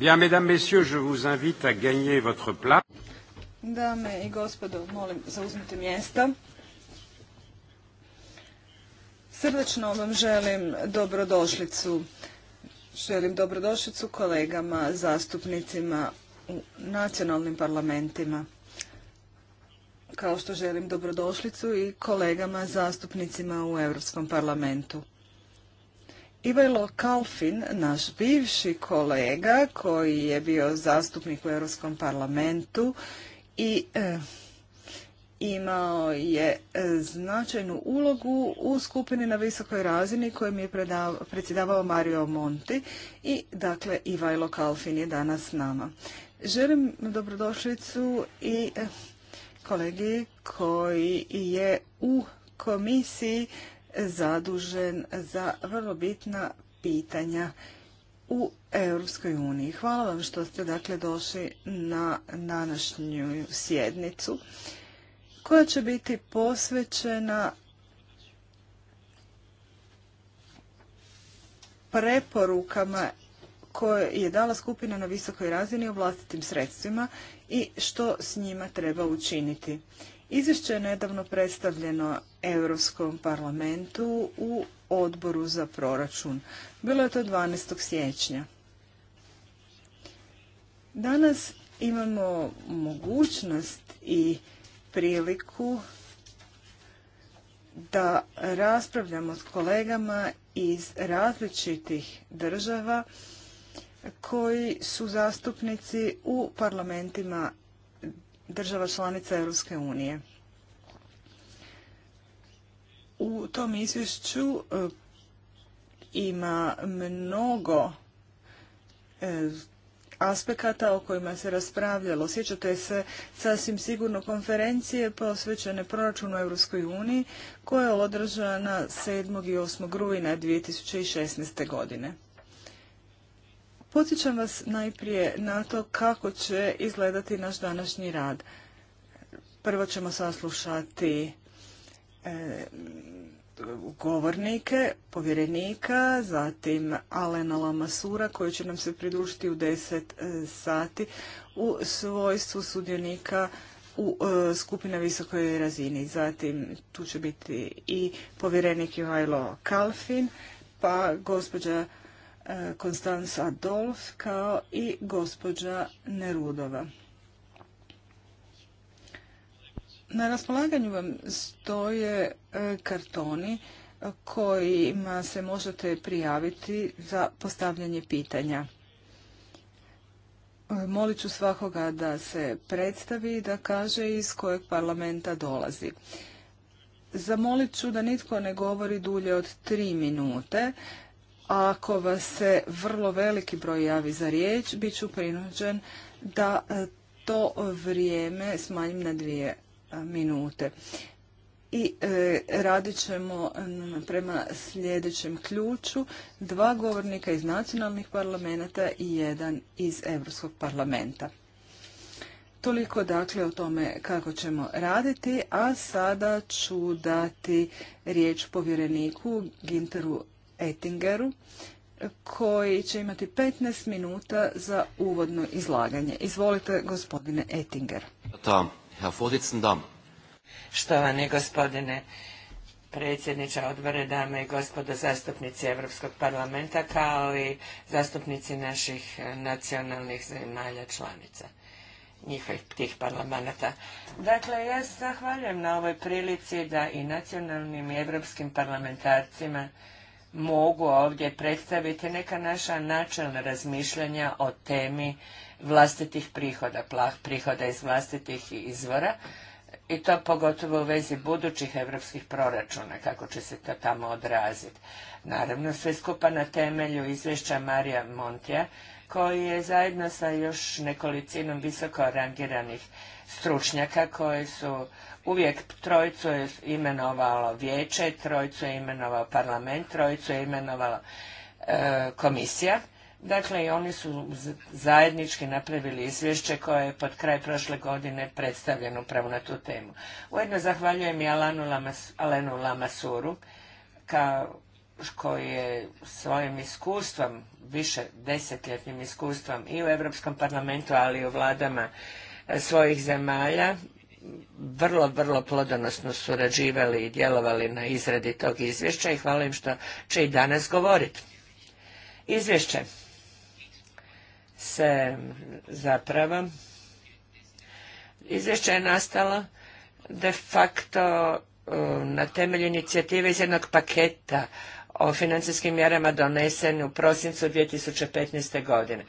Bien, mesdames, messieurs, je vous invite à gagner votre place. Dame i gospodo, molim, zauzmite mjesta. Srdačno vam želim dobrodošlicu. Želim dobrodošlicu kolegama, zastupnicima u nacionalnim parlamentima. Kao što želim dobrodošlicu i kolegama, zastupnicima u Europskom parlamentu. Ivalo Kalfin, naš bivši kolega koji je bio zastupnik u Europskom parlamentu i e, imao je e, značajnu ulogu u skupini na visokoj razini kojim je predsjedavao Mario Monti i dakle Ivajlo Kalfin je danas s nama. Želim dobrodošlicu i e, kolegi koji je u komisiji zadužen za vrlo bitna pitanja u Europskoj uniji. Hvala vam što ste dakle došli na današnju sjednicu koja će biti posvećena preporukama koje je dala skupina na visokoj razini u vlastitim sredstvima i što s njima treba učiniti. Izvješće je nedavno predstavljeno Europskom parlamentu u odboru za proračun. Bilo je to 12. siječnja. Danas imamo mogućnost i priliku da raspravljamo s kolegama iz različitih država koji su zastupnici u parlamentima država članica Europske unije. U tom izvješću e, ima mnogo e, aspekata o kojima se raspravljalo. Sjećate se sasvim sigurno konferencije posvećene proračunu Europskoj uniji koja je održana 7. i 8. rujna 2016. godine. Podsjećam vas najprije na to kako će izgledati naš današnji rad. Prvo ćemo saslušati e, govornike, povjerenika, zatim Alena Lamasura koji će nam se pridružiti u deset e, sati u svojstvu sudionika u skupine skupina visokoj razini. Zatim tu će biti i povjerenik Juhajlo Kalfin, pa gospođa Konstanca Adolf kao i gospođa Nerudova. Na raspolaganju vam stoje e, kartoni kojima se možete prijaviti za postavljanje pitanja. E, molit ću svakoga da se predstavi i da kaže iz kojeg parlamenta dolazi. Zamolit ću da nitko ne govori dulje od tri minute ako vas se vrlo veliki broj javi za riječ, bit ću prinuđen da e, to vrijeme smanjim na dvije e, minute. I e, radit ćemo prema sljedećem ključu dva govornika iz nacionalnih parlamenta i jedan iz Europskog parlamenta. Toliko dakle o tome kako ćemo raditi, a sada ću dati riječ povjereniku Ginteru Ettingeru koji će imati 15 minuta za uvodno izlaganje. Izvolite, gospodine Ettinger. Štovani gospodine predsjedniče odbore, dame i gospodo zastupnici Europskog parlamenta, kao i zastupnici naših nacionalnih zemalja članica njihovih tih parlamenta. Dakle, ja zahvaljujem na ovoj prilici da i nacionalnim i europskim parlamentarcima mogu ovdje predstaviti neka naša načelna razmišljanja o temi vlastitih prihoda, prihoda iz vlastitih izvora i to pogotovo u vezi budućih europskih proračuna, kako će se to tamo odraziti. Naravno, sve skupa na temelju izvješća Marija Montija, koji je zajedno sa još nekolicinom visoko rangiranih stručnjaka koji su Uvijek trojicu je imenovalo vijeće, trojicu je imenovao parlament, trojicu je imenovala e, komisija. Dakle, i oni su zajednički napravili izvješće koje je pod kraj prošle godine predstavljeno upravo na tu temu. Ujedno zahvaljujem i Alanu Lamas, Alenu Lamasuru, kao, koji je svojim iskustvom, više desetljetnim iskustvom i u Europskom parlamentu, ali i u vladama e, svojih zemalja vrlo, vrlo plodonosno surađivali i djelovali na izradi tog izvješća i hvala im što će i danas govoriti. Izvješće se zapravo izvješće je nastalo de facto na temelju inicijative iz jednog paketa o financijskim mjerama donesen u prosincu 2015. godine.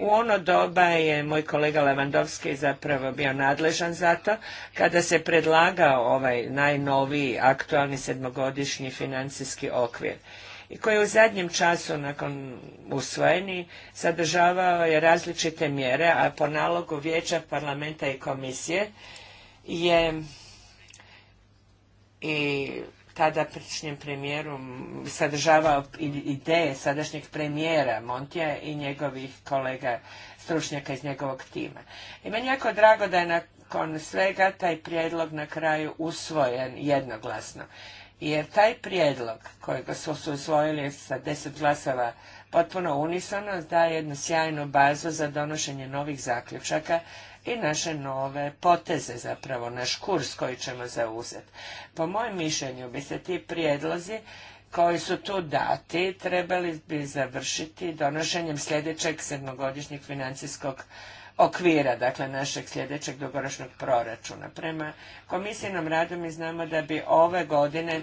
U ono doba je moj kolega Levandovski zapravo bio nadležan za to, kada se predlagao ovaj najnoviji aktualni sedmogodišnji financijski okvir i koji je u zadnjem času nakon usvojeni sadržavao je različite mjere, a po nalogu Vijeća parlamenta i komisije je i tada tadašnjem premijeru sadržavao ideje sadašnjeg premijera Montija i njegovih kolega stručnjaka iz njegovog tima. I meni jako drago da je nakon svega taj prijedlog na kraju usvojen jednoglasno. Jer taj prijedlog kojeg su, su usvojili sa deset glasova potpuno unisono daje jednu sjajnu bazu za donošenje novih zaključaka i naše nove poteze, zapravo naš kurs koji ćemo zauzeti. Po mojem mišljenju bi se ti prijedlozi koji su tu dati trebali bi završiti donošenjem sljedećeg sedmogodišnjeg financijskog okvira, dakle našeg sljedećeg dugoročnog proračuna. Prema komisijnom radu mi znamo da bi ove godine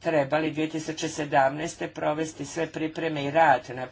trebali 2017. provesti sve pripreme i rad na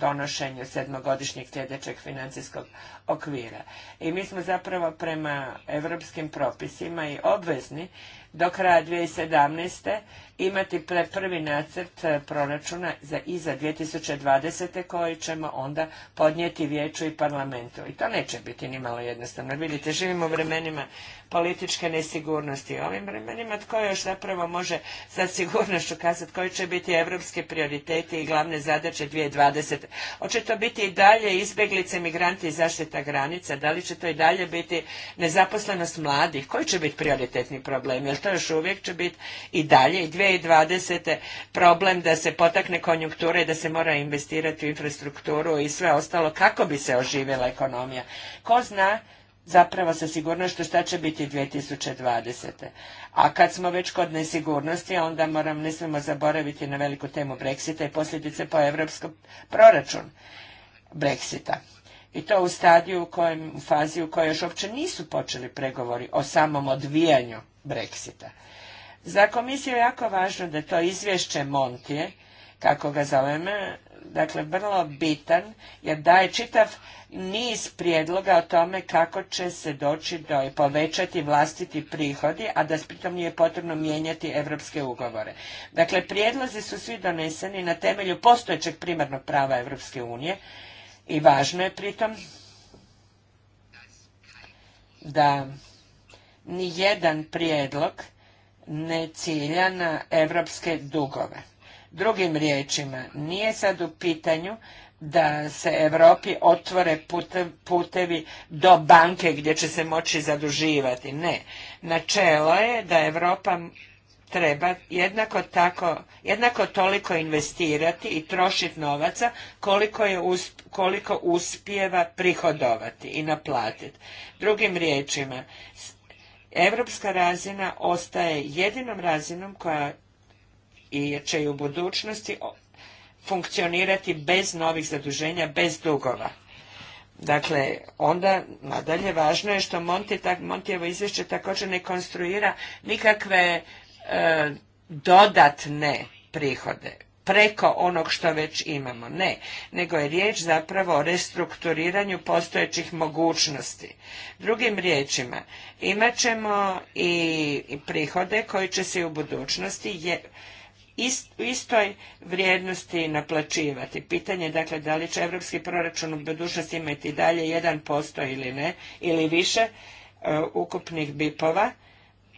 donošenju sedmogodišnjeg sljedećeg financijskog okvira. I mi smo zapravo prema europskim propisima i obvezni do kraja 2017. imati prvi nacrt e, proračuna za iza 2020. koji ćemo onda podnijeti vijeću i parlamentu. I to neće biti nimalo jednostavno. Vidite, živimo u vremenima političke nesigurnosti. U ovim vremenima tko još zapravo može sa sigurnošću kazati koji će biti europski prioriteti i glavne zadaće 2020. Hoće to biti i dalje izbjeglice, migranti i zaštita granica? Da li će to i dalje biti nezaposlenost mladih? Koji će biti prioritetni problem? Jer to još uvijek će biti i dalje i 2020. problem da se potakne konjunktura i da se mora investirati u infrastrukturu i sve ostalo kako bi se oživjela ekonomija. Ko zna zapravo sa sigurnošću šta će biti 2020. A kad smo već kod nesigurnosti, onda moram, ne smijemo zaboraviti na veliku temu Brexita i posljedice po evropskom proračun Brexita. I to u stadiju u, kojem, u fazi u kojoj još uopće nisu počeli pregovori o samom odvijanju Brexita. Za komisiju je jako važno da to izvješće Montije, kako ga zoveme, dakle vrlo bitan jer daje čitav niz prijedloga o tome kako će se doći do povećati vlastiti prihodi, a da pritom nije potrebno mijenjati europske ugovore. Dakle, prijedlozi su svi doneseni na temelju postojećeg primarnog prava Europske unije i važno je pritom da ni jedan prijedlog ne cilja na europske dugove Drugim riječima, nije sad u pitanju da se Europi otvore putevi do banke gdje će se moći zaduživati. Ne. Načelo je da Europa treba jednako tako, jednako toliko investirati i trošiti novaca koliko, je koliko uspijeva prihodovati i naplatiti. Drugim riječima, europska razina ostaje jedinom razinom koja i će i u budućnosti funkcionirati bez novih zaduženja, bez dugova. Dakle, onda nadalje važno je što Monti, tak, Montijevo izvješće također ne konstruira nikakve e, dodatne prihode preko onog što već imamo. Ne, nego je riječ zapravo o restrukturiranju postojećih mogućnosti. Drugim riječima, imat ćemo i prihode koji će se u budućnosti je, u istoj vrijednosti naplaćivati. Pitanje je dakle da li će europski proračun u budućnosti imati dalje 1% ili ne, ili više e, ukupnih bipova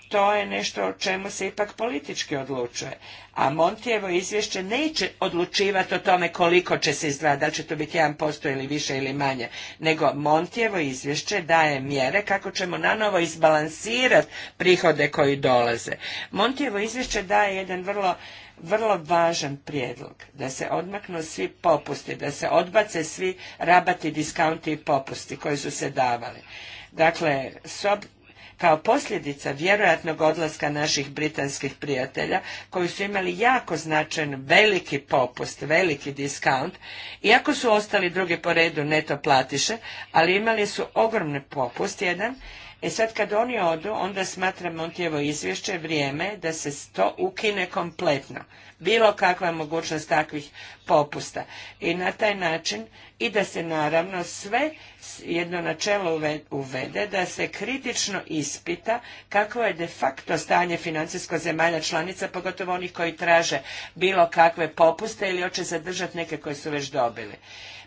to je nešto o čemu se ipak politički odlučuje. A Montijevo izvješće neće odlučivati o tome koliko će se izdvajati, da li će to biti 1% ili više ili manje, nego Montijevo izvješće daje mjere kako ćemo nanovo izbalansirati prihode koji dolaze. Montijevo izvješće daje jedan vrlo vrlo važan prijedlog da se odmaknu svi popusti, da se odbace svi rabati, diskaunti i popusti koji su se davali. Dakle, sob kao posljedica vjerojatnog odlaska naših britanskih prijatelja koji su imali jako značajan veliki popust, veliki diskaunt, iako su ostali drugi po redu neto platiše, ali imali su ogromni popust jedan E sad kad oni odu, onda smatramo Montijevo izvješće vrijeme da se to ukine kompletno. Bilo kakva mogućnost takvih popusta. I na taj način i da se naravno sve jedno načelo uvede da se kritično ispita kakvo je de facto stanje financijsko zemalja članica, pogotovo onih koji traže bilo kakve popuste ili hoće zadržati neke koje su već dobili.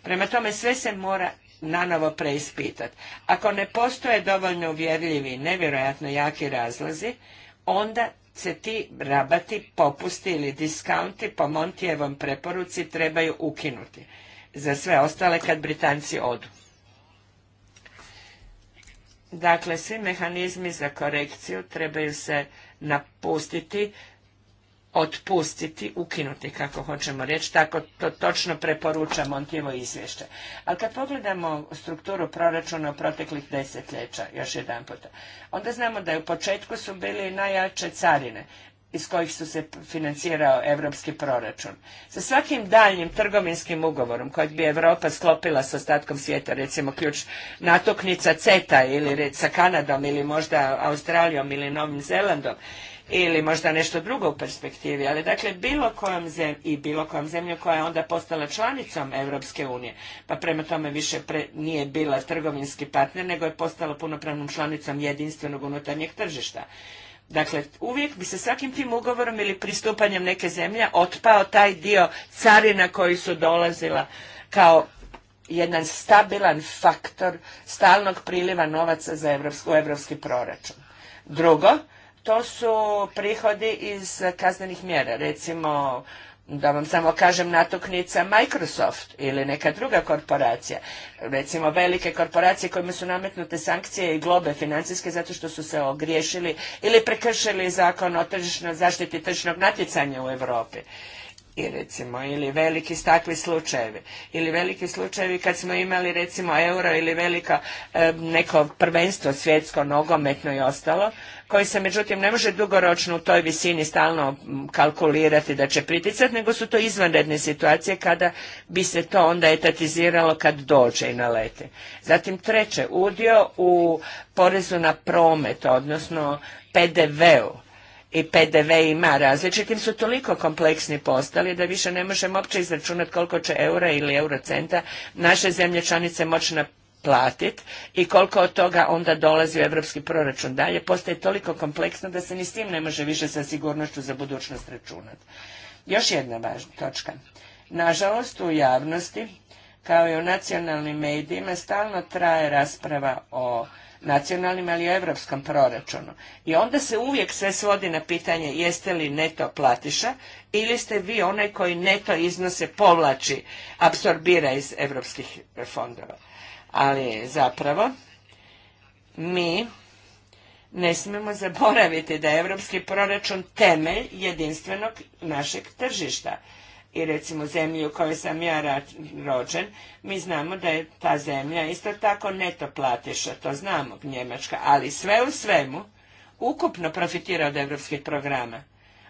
Prema tome sve se mora nanovo preispitati. Ako ne postoje dovoljno uvjerljivi, nevjerojatno jaki razlozi, onda se ti rabati, popusti ili diskaunti po Montijevom preporuci trebaju ukinuti. Za sve ostale kad Britanci odu. Dakle, svi mehanizmi za korekciju trebaju se napustiti otpustiti, ukinuti kako hoćemo reći, tako to točno preporuča Montivo izvješće. Ali kad pogledamo strukturu proračuna u proteklih desetljeća, još jedan puta, onda znamo da je u početku su bili najjače carine iz kojih su se financirao europski proračun. Sa svakim daljnjim trgovinskim ugovorom kojeg bi Europa sklopila s ostatkom svijeta, recimo ključ natuknica CETA ili sa Kanadom ili možda Australijom ili Novim Zelandom, ili možda nešto drugo u perspektivi, ali dakle bilo kojom zemlju i bilo kojom zemlju koja je onda postala članicom Europske unije, pa prema tome više pre, nije bila trgovinski partner, nego je postala punopravnom članicom jedinstvenog unutarnjeg tržišta. Dakle, uvijek bi se svakim tim ugovorom ili pristupanjem neke zemlje otpao taj dio carina koji su dolazila kao jedan stabilan faktor stalnog priliva novaca za evropsku, u evropski proračun. Drugo, to su prihodi iz kaznenih mjera. Recimo, da vam samo kažem natuknica Microsoft ili neka druga korporacija. Recimo velike korporacije kojima su nametnute sankcije i globe financijske zato što su se ogriješili ili prekršili zakon o tržišnoj zaštiti tržišnog natjecanja u Europi i recimo ili veliki stakli slučajevi ili veliki slučajevi kad smo imali recimo euro ili veliko e, neko prvenstvo svjetsko nogometno i ostalo koji se međutim ne može dugoročno u toj visini stalno kalkulirati da će priticati nego su to izvanredne situacije kada bi se to onda etatiziralo kad dođe i nalete. Zatim treće, udio u porezu na promet odnosno PDV-u i PDV ima različitim su toliko kompleksni postali da više ne možemo uopće izračunati koliko će eura ili eurocenta naše zemlje članice moći naplatiti i koliko od toga onda dolazi u europski proračun dalje. Postaje toliko kompleksno da se ni s tim ne može više sa sigurnošću za budućnost računati. Još jedna važna točka. Nažalost, u javnosti, kao i u nacionalnim medijima, stalno traje rasprava o nacionalnim, ali i europskom proračunu. I onda se uvijek sve svodi na pitanje jeste li neto platiša ili ste vi onaj koji neto iznose povlači, apsorbira iz europskih fondova. Ali zapravo mi ne smijemo zaboraviti da je europski proračun temelj jedinstvenog našeg tržišta i recimo zemlji u kojoj sam ja rođen, mi znamo da je ta zemlja isto tako neto platiša, to znamo Njemačka, ali sve u svemu ukupno profitira od evropskih programa.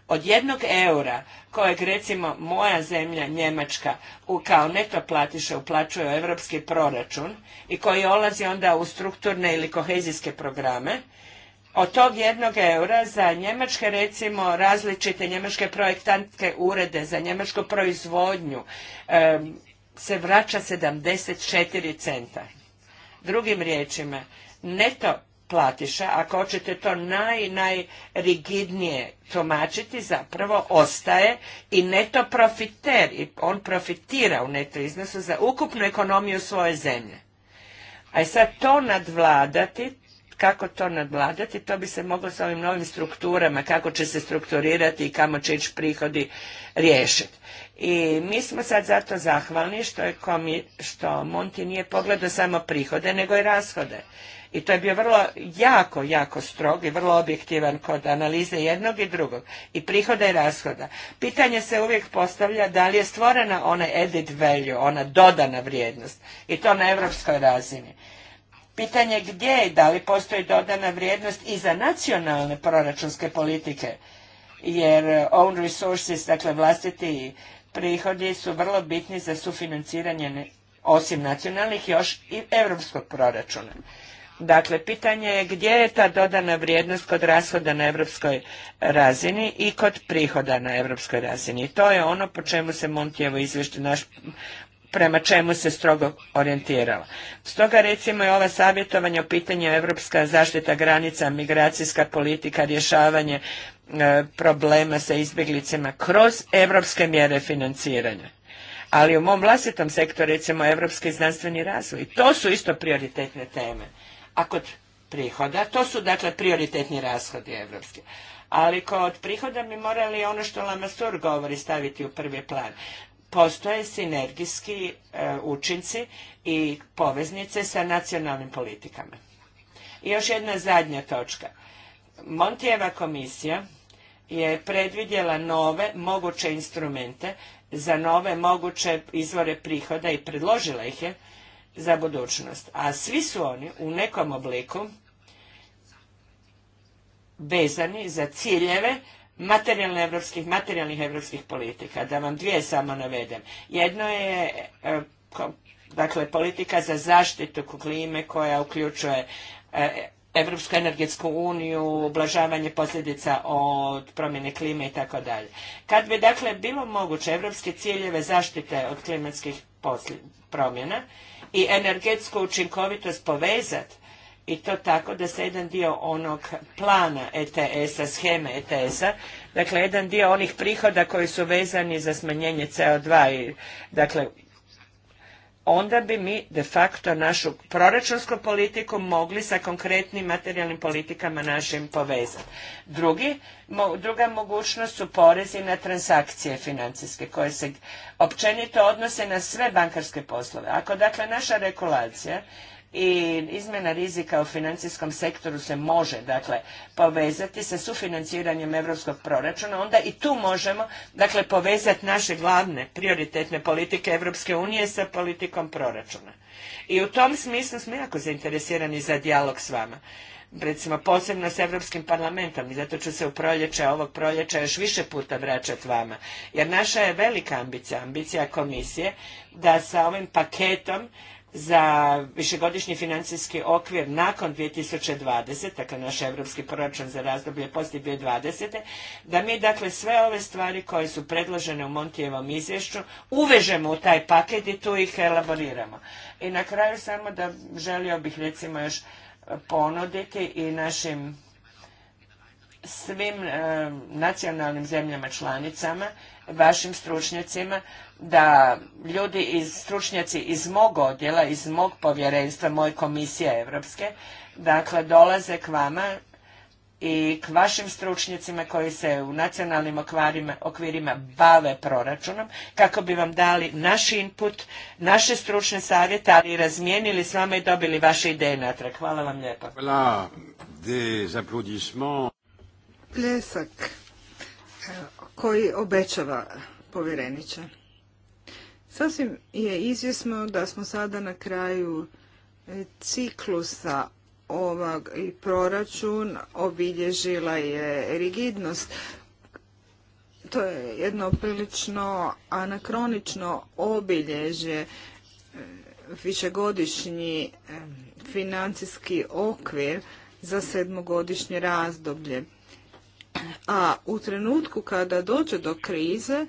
Od jednog eura kojeg recimo moja zemlja Njemačka kao neto platiše uplaćuje u europski proračun i koji olazi onda u strukturne ili kohezijske programe, od tog jednog eura za njemačke recimo različite njemačke projektantske urede za njemačku proizvodnju se vraća 74 centa. Drugim riječima, neto platiša, ako hoćete to naj, najrigidnije tumačiti, zapravo ostaje i neto profiter, i on profitira u neto iznosu za ukupnu ekonomiju svoje zemlje. A sad to nadvladati, kako to nadvladati, to bi se moglo sa ovim novim strukturama, kako će se strukturirati i kamo će ići prihodi riješiti. I mi smo sad zato zahvalni što, je komi, što Monti nije pogledao samo prihode, nego i rashode. I to je bio vrlo jako, jako strog i vrlo objektivan kod analize jednog i drugog. I prihoda i rashoda. Pitanje se uvijek postavlja da li je stvorena ona edit value, ona dodana vrijednost. I to na europskoj razini pitanje gdje je, da li postoji dodana vrijednost i za nacionalne proračunske politike, jer eh, own resources, dakle vlastiti prihodi su vrlo bitni za sufinanciranje osim nacionalnih još i europskog proračuna. Dakle, pitanje je gdje je ta dodana vrijednost kod rashoda na europskoj razini i kod prihoda na europskoj razini. to je ono po čemu se Montijevo izvješće, naš prema čemu se strogo orijentirala. Stoga recimo je ova savjetovanja o pitanju Evropska zaštita granica, migracijska politika, rješavanje e, problema sa izbjeglicama kroz evropske mjere financiranja. Ali u mom vlastitom sektoru recimo evropski znanstveni razvoj. To su isto prioritetne teme. A kod prihoda, to su dakle prioritetni rashodi evropski. Ali kod prihoda mi morali ono što Lamasur govori staviti u prvi plan postoje sinergijski e, učinci i poveznice sa nacionalnim politikama. I još jedna zadnja točka. Montijeva komisija je predvidjela nove moguće instrumente za nove moguće izvore prihoda i predložila ih je za budućnost. A svi su oni u nekom obliku vezani za ciljeve materijalne europskih, materijalnih europskih politika, da vam dvije samo navedem. Jedno je e, dakle politika za zaštitu klime koja uključuje Europsku Evropsku energetsku uniju, ublažavanje posljedica od promjene klime i tako dalje. Kad bi dakle bilo moguće europske ciljeve zaštite od klimatskih promjena i energetsku učinkovitost povezati i to tako da se jedan dio onog plana ETS-a, scheme ETS-a, dakle jedan dio onih prihoda koji su vezani za smanjenje CO2 i dakle onda bi mi de facto našu proračunsku politiku mogli sa konkretnim materijalnim politikama našim povezati. Drugi, druga mogućnost su porezi na transakcije financijske koje se općenito odnose na sve bankarske poslove. Ako dakle naša regulacija i izmjena rizika u financijskom sektoru se može dakle povezati sa sufinanciranjem europskog proračuna, onda i tu možemo dakle povezati naše glavne prioritetne politike Europske unije sa politikom proračuna. I u tom smislu smo jako zainteresirani za dijalog s vama recimo posebno s Europskim parlamentom i zato ću se u proljeće, ovog proljeća još više puta vraćati vama. Jer naša je velika ambicija, ambicija komisije da sa ovim paketom za višegodišnji financijski okvir nakon 2020, dakle naš europski proračun za razdoblje poslije 2020, da mi dakle sve ove stvari koje su predložene u Montijevom izvješću uvežemo u taj paket i tu ih elaboriramo. I na kraju samo da želio bih recimo još ponuditi i našim svim eh, nacionalnim zemljama članicama, vašim stručnjacima, da ljudi iz stručnjaci iz mog odjela, iz mog povjerenstva, moje komisije evropske, dakle dolaze k vama i k vašim stručnjacima koji se u nacionalnim okvirima bave proračunom kako bi vam dali naš input, naše stručne savjete, ali i razmijenili s vama i dobili vaše ideje natrag. Hvala vam lijepo. Hvala. Pljesak eh, koji obećava povjereniče. Sasvim je izvjesno da smo sada na kraju e, ciklusa ovog i proračun obilježila je rigidnost. To je jedno prilično anakronično obilježje e, višegodišnji e, financijski okvir za sedmogodišnje razdoblje. A u trenutku kada dođe do krize,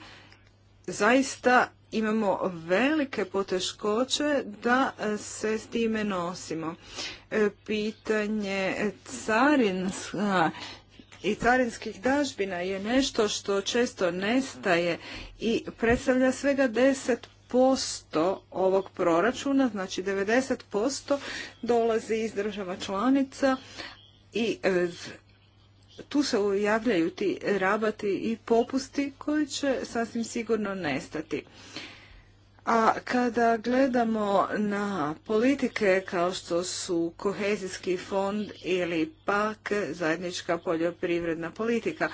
zaista imamo velike poteškoće da e, se s time nosimo. E, pitanje carinska i carinskih dažbina je nešto što često nestaje i predstavlja svega 10% ovog proračuna, znači 90% dolazi iz država članica i e, tu se javljaju ti rabati i popusti koji će sasvim sigurno nestati. A kada gledamo na politike kao što su kohezijski fond ili pak zajednička poljoprivredna politika,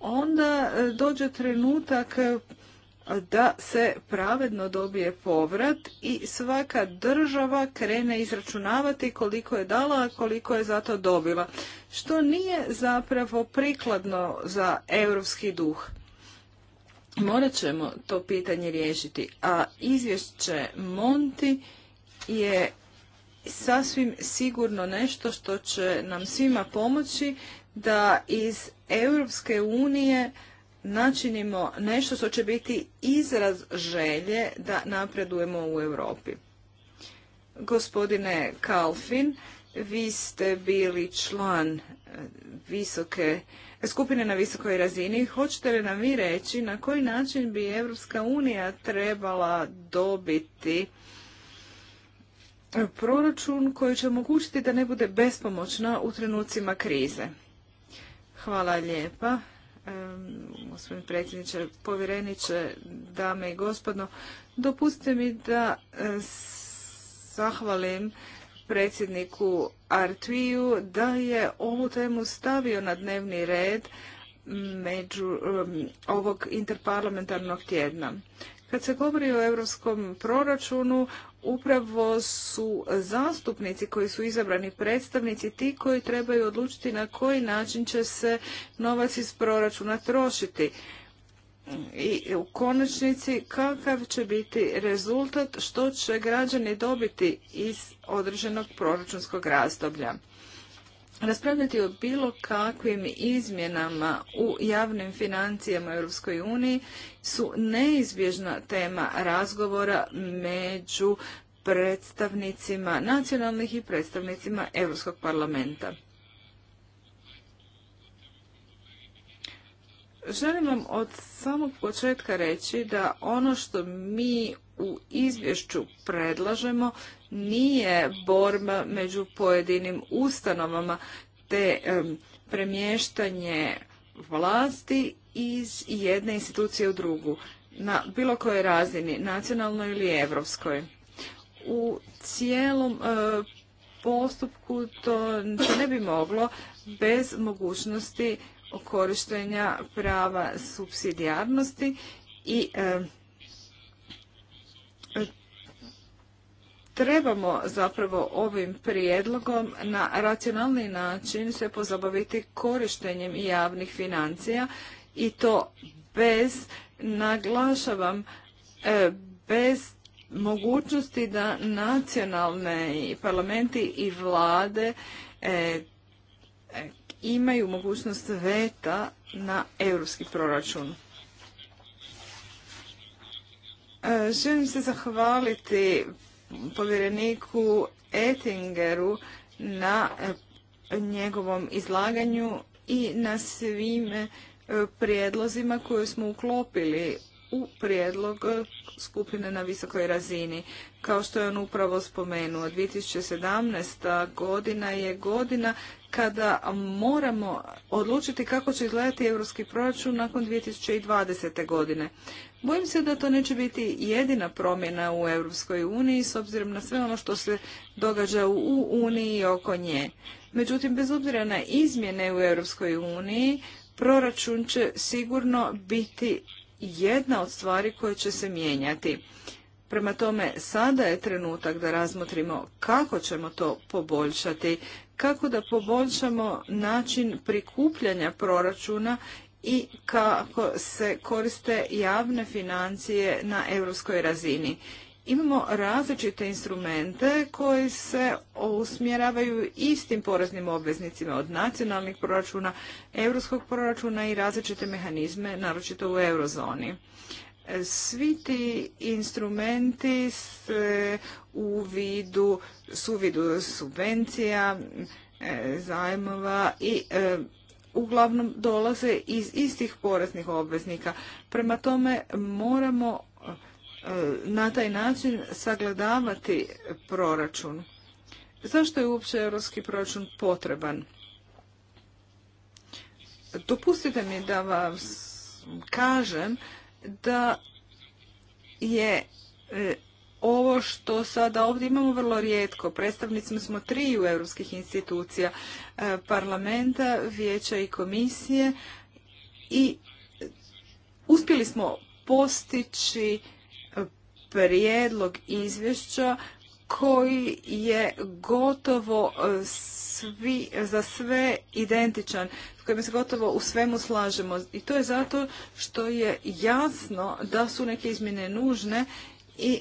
onda dođe trenutak da se pravedno dobije povrat i svaka država krene izračunavati koliko je dala, a koliko je zato dobila, što nije zapravo prikladno za europski duh. Morat ćemo to pitanje riješiti, a izvješće Monti je sasvim sigurno nešto što će nam svima pomoći da iz Europske unije načinimo nešto što će biti izraz želje da napredujemo u Europi. Gospodine Kalfin, vi ste bili član eh, visoke skupine na visokoj razini. Hoćete li nam vi reći na koji način bi Europska unija trebala dobiti eh, proračun koji će omogućiti da ne bude bespomoćna u trenucima krize? Hvala lijepa gospodin predsjedniče, povjereniče, dame i gospodo. Dopustite mi da e, zahvalim predsjedniku Artviju da je ovu temu stavio na dnevni red među ovog interparlamentarnog tjedna. Kad se govori o europskom proračunu, upravo su zastupnici koji su izabrani predstavnici ti koji trebaju odlučiti na koji način će se novac iz proračuna trošiti i u konačnici kakav će biti rezultat što će građani dobiti iz određenog proračunskog razdoblja raspravljati o bilo kakvim izmjenama u javnim financijama Europskoj uniji su neizbježna tema razgovora među predstavnicima nacionalnih i predstavnicima Europskog parlamenta. Želim vam od samog početka reći da ono što mi u izvješću predlažemo nije borba među pojedinim ustanovama te premještanje vlasti iz jedne institucije u drugu na bilo kojoj razini, nacionalnoj ili evropskoj. U cijelom e, postupku to ne bi moglo bez mogućnosti korištenja prava subsidijarnosti i trebamo zapravo ovim prijedlogom na racionalni način se pozabaviti korištenjem javnih financija i to bez, naglašavam, e, bez mogućnosti da nacionalne parlamenti i vlade e, imaju mogućnost veta na europski proračun. E, želim se zahvaliti povjereniku Ettingeru na e, njegovom izlaganju i na svim e, prijedlozima koje smo uklopili u prijedlog skupine na visokoj razini. Kao što je on upravo spomenuo, 2017. godina je godina kada moramo odlučiti kako će izgledati europski proračun nakon 2020. godine. Bojim se da to neće biti jedina promjena u Europskoj uniji s obzirom na sve ono što se događa u Uniji i oko nje. Međutim, bez obzira na izmjene u Europskoj uniji, proračun će sigurno biti jedna od stvari koje će se mijenjati. Prema tome, sada je trenutak da razmotrimo kako ćemo to poboljšati, kako da poboljšamo način prikupljanja proračuna i kako se koriste javne financije na europskoj razini imamo različite instrumente koji se usmjeravaju istim poreznim obveznicima od nacionalnih proračuna, europskog proračuna i različite mehanizme, naročito u eurozoni. Svi ti instrumenti u vidu, su u vidu subvencija, e, zajmova i e, uglavnom dolaze iz istih poreznih obveznika. Prema tome moramo na taj način sagledavati proračun. Zašto je uopće europski proračun potreban? Dopustite mi da vam kažem da je e, ovo što sada ovdje imamo vrlo rijetko. predstavnici smo triju europskih institucija, e, parlamenta, vijeća i komisije i uspjeli smo postići prijedlog izvješća koji je gotovo e, svi, za sve identičan, s kojim se gotovo u svemu slažemo. I to je zato što je jasno da su neke izmjene nužne i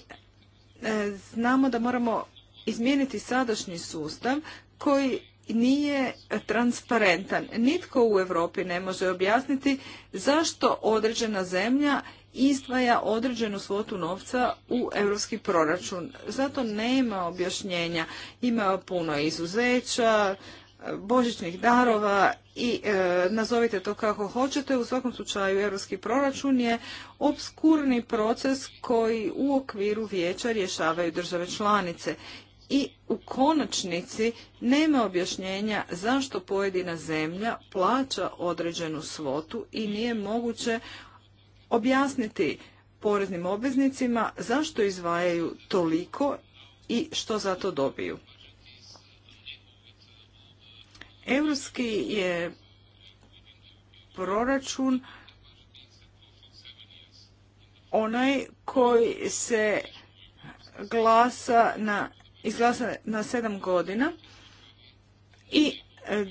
e, znamo da moramo izmijeniti sadašnji sustav koji nije transparentan. Nitko u Europi ne može objasniti zašto određena zemlja izdvaja određenu svotu novca u europski proračun. Zato nema objašnjenja. Ima puno izuzeća, božićnih darova i e, nazovite to kako hoćete. U svakom slučaju europski proračun je obskurni proces koji u okviru vijeća rješavaju države članice. I u konačnici nema objašnjenja zašto pojedina zemlja plaća određenu svotu i nije moguće objasniti poreznim obveznicima zašto izvajaju toliko i što za to dobiju. Europski je proračun onaj koji se glasa na, izglasa na sedam godina i e,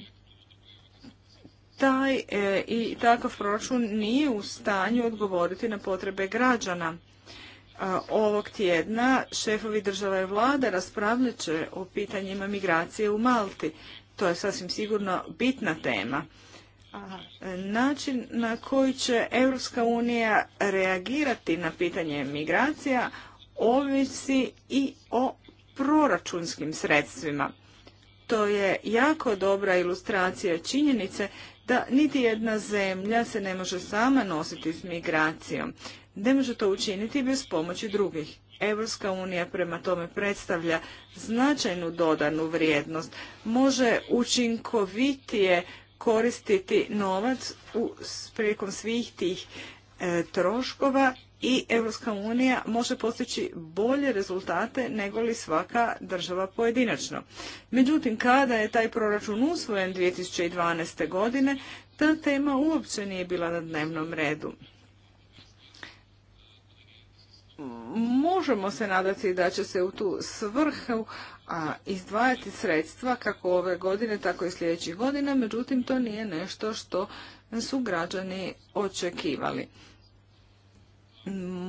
taj e, i takav proračun nije u stanju odgovoriti na potrebe građana. E, ovog tjedna šefovi država i vlada raspravljat će o pitanjima migracije u Malti. To je sasvim sigurno bitna tema. A, e, način na koji će Europska unija reagirati na pitanje migracija ovisi i o proračunskim sredstvima. To je jako dobra ilustracija činjenice da niti jedna zemlja se ne može sama nositi s migracijom. Ne može to učiniti bez pomoći drugih. Evropska unija prema tome predstavlja značajnu dodanu vrijednost. Može učinkovitije koristiti novac u, svih tih e, troškova i Europska unija može postići bolje rezultate nego li svaka država pojedinačno. Međutim, kada je taj proračun usvojen 2012. godine, ta tema uopće nije bila na dnevnom redu. Možemo se nadati da će se u tu svrhu a izdvajati sredstva kako ove godine, tako i sljedećih godina, međutim to nije nešto što su građani očekivali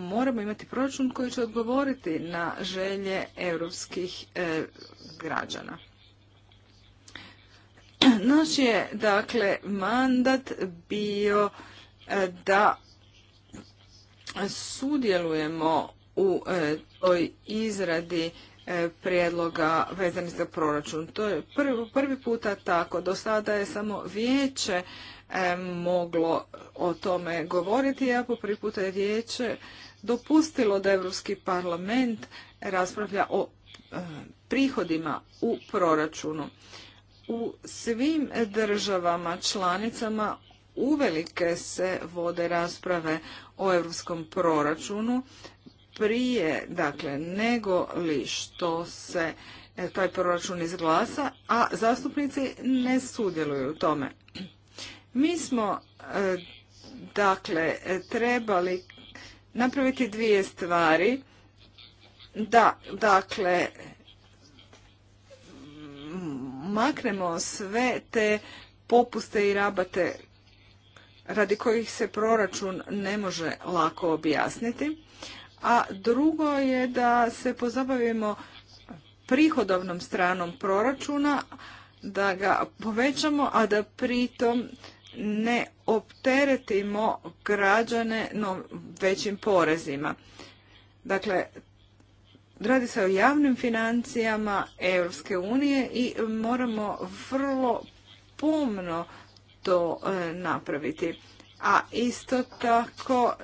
moramo imati proračun koji će odgovoriti na želje europskih e, građana. Naš je, dakle, mandat bio e, da sudjelujemo u e, toj izradi prijedloga vezanih za proračun. To je prvi, prvi puta tako. Do sada je samo vijeće E, moglo o tome govoriti. Ja po prvi puta je vijeće dopustilo da Europski parlament raspravlja o e, prihodima u proračunu. U svim državama članicama uvelike se vode rasprave o europskom proračunu prije, dakle, nego li što se e, taj proračun izglasa, a zastupnici ne sudjeluju u tome. Mi smo e, dakle trebali napraviti dvije stvari. Da, dakle, maknemo sve te popuste i rabate radi kojih se proračun ne može lako objasniti. A drugo je da se pozabavimo prihodovnom stranom proračuna, da ga povećamo, a da pritom ne opteretimo građane no, većim porezima. Dakle, radi se o javnim financijama Europske unije i moramo vrlo pomno to e, napraviti a isto tako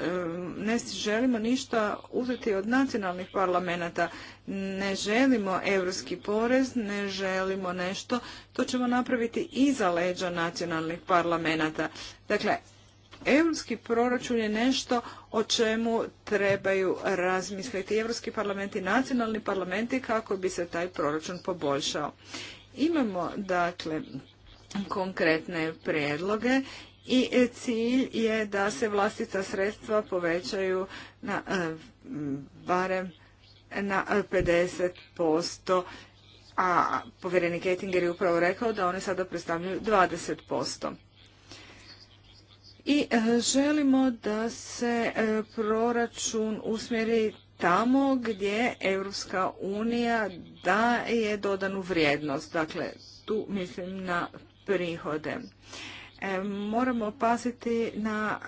ne želimo ništa uzeti od nacionalnih parlamenta. Ne želimo europski porez, ne želimo nešto, to ćemo napraviti iza leđa nacionalnih parlamenta. Dakle, europski proračun je nešto o čemu trebaju razmisliti europski parlamenti i nacionalni parlamenti kako bi se taj proračun poboljšao. Imamo dakle konkretne prijedloge i e, cilj je da se vlastita sredstva povećaju na e, barem na 50%, e, a povjerenik Ettinger je upravo rekao da one sada predstavljaju 20%. I želimo da se proračun usmjeri tamo gdje Europska unija daje dodanu vrijednost. Dakle, tu mislim na prihode. E, moramo paziti na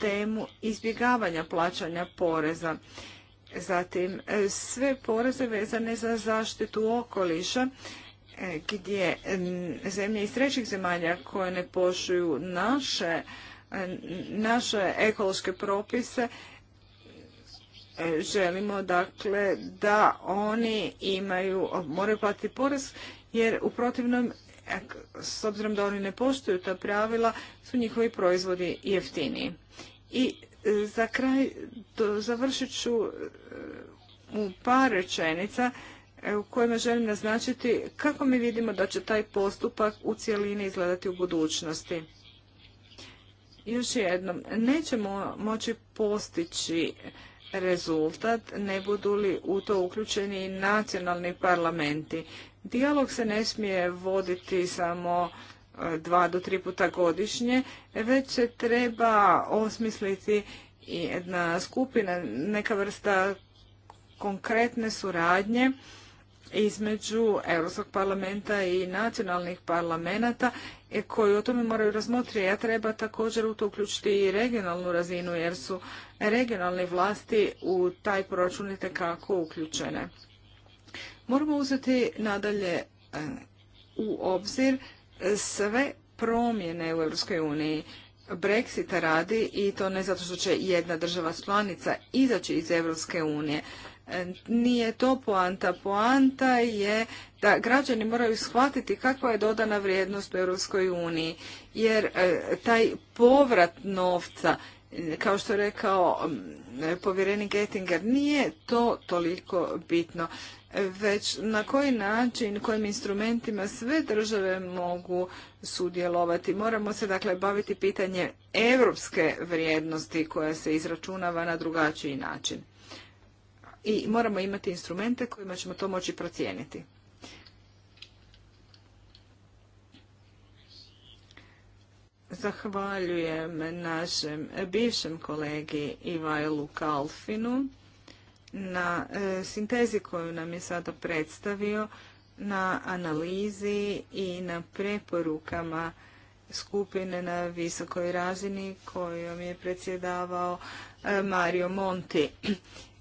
temu izbjegavanja plaćanja poreza. Zatim, e, sve poreze vezane za zaštitu okoliša, e, gdje zemlje iz trećih zemalja koje ne pošuju naše, naše ekološke propise, želimo dakle da oni imaju, moraju platiti porez jer u protivnom s obzirom da oni ne poštuju ta pravila, su njihovi proizvodi jeftiniji. I e, za kraj završit ću e, u par rečenica e, u kojima želim naznačiti kako mi vidimo da će taj postupak u cijelini izgledati u budućnosti. Još jednom, nećemo moći postići rezultat ne budu li u to uključeni nacionalni parlamenti. Dijalog se ne smije voditi samo e, dva do tri puta godišnje, već se treba osmisliti i jedna skupina, neka vrsta konkretne suradnje između Europskog parlamenta i nacionalnih parlamenta e, koji o tome moraju razmotriti. Ja treba također u to uključiti i regionalnu razinu jer su regionalne vlasti u taj proračun kako uključene. Moramo uzeti nadalje e, u obzir sve promjene u Europskoj uniji. Brexita radi i to ne zato što će jedna država članica izaći iz Europske unije. E, nije to poanta. Poanta je da građani moraju shvatiti kakva je dodana vrijednost u Europskoj uniji. Jer e, taj povrat novca, kao što je rekao povjerenik Gettinger, nije to toliko bitno već na koji način, kojim instrumentima sve države mogu sudjelovati. Moramo se dakle baviti pitanje europske vrijednosti koja se izračunava na drugačiji način. I moramo imati instrumente kojima ćemo to moći procijeniti. Zahvaljujem našem bivšem kolegi Ivajlu Kalfinu na e, sintezi koju nam je sada predstavio, na analizi i na preporukama skupine na visokoj razini kojom je predsjedavao e, Mario Monti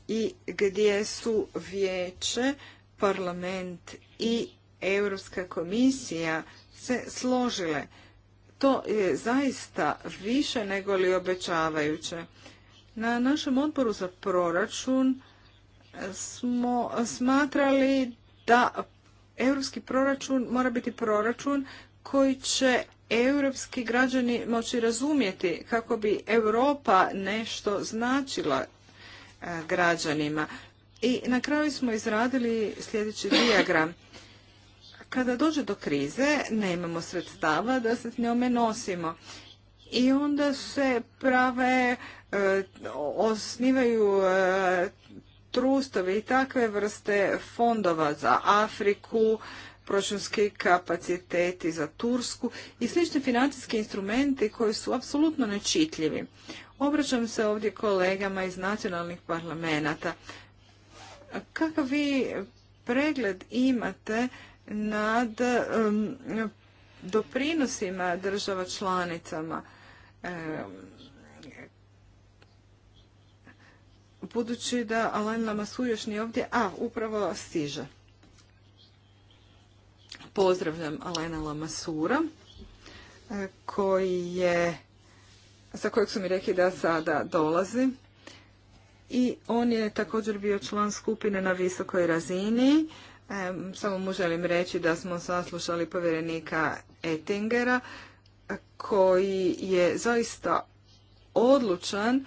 i gdje su vijeće, parlament i Europska komisija se složile. To je zaista više nego li obećavajuće. Na našem odboru za proračun smo smatrali da europski proračun mora biti proračun koji će europski građani moći razumjeti kako bi Europa nešto značila e, građanima. I na kraju smo izradili sljedeći dijagram. Kada dođe do krize, nemamo sredstava da se s njome nosimo. I onda se prave, e, osnivaju e, trustovi i takve vrste fondova za Afriku, proračunski kapaciteti za Tursku i slični financijski instrumenti koji su apsolutno nečitljivi. Obraćam se ovdje kolegama iz nacionalnih parlamenta. Kakav vi pregled imate nad doprinosima država članicama budući da Alain Lamassu još nije ovdje, a upravo stiže. Pozdravljam Alena Masura, e, koji je, za kojeg su mi rekli da sada dolazi. I on je također bio član skupine na visokoj razini. E, samo mu želim reći da smo saslušali povjerenika Ettingera koji je zaista odlučan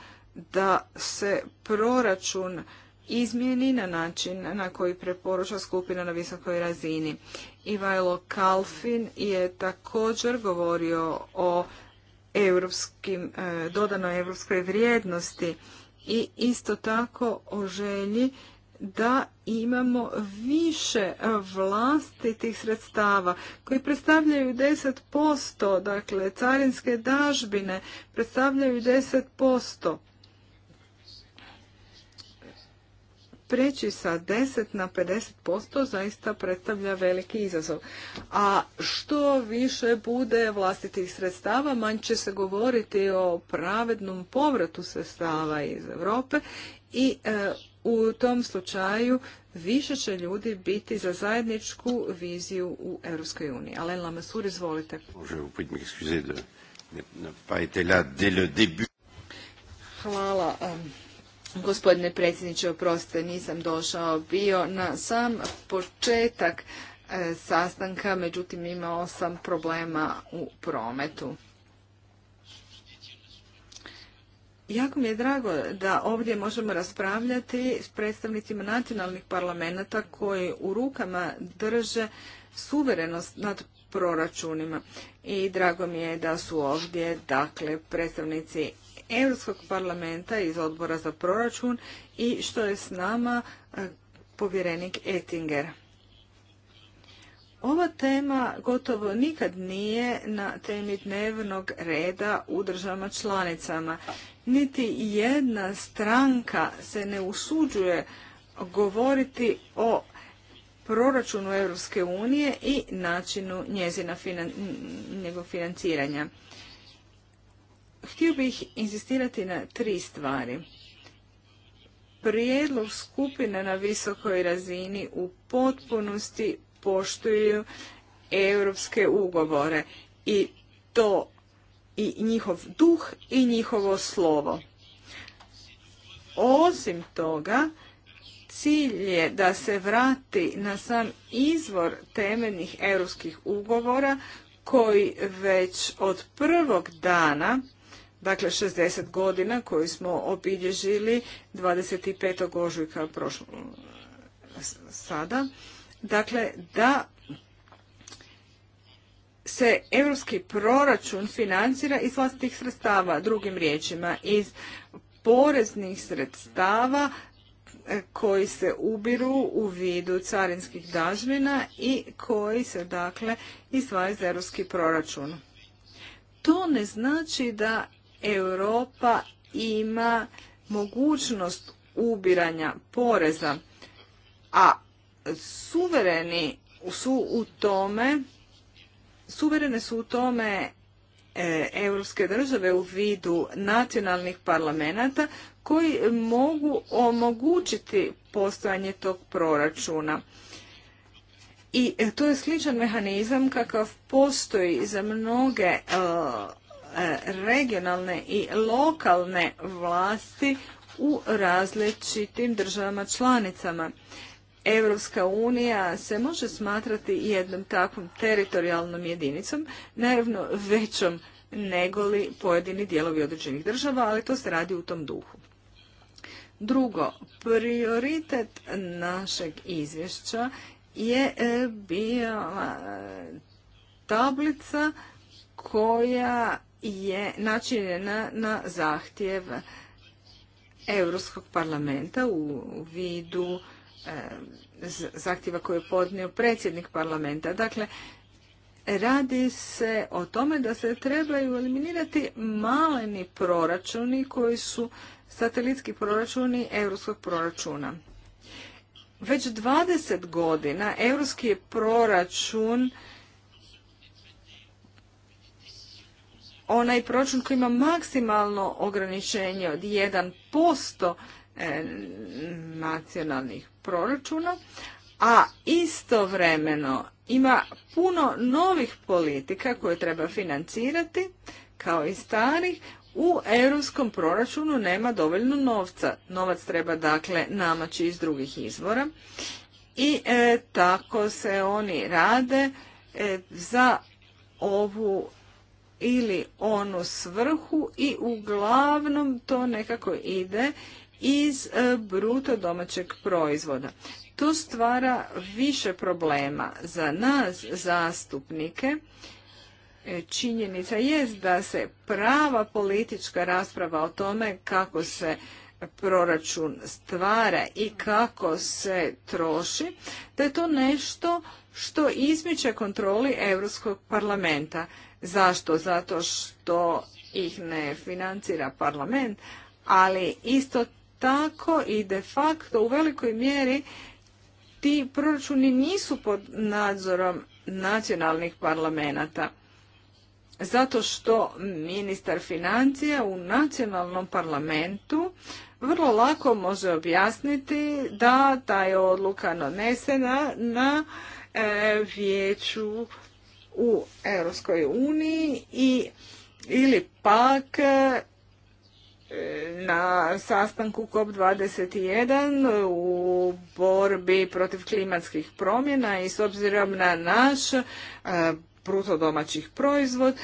da se proračun izmijeni na način na koji preporuča skupina na visokoj razini. Ivalo Kalfin je također govorio o europskim, e, dodanoj europskoj vrijednosti i isto tako o želji da imamo više vlastitih sredstava koji predstavljaju 10%, dakle carinske dažbine predstavljaju 10%. preći sa 10 na 50% zaista predstavlja veliki izazov. A što više bude vlastitih sredstava, manj će se govoriti o pravednom povratu sredstava iz Europe i e, u tom slučaju više će ljudi biti za zajedničku viziju u Europskoj uniji. Alen Lamassur, izvolite. Hvala. Gospodine predsjedniče, oprostite, nisam došao bio na sam početak e, sastanka, međutim imao sam problema u prometu. Jako mi je drago da ovdje možemo raspravljati s predstavnicima nacionalnih parlamenta koji u rukama drže suverenost nad proračunima. I drago mi je da su ovdje dakle predstavnici Europskog parlamenta iz odbora za proračun i što je s nama e, povjerenik Ettinger. Ova tema gotovo nikad nije na temi dnevnog reda u državama članicama. Niti jedna stranka se ne usuđuje govoriti o proračunu Europske unije i načinu njezina financiranja. Htio bih inzistirati na tri stvari. Prijedlog skupine na visokoj razini u potpunosti poštuju europske ugovore i to i njihov duh i njihovo slovo. Osim toga, cilj je da se vrati na sam izvor temeljnih europskih ugovora koji već od prvog dana dakle 60 godina koju smo obilježili 25. ožujka prošlo sada. Dakle, da se europski proračun financira iz vlastitih sredstava, drugim riječima iz poreznih sredstava e, koji se ubiru u vidu carinskih dažbina i koji se dakle izdvajaju za europski proračun. To ne znači da Europa ima mogućnost ubiranja poreza, a suvereni su u tome suverene su u tome e, europske države u vidu nacionalnih parlamenata koji mogu omogućiti postojanje tog proračuna. I to je sličan mehanizam kakav postoji za mnoge e, E, regionalne i lokalne vlasti u različitim državama članicama. Europska unija se može smatrati jednom takvom teritorijalnom jedinicom, naravno većom negoli pojedini dijelovi određenih država, ali to se radi u tom duhu. Drugo, prioritet našeg izvješća je e, bila e, tablica koja je načinjena na zahtjev Europskog parlamenta u vidu eh, zahtjeva koje je podnio predsjednik parlamenta. Dakle, radi se o tome da se trebaju eliminirati maleni proračuni koji su satelitski proračuni europskog proračuna. Već 20 godina europski je proračun onaj proračun koji ima maksimalno ograničenje od 1% e, nacionalnih proračuna, a istovremeno ima puno novih politika koje treba financirati, kao i starih, u europskom proračunu nema dovoljno novca. Novac treba dakle namaći iz drugih izvora i e, tako se oni rade e, za ovu ili onu svrhu i uglavnom to nekako ide iz e, bruto domaćeg proizvoda. To stvara više problema za nas zastupnike. E, činjenica je da se prava politička rasprava o tome kako se proračun stvara i kako se troši, da je to nešto što izmiče kontroli Europskog parlamenta. Zašto? Zato što ih ne financira parlament, ali isto tako i de facto u velikoj mjeri ti proračuni nisu pod nadzorom nacionalnih parlamenata. Zato što ministar financija u nacionalnom parlamentu vrlo lako može objasniti da ta je odluka donesena na e, vijeću u Europskoj uniji i ili pak e, na sastanku COP21 u borbi protiv klimatskih promjena i s obzirom na naš e, bruto domaćih proizvod,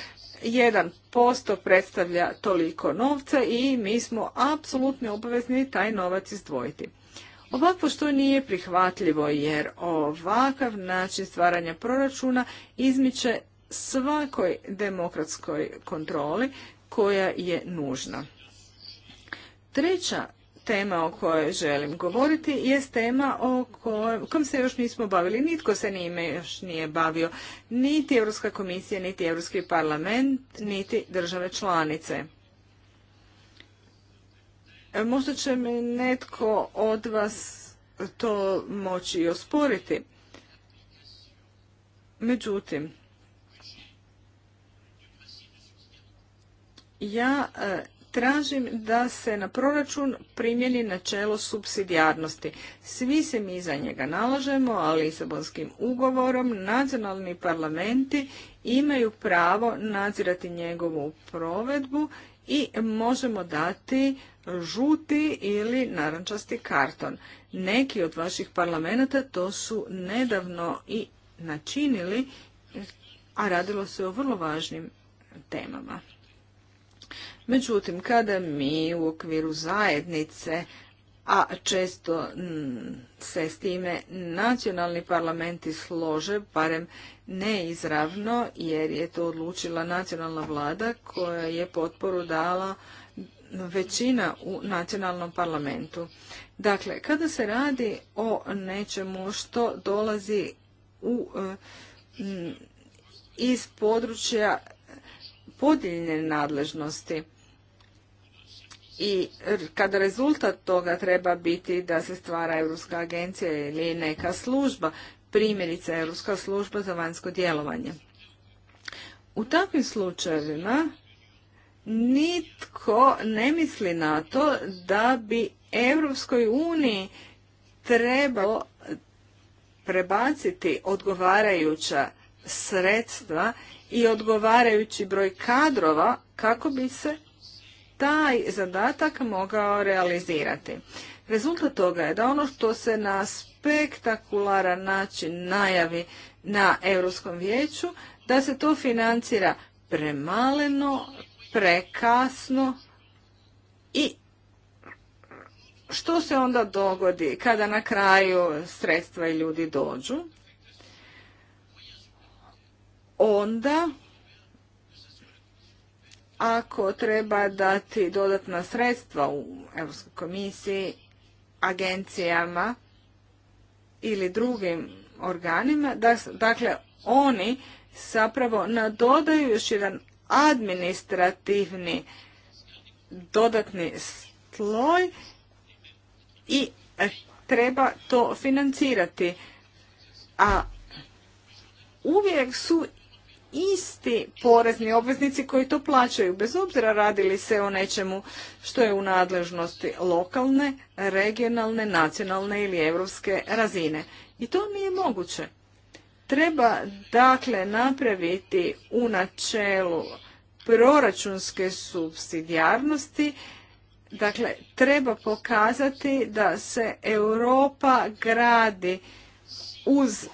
1% predstavlja toliko novca i mi smo apsolutno obavezni taj novac izdvojiti. Ovako što nije prihvatljivo jer ovakav način stvaranja proračuna izmiče svakoj demokratskoj kontroli koja je nužna. Treća tema o kojoj želim govoriti je tema o kojom se još nismo bavili. Nitko se nime još nije bavio. Niti Europska komisija, niti Europski parlament, niti države članice. Možda će mi netko od vas to moći i osporiti. Međutim, ja e, tražim da se na proračun primjeni načelo subsidijarnosti. Svi se mi za njega nalažemo, a Lisabonskim ugovorom nacionalni parlamenti imaju pravo nadzirati njegovu provedbu i možemo dati žuti ili narančasti karton. Neki od vaših parlamenta to su nedavno i načinili, a radilo se o vrlo važnim temama. Međutim, kada mi u okviru zajednice a često mm, se s time nacionalni parlamenti slože, barem neizravno, jer je to odlučila nacionalna vlada koja je potporu dala većina u nacionalnom parlamentu. Dakle, kada se radi o nečemu što dolazi u, eh, mm, iz područja podijeljene nadležnosti, i kada rezultat toga treba biti da se stvara Europska agencija ili neka služba, primjerice Europska služba za vanjsko djelovanje. U takvim slučajevima nitko ne misli na to da bi Europskoj uniji trebalo prebaciti odgovarajuća sredstva i odgovarajući broj kadrova kako bi se taj zadatak mogao realizirati. Rezultat toga je da ono što se na spektakularan način najavi na Europskom vijeću, da se to financira premaleno, prekasno i što se onda dogodi kada na kraju sredstva i ljudi dođu? Onda ako treba dati dodatna sredstva u Europskoj komisiji, agencijama ili drugim organima, dakle oni zapravo nadodaju još jedan administrativni dodatni sloj i e, treba to financirati. A uvijek su isti porezni obveznici koji to plaćaju, bez obzira radili se o nečemu što je u nadležnosti lokalne, regionalne, nacionalne ili europske razine. I to nije moguće. Treba dakle napraviti u načelu proračunske subsidijarnosti, dakle treba pokazati da se Europa gradi uz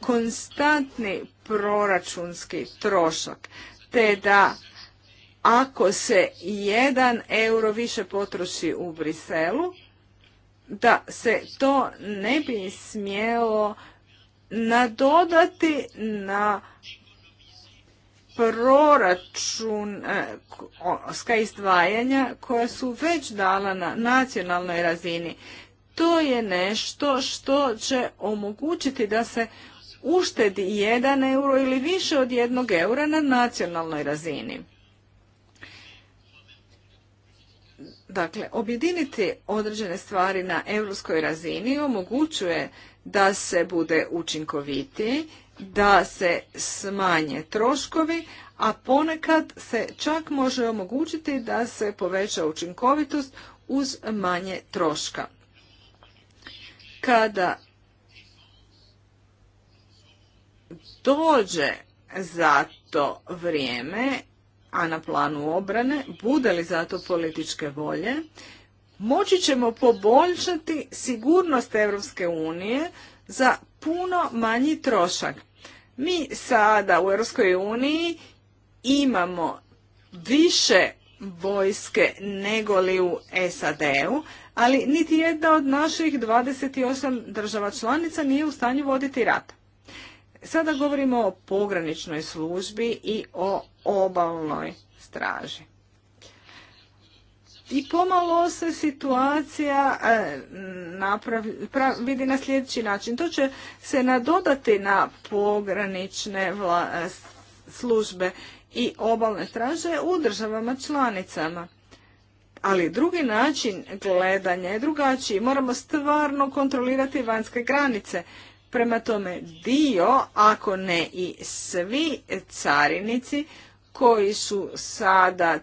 konstantni proračunski trošak, te da ako se jedan euro više potroši u Briselu, da se to ne bi smjelo nadodati na proračunska e, izdvajanja koja su već dala na nacionalnoj razini. To je nešto što će omogućiti da se uštedi jedan euro ili više od jednog eura na nacionalnoj razini. Dakle, objediniti određene stvari na europskoj razini omogućuje da se bude učinkovitiji, da se smanje troškovi, a ponekad se čak može omogućiti da se poveća učinkovitost uz manje troška. Kada dođe za to vrijeme, a na planu obrane, bude li za to političke volje, moći ćemo poboljšati sigurnost Europske unije za puno manji trošak. Mi sada u Europskoj uniji imamo više vojske nego li u SAD-u, ali niti jedna od naših 28 država članica nije u stanju voditi rat. Sada govorimo o pograničnoj službi i o obalnoj straži. I pomalo se situacija e, vidi na sljedeći način. To će se nadodati na pogranične e, službe i obalne straže u državama članicama. Ali drugi način gledanja je drugačiji. Moramo stvarno kontrolirati vanjske granice Prema tome dio, ako ne i svi carinici koji su sada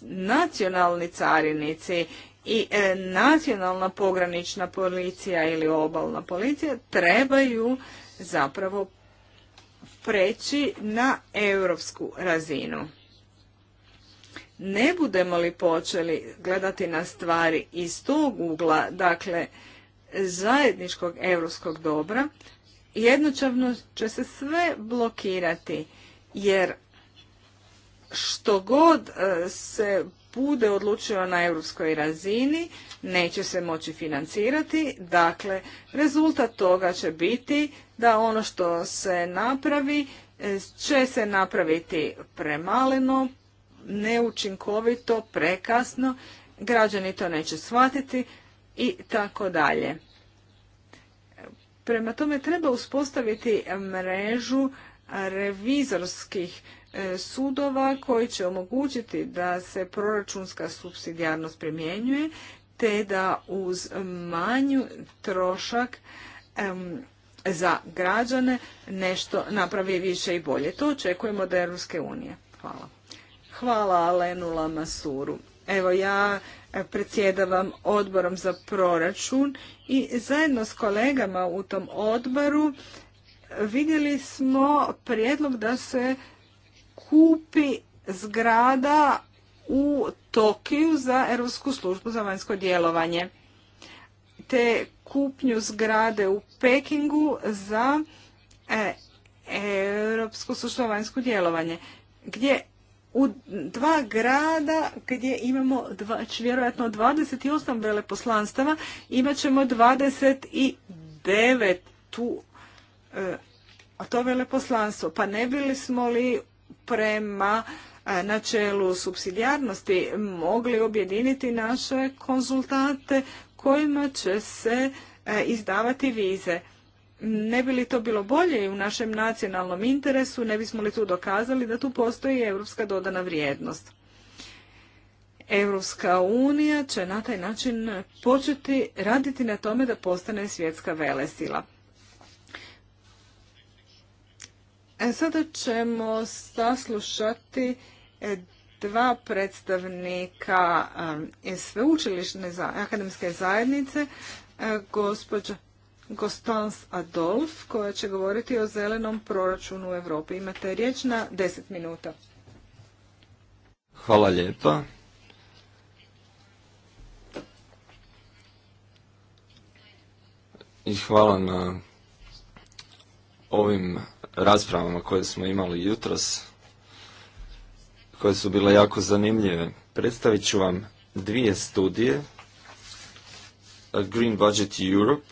nacionalni carinici i e, nacionalna pogranična policija ili obalna policija trebaju zapravo preći na europsku razinu. Ne budemo li počeli gledati na stvari iz tog ugla, dakle zajedničkog europskog dobra, jednočavno će se sve blokirati, jer što god e, se bude odlučio na europskoj razini, neće se moći financirati, dakle rezultat toga će biti da ono što se napravi e, će se napraviti premaleno, neučinkovito, prekasno, građani to neće shvatiti, i tako dalje. Prema tome treba uspostaviti mrežu revizorskih e, sudova koji će omogućiti da se proračunska subsidijarnost primjenjuje te da uz manju trošak za građane nešto napravi više i bolje. To očekujemo od Europske unije. Hvala. Hvala Alenu Lamasuru. Evo ja predsjedavam odborom za proračun i zajedno s kolegama u tom odboru vidjeli smo prijedlog da se kupi zgrada u Tokiju za Europsku službu za vanjsko djelovanje te kupnju zgrade u Pekingu za e, Europsku službu za vanjsko djelovanje gdje u dva grada gdje imamo dva, vjerojatno 28 veleposlanstava, imat ćemo 29 tu e, a to veleposlanstvo. Pa ne bili smo li prema e, načelu subsidijarnosti mogli objediniti naše konzultante kojima će se e, izdavati vize. Ne bi li to bilo bolje i u našem nacionalnom interesu, ne bismo li tu dokazali da tu postoji europska dodana vrijednost. Europska unija će na taj način početi raditi na tome da postane svjetska velesila. E, sada ćemo saslušati e, dva predstavnika e, sveučilišne akademske zajednice, e, gospođa Gostans Adolf koja će govoriti o zelenom proračunu u Europi. Imate riječ na 10 minuta. Hvala lijepa. I hvala na ovim raspravama koje smo imali jutros, koje su bile jako zanimljive. Predstavit ću vam dvije studije, Green Budget Europe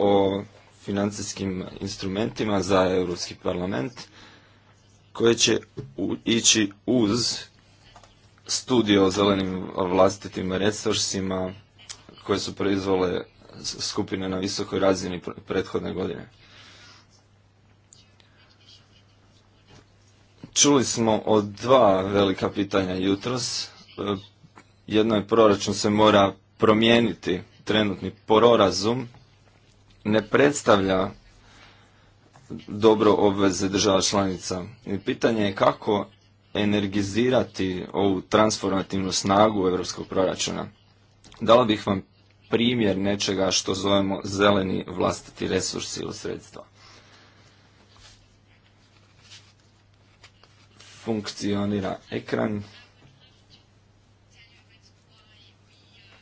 o financijskim instrumentima za Europski parlament koje će ići uz studio o zelenim vlastitim resursima koje su proizvole skupine na visokoj razini prethodne godine. Čuli smo o dva velika pitanja jutros. E, jedno je proračun se mora promijeniti trenutni prorazum ne predstavlja dobro obveze država članica. I pitanje je kako energizirati ovu transformativnu snagu europskog proračuna. Dala bih vam primjer nečega što zovemo zeleni vlastiti resursi ili sredstva. Funkcionira ekran,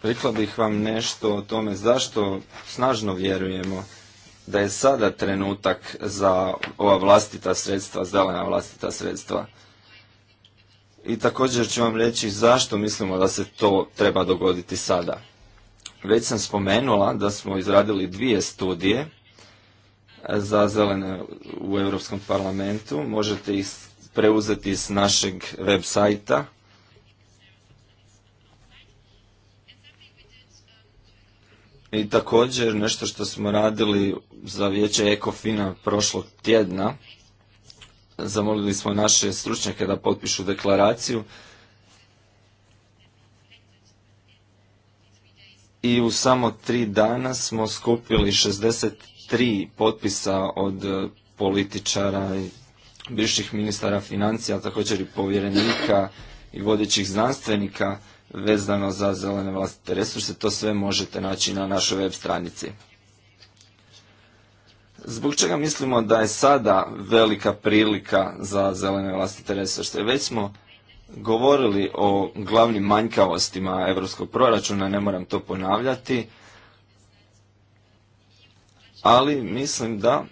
Rekla bih vam nešto o tome zašto snažno vjerujemo da je sada trenutak za ova vlastita sredstva, zelena vlastita sredstva. I također ću vam reći zašto mislimo da se to treba dogoditi sada. Već sam spomenula da smo izradili dvije studije e, za zelene u Europskom parlamentu. Možete ih preuzeti s našeg web sajta I također nešto što smo radili za vijeće Ekofina prošlog tjedna, zamolili smo naše stručnjake da potpišu deklaraciju i u samo tri dana smo skupili 63 potpisa od e, političara i bivših ministara financija, također i povjerenika i vodećih znanstvenika vezano za zelene vlastite resurse, to sve možete naći na našoj web stranici. Zbog čega mislimo da je sada velika prilika za zelene vlastite resurse? Već smo govorili o glavnim manjkavostima europskog proračuna, ne moram to ponavljati, ali mislim da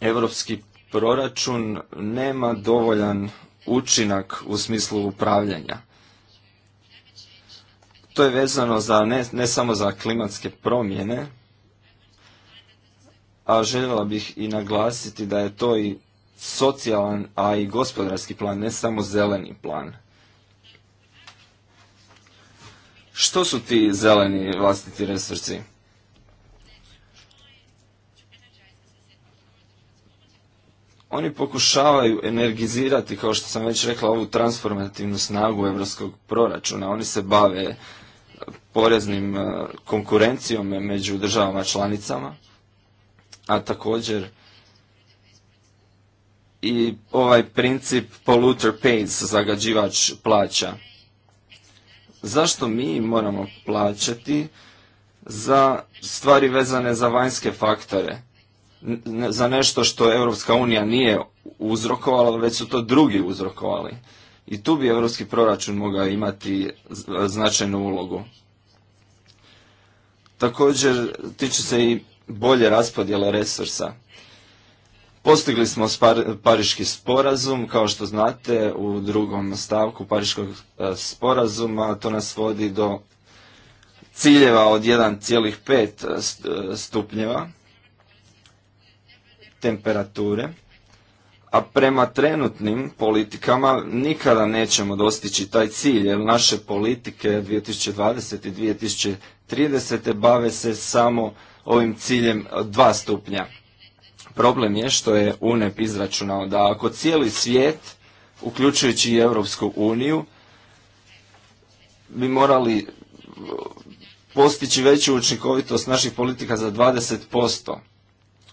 europski proračun nema dovoljan učinak u smislu upravljanja. To je vezano za ne, ne samo za klimatske promjene, a željela bih i naglasiti da je to i socijalan, a i gospodarski plan, ne samo zeleni plan. Što su ti zeleni vlastiti resursi? Oni pokušavaju energizirati, kao što sam već rekla, ovu transformativnu snagu evropskog proračuna. Oni se bave e, poreznim e, konkurencijom među državama članicama, a također i ovaj princip polluter pays, zagađivač plaća. Zašto mi moramo plaćati za stvari vezane za vanjske faktore? za nešto što Europska unija nije uzrokovala, već su to drugi uzrokovali. I tu bi europski proračun mogao imati značajnu ulogu. Također, tiče se i bolje raspodjele resursa. Postigli smo Pariški sporazum, kao što znate, u drugom stavku Pariškog e, sporazuma, to nas vodi do ciljeva od 1,5 e, e, stupnjeva temperature, a prema trenutnim politikama nikada nećemo dostići taj cilj, jer naše politike 2020. i 2030. bave se samo ovim ciljem dva stupnja. Problem je što je UNEP izračunao da ako cijeli svijet, uključujući i Europsku uniju, bi morali postići veću učinkovitost naših politika za 20%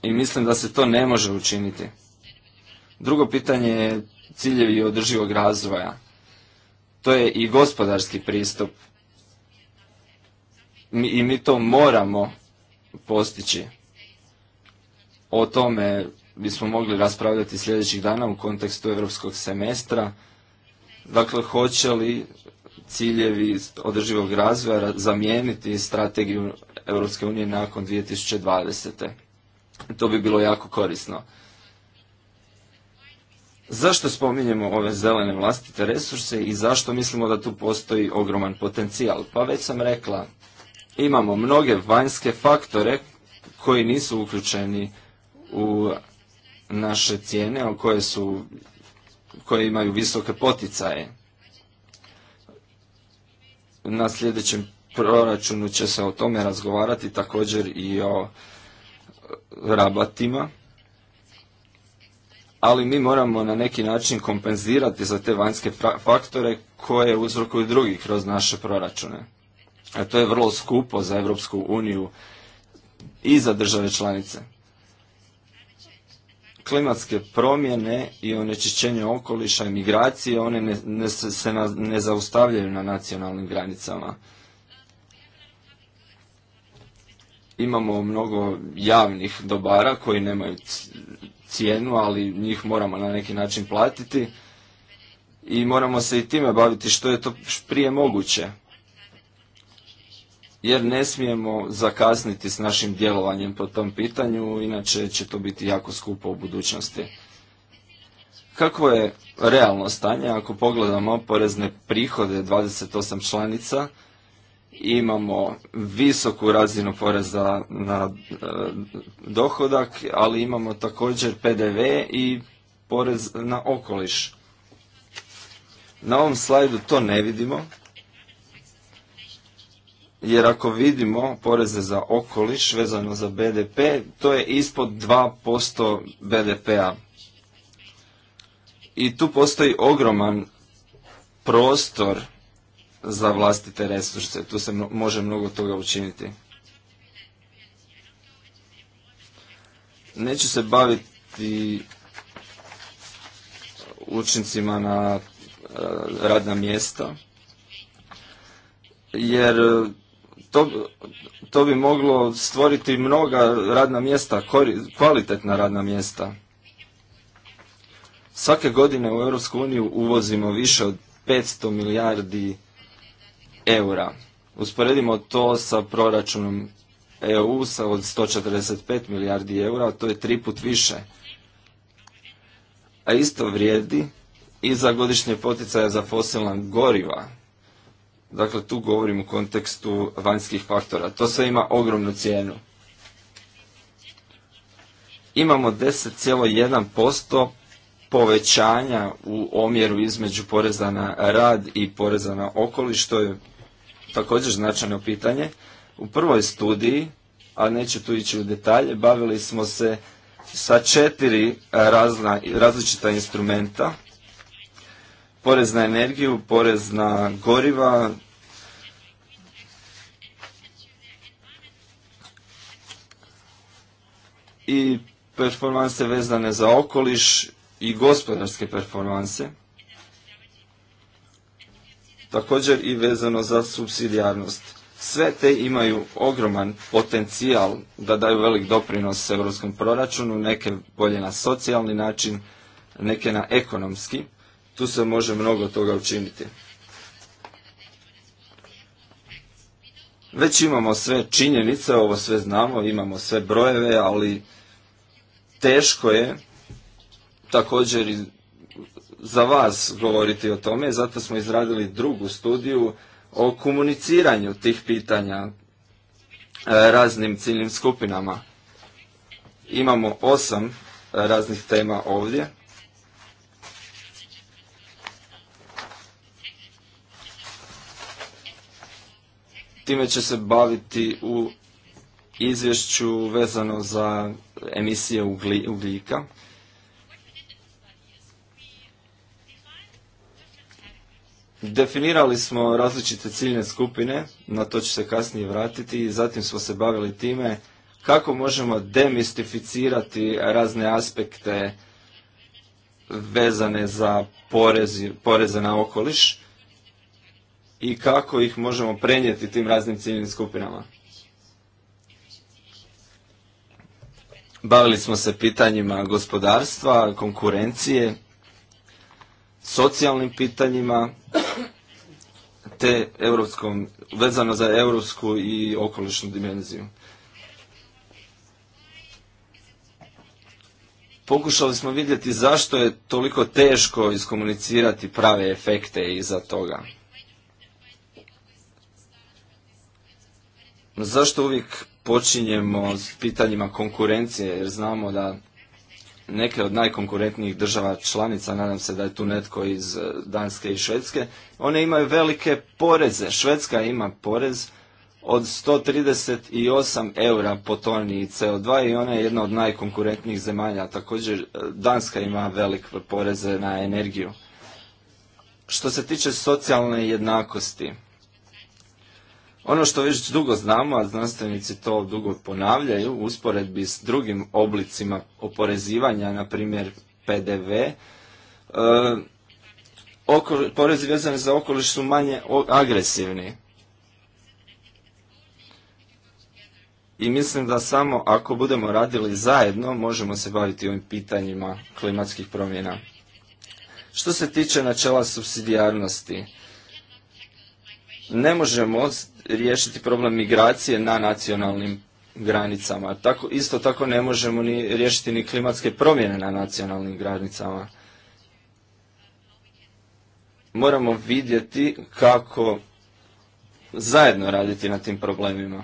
i mislim da se to ne može učiniti. Drugo pitanje je ciljevi održivog razvoja. To je i gospodarski pristup i mi to moramo postići. O tome bismo mogli raspravljati sljedećih dana u kontekstu europskog semestra. Dakle, hoće li ciljevi održivog razvoja zamijeniti strategiju Europske unije nakon 2020. To bi bilo jako korisno. Zašto spominjemo ove zelene vlastite resurse i zašto mislimo da tu postoji ogroman potencijal? Pa već sam rekla, imamo mnoge vanjske faktore koji nisu uključeni u naše cijene, ali koje, su, koje imaju visoke poticaje. Na sljedećem proračunu će se o tome razgovarati također i o rabatima, ali mi moramo na neki način kompenzirati za te vanjske faktore koje uzrokuju drugi kroz naše proračune. A to je vrlo skupo za Europsku uniju i za države članice. Klimatske promjene i onečišćenje okoliša i migracije, one ne, ne, se ne zaustavljaju na nacionalnim granicama. imamo mnogo javnih dobara koji nemaju cijenu, ali njih moramo na neki način platiti i moramo se i time baviti što je to prije moguće. Jer ne smijemo zakasniti s našim djelovanjem po tom pitanju, inače će to biti jako skupo u budućnosti. Kako je realno stanje ako pogledamo porezne prihode 28 članica, imamo visoku razinu poreza na e, dohodak, ali imamo također PDV i porez na okoliš. Na ovom slajdu to ne vidimo, jer ako vidimo poreze za okoliš vezano za BDP, to je ispod 2% BDP-a. I tu postoji ogroman prostor za vlastite resurse. Tu se može mnogo toga učiniti. Neću se baviti učincima na e, radna mjesta, jer e, to, to bi moglo stvoriti mnoga radna mjesta, kvalitetna radna mjesta. Svake godine u EU uvozimo više od 500 milijardi eura. Usporedimo to sa proračunom EU sa od 145 milijardi eura, to je tri put više. A isto vrijedi i za godišnje poticaje za fosilna goriva. Dakle, tu govorim u kontekstu vanjskih faktora. To sve ima ogromnu cijenu. Imamo 10,1% povećanja u omjeru između poreza na rad i poreza na okoliš, što je također značajno pitanje. U prvoj studiji, a neću tu ići u detalje, bavili smo se sa četiri razna, različita instrumenta. Porez na energiju, porez na goriva, i performanse vezane za okoliš i gospodarske performanse također i vezano za subsidijarnost. Sve te imaju ogroman potencijal da daju velik doprinos europskom proračunu, neke bolje na socijalni način, neke na ekonomski. Tu se može mnogo toga učiniti. Već imamo sve činjenice, ovo sve znamo, imamo sve brojeve, ali teško je također za vas govoriti o tome, zato smo izradili drugu studiju o komuniciranju tih pitanja e, raznim ciljnim skupinama. Imamo osam e, raznih tema ovdje. Time će se baviti u izvješću vezano za emisije ugljika. Definirali smo različite ciljne skupine, na to ću se kasnije vratiti, i zatim smo se bavili time kako možemo demistificirati razne aspekte vezane za poreze na okoliš i kako ih možemo prenijeti tim raznim ciljnim skupinama. Bavili smo se pitanjima gospodarstva, konkurencije, socijalnim pitanjima te europskom, vezano za europsku i okolišnu dimenziju. Pokušali smo vidjeti zašto je toliko teško iskomunicirati prave efekte iza toga. Zašto uvijek počinjemo s pitanjima konkurencije, jer znamo da neke od najkonkurentnijih država članica, nadam se da je tu netko iz e, Danske i Švedske, one imaju velike poreze. Švedska ima porez od 138 eura po toni CO2 i ona je jedna od najkonkurentnijih zemalja. Također e, Danska ima velike poreze na energiju. Što se tiče socijalne jednakosti, ono što već dugo znamo, a znanstvenici to dugo ponavljaju, u usporedbi s drugim oblicima oporezivanja, na primjer PDV, e, porezi vezani za okoliš su manje agresivni. I mislim da samo ako budemo radili zajedno, možemo se baviti ovim pitanjima klimatskih promjena. Što se tiče načela subsidijarnosti, ne možemo riješiti problem migracije na nacionalnim granicama. Tako, isto tako ne možemo ni riješiti ni klimatske promjene na nacionalnim granicama. Moramo vidjeti kako zajedno raditi na tim problemima.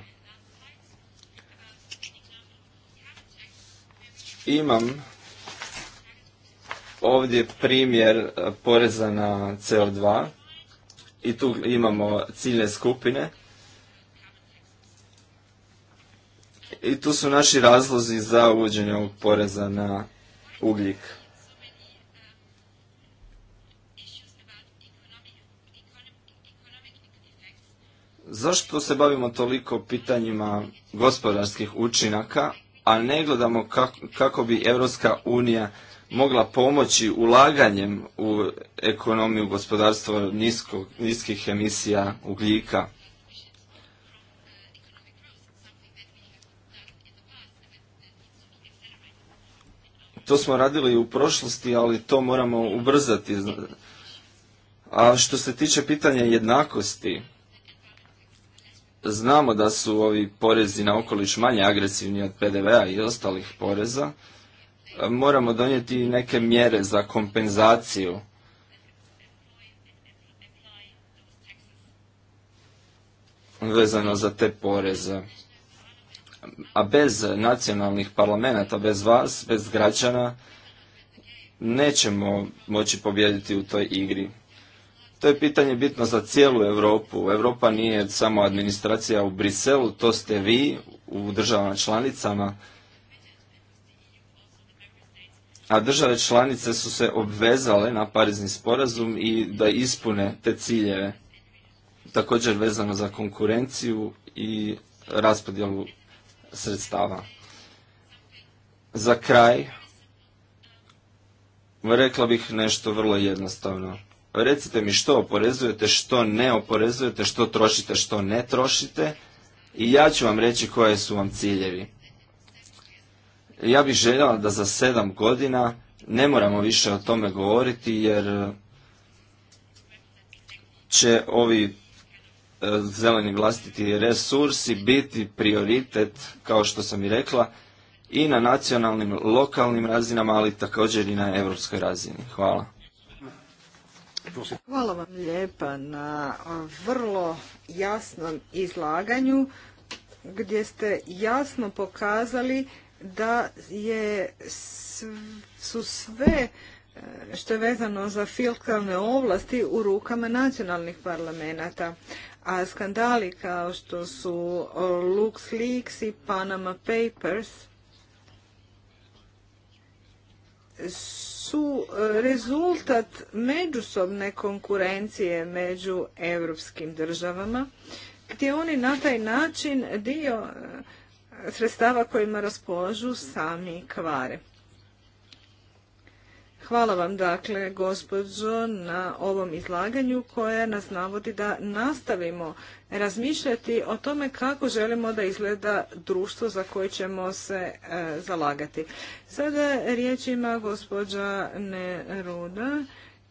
Imam ovdje primjer e, poreza na CO2 i tu imamo ciljne skupine I tu su naši razlozi za uvođenje ovog poreza na ugljik. Zašto se bavimo toliko pitanjima gospodarskih učinaka, a ne gledamo kako, bi Europska unija mogla pomoći ulaganjem u ekonomiju gospodarstva niskih emisija ugljika? To smo radili u prošlosti, ali to moramo ubrzati. A što se tiče pitanja jednakosti, znamo da su ovi porezi na okoliš manje agresivni od PDV-a i ostalih poreza. Moramo donijeti neke mjere za kompenzaciju vezano za te poreze a bez nacionalnih parlamenta, bez vas, bez građana, nećemo moći pobijediti u toj igri. To je pitanje bitno za cijelu Europu. Europa nije samo administracija u Briselu, to ste vi u državama članicama. A države članice su se obvezale na Parizni sporazum i da ispune te ciljeve. Također vezano za konkurenciju i raspodjelu sredstava. Za kraj, rekla bih nešto vrlo jednostavno. Recite mi što oporezujete, što ne oporezujete, što trošite, što ne trošite i ja ću vam reći koje su vam ciljevi. Ja bih željela da za sedam godina ne moramo više o tome govoriti jer će ovi zeleni vlastiti resursi biti prioritet, kao što sam i rekla, i na nacionalnim, lokalnim razinama, ali također i na europskoj razini. Hvala. Hvala vam lijepa na vrlo jasnom izlaganju gdje ste jasno pokazali da je, su sve e, što je vezano za filkalne ovlasti u rukama nacionalnih parlamenta. A skandali kao što su LuxLeaks i Panama Papers su e, rezultat međusobne konkurencije među europskim državama, gdje oni na taj način dio e, sredstava kojima raspolažu sami kvare. Hvala vam dakle gospođo na ovom izlaganju koje nas navodi da nastavimo razmišljati o tome kako želimo da izgleda društvo za koje ćemo se e, zalagati. Sada riječ ima gospođa Neruda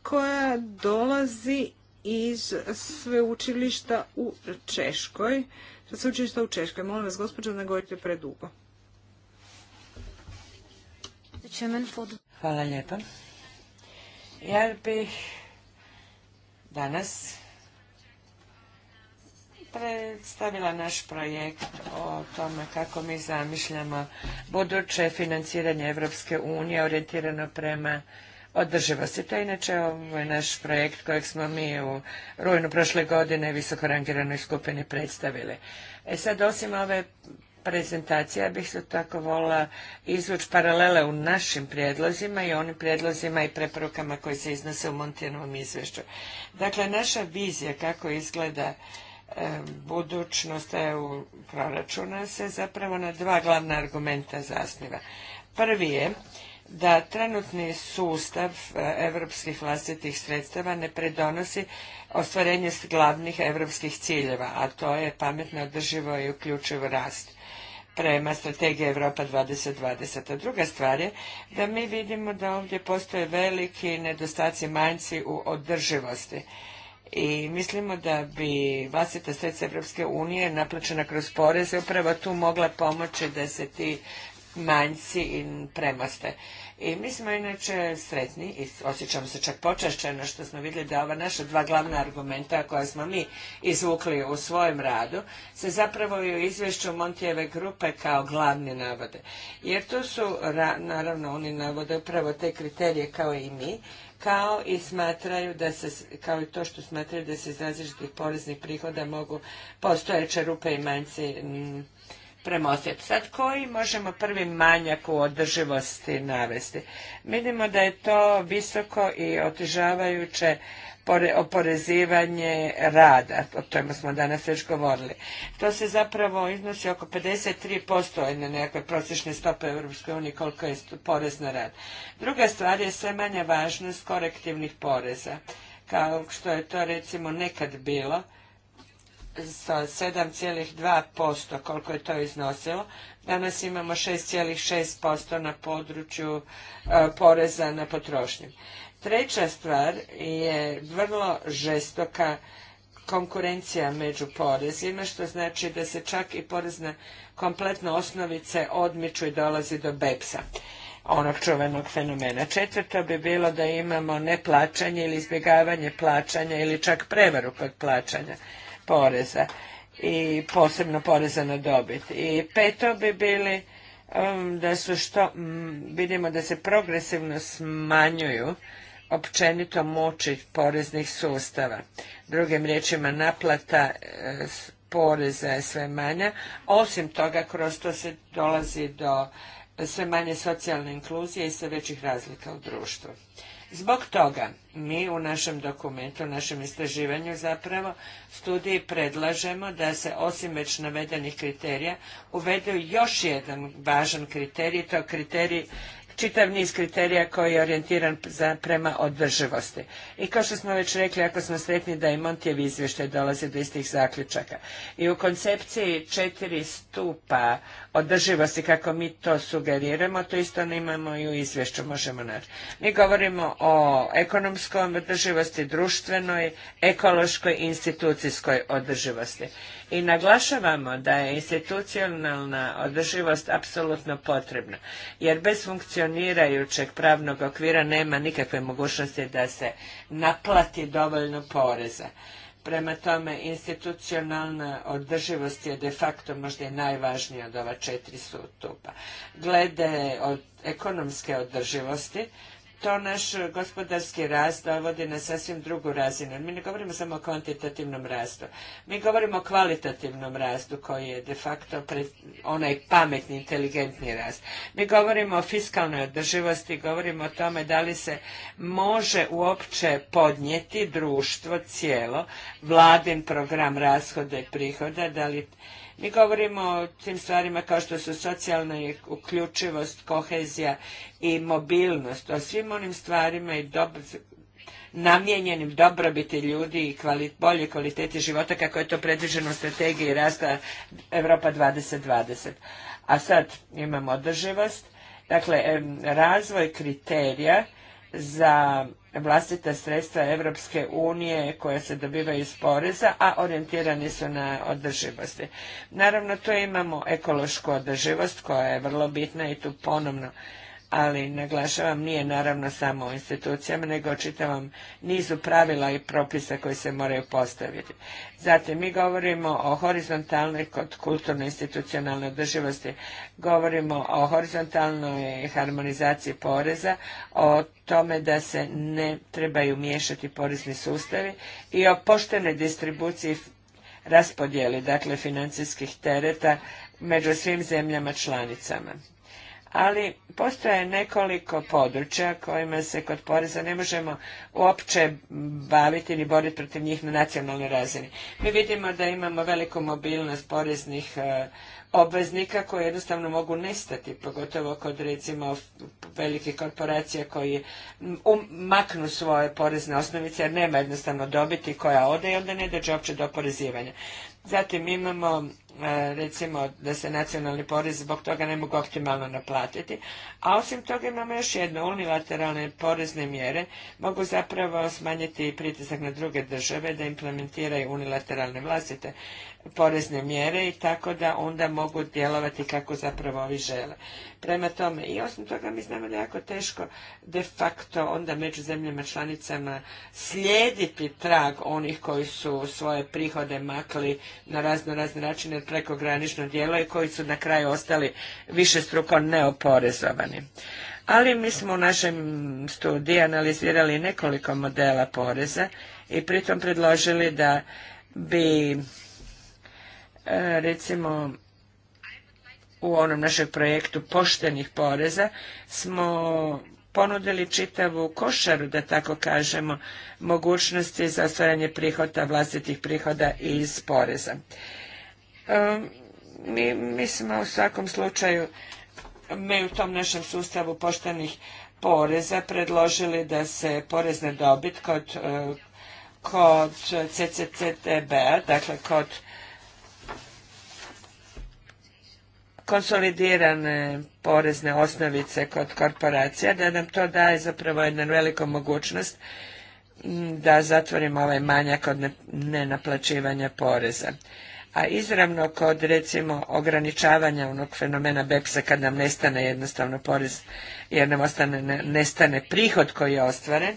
koja dolazi iz sveučilišta u Češkoj. Sveučilišta u Češkoj. Molim vas gospođo ne govorite predugo. Hvala lijepa. Ja bih danas predstavila naš projekt o tome kako mi zamišljamo buduće financiranje Evropske unije orijentirano prema održivosti. To je inače ovaj naš projekt kojeg smo mi u rujnu prošle godine visokorangiranoj skupini predstavili. E sad, osim ove prezentacija, bi bih se tako volila izvući paralele u našim prijedlozima i onim prijedlozima i preporukama koji se iznose u Montijenovom izvješću. Dakle, naša vizija kako izgleda e, budućnost EU proračuna se zapravo na dva glavna argumenta zasniva. Prvi je da trenutni sustav europskih vlastitih sredstava ne predonosi ostvarenje glavnih europskih ciljeva, a to je pametno održivo i uključivo rast prema strategiji Europa 2020. A druga stvar je da mi vidimo da ovdje postoje veliki nedostaci manjci u održivosti i mislimo da bi vlastita sredstva Europske unije naplaćena kroz poreze upravo tu mogla pomoći da se ti manjci i premoste. I mi smo inače sretni i osjećamo se čak počašćeno što smo vidjeli da ova naša dva glavna argumenta koja smo mi izvukli u svojem radu se zapravo i u izvješću Montijeve grupe kao glavni navode. Jer tu su, naravno oni navode upravo te kriterije kao i mi, kao i smatraju da se, kao i to što smatraju da se iz različitih poreznih prihoda mogu postojeće rupe i manjci premostiti. Sad koji možemo prvi manjak u održivosti navesti? Vidimo da je to visoko i otežavajuće oporezivanje rada, o tome smo danas već govorili. To se zapravo iznosi oko 53% jedne nekakve prosječne stope EU unije koliko je porez na rad. Druga stvar je sve manja važnost korektivnih poreza, kao što je to recimo nekad bilo sa 7,2% koliko je to iznosilo. Danas imamo 6,6% na području e, poreza na potrošnju. Treća stvar je vrlo žestoka konkurencija među porezima, što znači da se čak i porezne kompletne osnovice odmiču i dolazi do BEPS-a onog čuvenog fenomena. Četvrto bi bilo da imamo neplaćanje ili izbjegavanje plaćanja ili čak prevaru kod plaćanja poreza i posebno poreza na dobit. I peto bi bili um, da su što, vidimo da se progresivno smanjuju općenito moći poreznih sustava. Drugim riječima naplata e, poreza je sve manja. Osim toga, kroz to se dolazi do sve manje socijalne inkluzije i sve većih razlika u društvu. Zbog toga mi u našem dokumentu, u našem istraživanju zapravo, studiji predlažemo da se osim već navedenih kriterija uvede još jedan važan kriterij, to kriterij čitav niz kriterija koji je orijentiran prema održivosti. I kao što smo već rekli, ako smo sretni da i Montijev izvještaj dolazi do istih zaključaka. I u koncepciji četiri stupa održivosti, kako mi to sugeriramo, to isto imamo i u izvješću, možemo naći. Mi govorimo o ekonomskom održivosti, društvenoj, ekološkoj i institucijskoj održivosti i naglašavamo da je institucionalna održivost apsolutno potrebna, jer bez funkcionirajućeg pravnog okvira nema nikakve mogućnosti da se naplati dovoljno poreza. Prema tome, institucionalna održivost je de facto možda i najvažnija od ova četiri stupa. Glede od ekonomske održivosti, to naš gospodarski rast dovodi na sasvim drugu razinu. Mi ne govorimo samo o kvantitativnom rastu. Mi govorimo o kvalitativnom rastu koji je de facto onaj pametni, inteligentni rast. Mi govorimo o fiskalnoj održivosti, govorimo o tome da li se može uopće podnijeti društvo cijelo, vladin program rashoda i prihoda, da li mi govorimo o tim stvarima kao što su socijalna uključivost, kohezija i mobilnost, o svim onim stvarima i namijenjenim dobrobiti ljudi i bolje kvaliteti života kako je to predviđeno u strategiji rasta Europa 2020. A sad imamo održivost, dakle razvoj kriterija za vlastita sredstva europske unije koja se dobivaju iz poreza, a orijentirani su na održivosti. Naravno, tu imamo ekološku održivost koja je vrlo bitna i tu ponovno ali naglašavam nije naravno samo u institucijama, nego čitavom nizu pravila i propisa koji se moraju postaviti. Zatim, mi govorimo o horizontalnoj kod kulturno-institucionalne održivosti, govorimo o horizontalnoj harmonizaciji poreza, o tome da se ne trebaju miješati porezni sustavi i o poštenoj distribuciji raspodjeli, dakle, financijskih tereta među svim zemljama članicama ali postoje nekoliko područja kojima se kod poreza ne možemo uopće baviti ni boriti protiv njih na nacionalnoj razini. Mi vidimo da imamo veliku mobilnost poreznih e, obveznika koji jednostavno mogu nestati, pogotovo kod recimo velikih korporacija koji um, maknu svoje porezne osnovice jer nema jednostavno dobiti koja ode i onda ne dođe uopće do oporezivanja. Zatim imamo E, recimo da se nacionalni porez zbog toga ne mogu optimalno naplatiti. A osim toga imamo još jedno, unilateralne porezne mjere mogu zapravo smanjiti pritisak na druge države da implementiraju unilateralne vlastite porezne mjere i tako da onda mogu djelovati kako zapravo ovi žele. Prema tome, i osim toga mi znamo da je jako teško de facto onda među zemljama članicama slijediti trag onih koji su svoje prihode makli na razno razne načine granično djelo i koji su na kraju ostali više struko neoporezovani. Ali mi smo u našem studiji analizirali nekoliko modela poreza i pritom predložili da bi E, recimo u onom našem projektu poštenih poreza smo ponudili čitavu košaru, da tako kažemo, mogućnosti za ostvaranje prihoda, vlastitih prihoda iz poreza. E, mi, mi smo u svakom slučaju, mi u tom našem sustavu poštenih poreza predložili da se porezne dobit kod, e, kod CCCTB, dakle kod konsolidirane porezne osnovice kod korporacija, da nam to daje zapravo jednu veliku mogućnost da zatvorimo ovaj manjak od nenaplaćivanja poreza. A izravno kod recimo ograničavanja onog fenomena BEPS-a kad nam nestane jednostavno porez jer nam ostane, nestane prihod koji je ostvaren,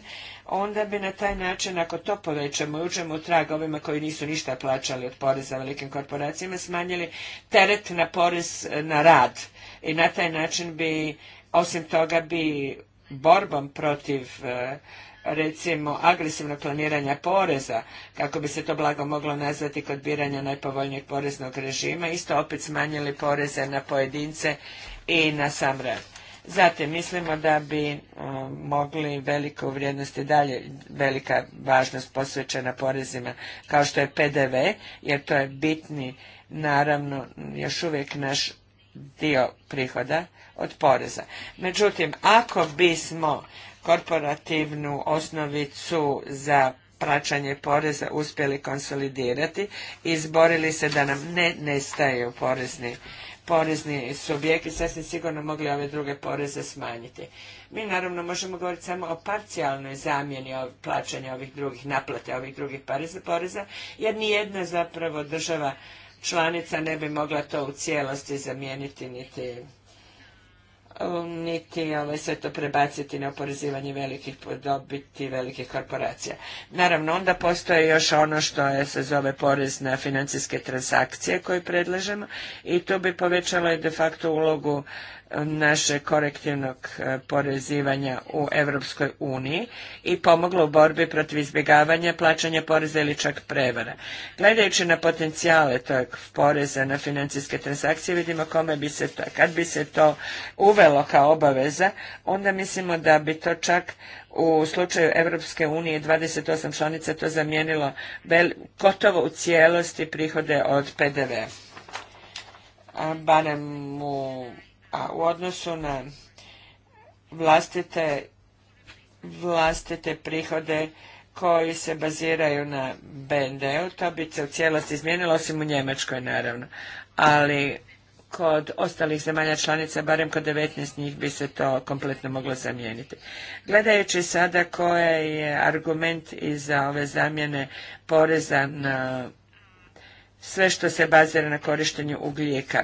onda bi na taj način, ako to povećamo i uđemo u trag ovima koji nisu ništa plaćali od poreza velikim korporacijama, smanjili teret na porez na rad. I na taj način bi, osim toga, bi borbom protiv e, recimo agresivnog planiranja poreza, kako bi se to blago moglo nazvati kod biranja najpovoljnijeg poreznog režima, isto opet smanjili poreze na pojedince i na sam rad. Zatim, mislimo da bi um, mogli veliku vrijednost i dalje, velika važnost posvećena porezima kao što je PDV, jer to je bitni, naravno, još uvijek naš dio prihoda od poreza. Međutim, ako bismo korporativnu osnovicu za praćanje poreza uspjeli konsolidirati i izborili se da nam ne nestaju porezni porezni subjekti sasvim sigurno mogli ove druge poreze smanjiti. Mi naravno možemo govoriti samo o parcijalnoj zamjeni plaćanja ovih drugih naplate, ovih drugih poreza, jer nijedna zapravo država članica ne bi mogla to u cijelosti zamijeniti niti Um, niti ovaj, sve to prebaciti na oporezivanje velikih dobiti velikih korporacija. Naravno, onda postoje još ono što je, se zove porez na financijske transakcije koje predlažemo i to bi povećalo de facto ulogu naše korektivnog e, porezivanja u Europskoj uniji i pomoglo u borbi protiv izbjegavanja plaćanja poreza ili čak prevara. Gledajući na potencijale tog poreza na financijske transakcije vidimo kome bi se to, kad bi se to uvelo kao obaveza, onda mislimo da bi to čak u slučaju Evropske unije 28 članica to zamijenilo gotovo u cijelosti prihode od pdv Barem u a u odnosu na vlastite, vlastite prihode koji se baziraju na BND-u, to bi se u cijelosti izmijenilo, osim u Njemačkoj naravno. Ali kod ostalih zemalja članica, barem kod 19 njih bi se to kompletno moglo zamijeniti. Gledajući sada koji je argument i za ove zamjene poreza na sve što se bazira na korištenju ugljika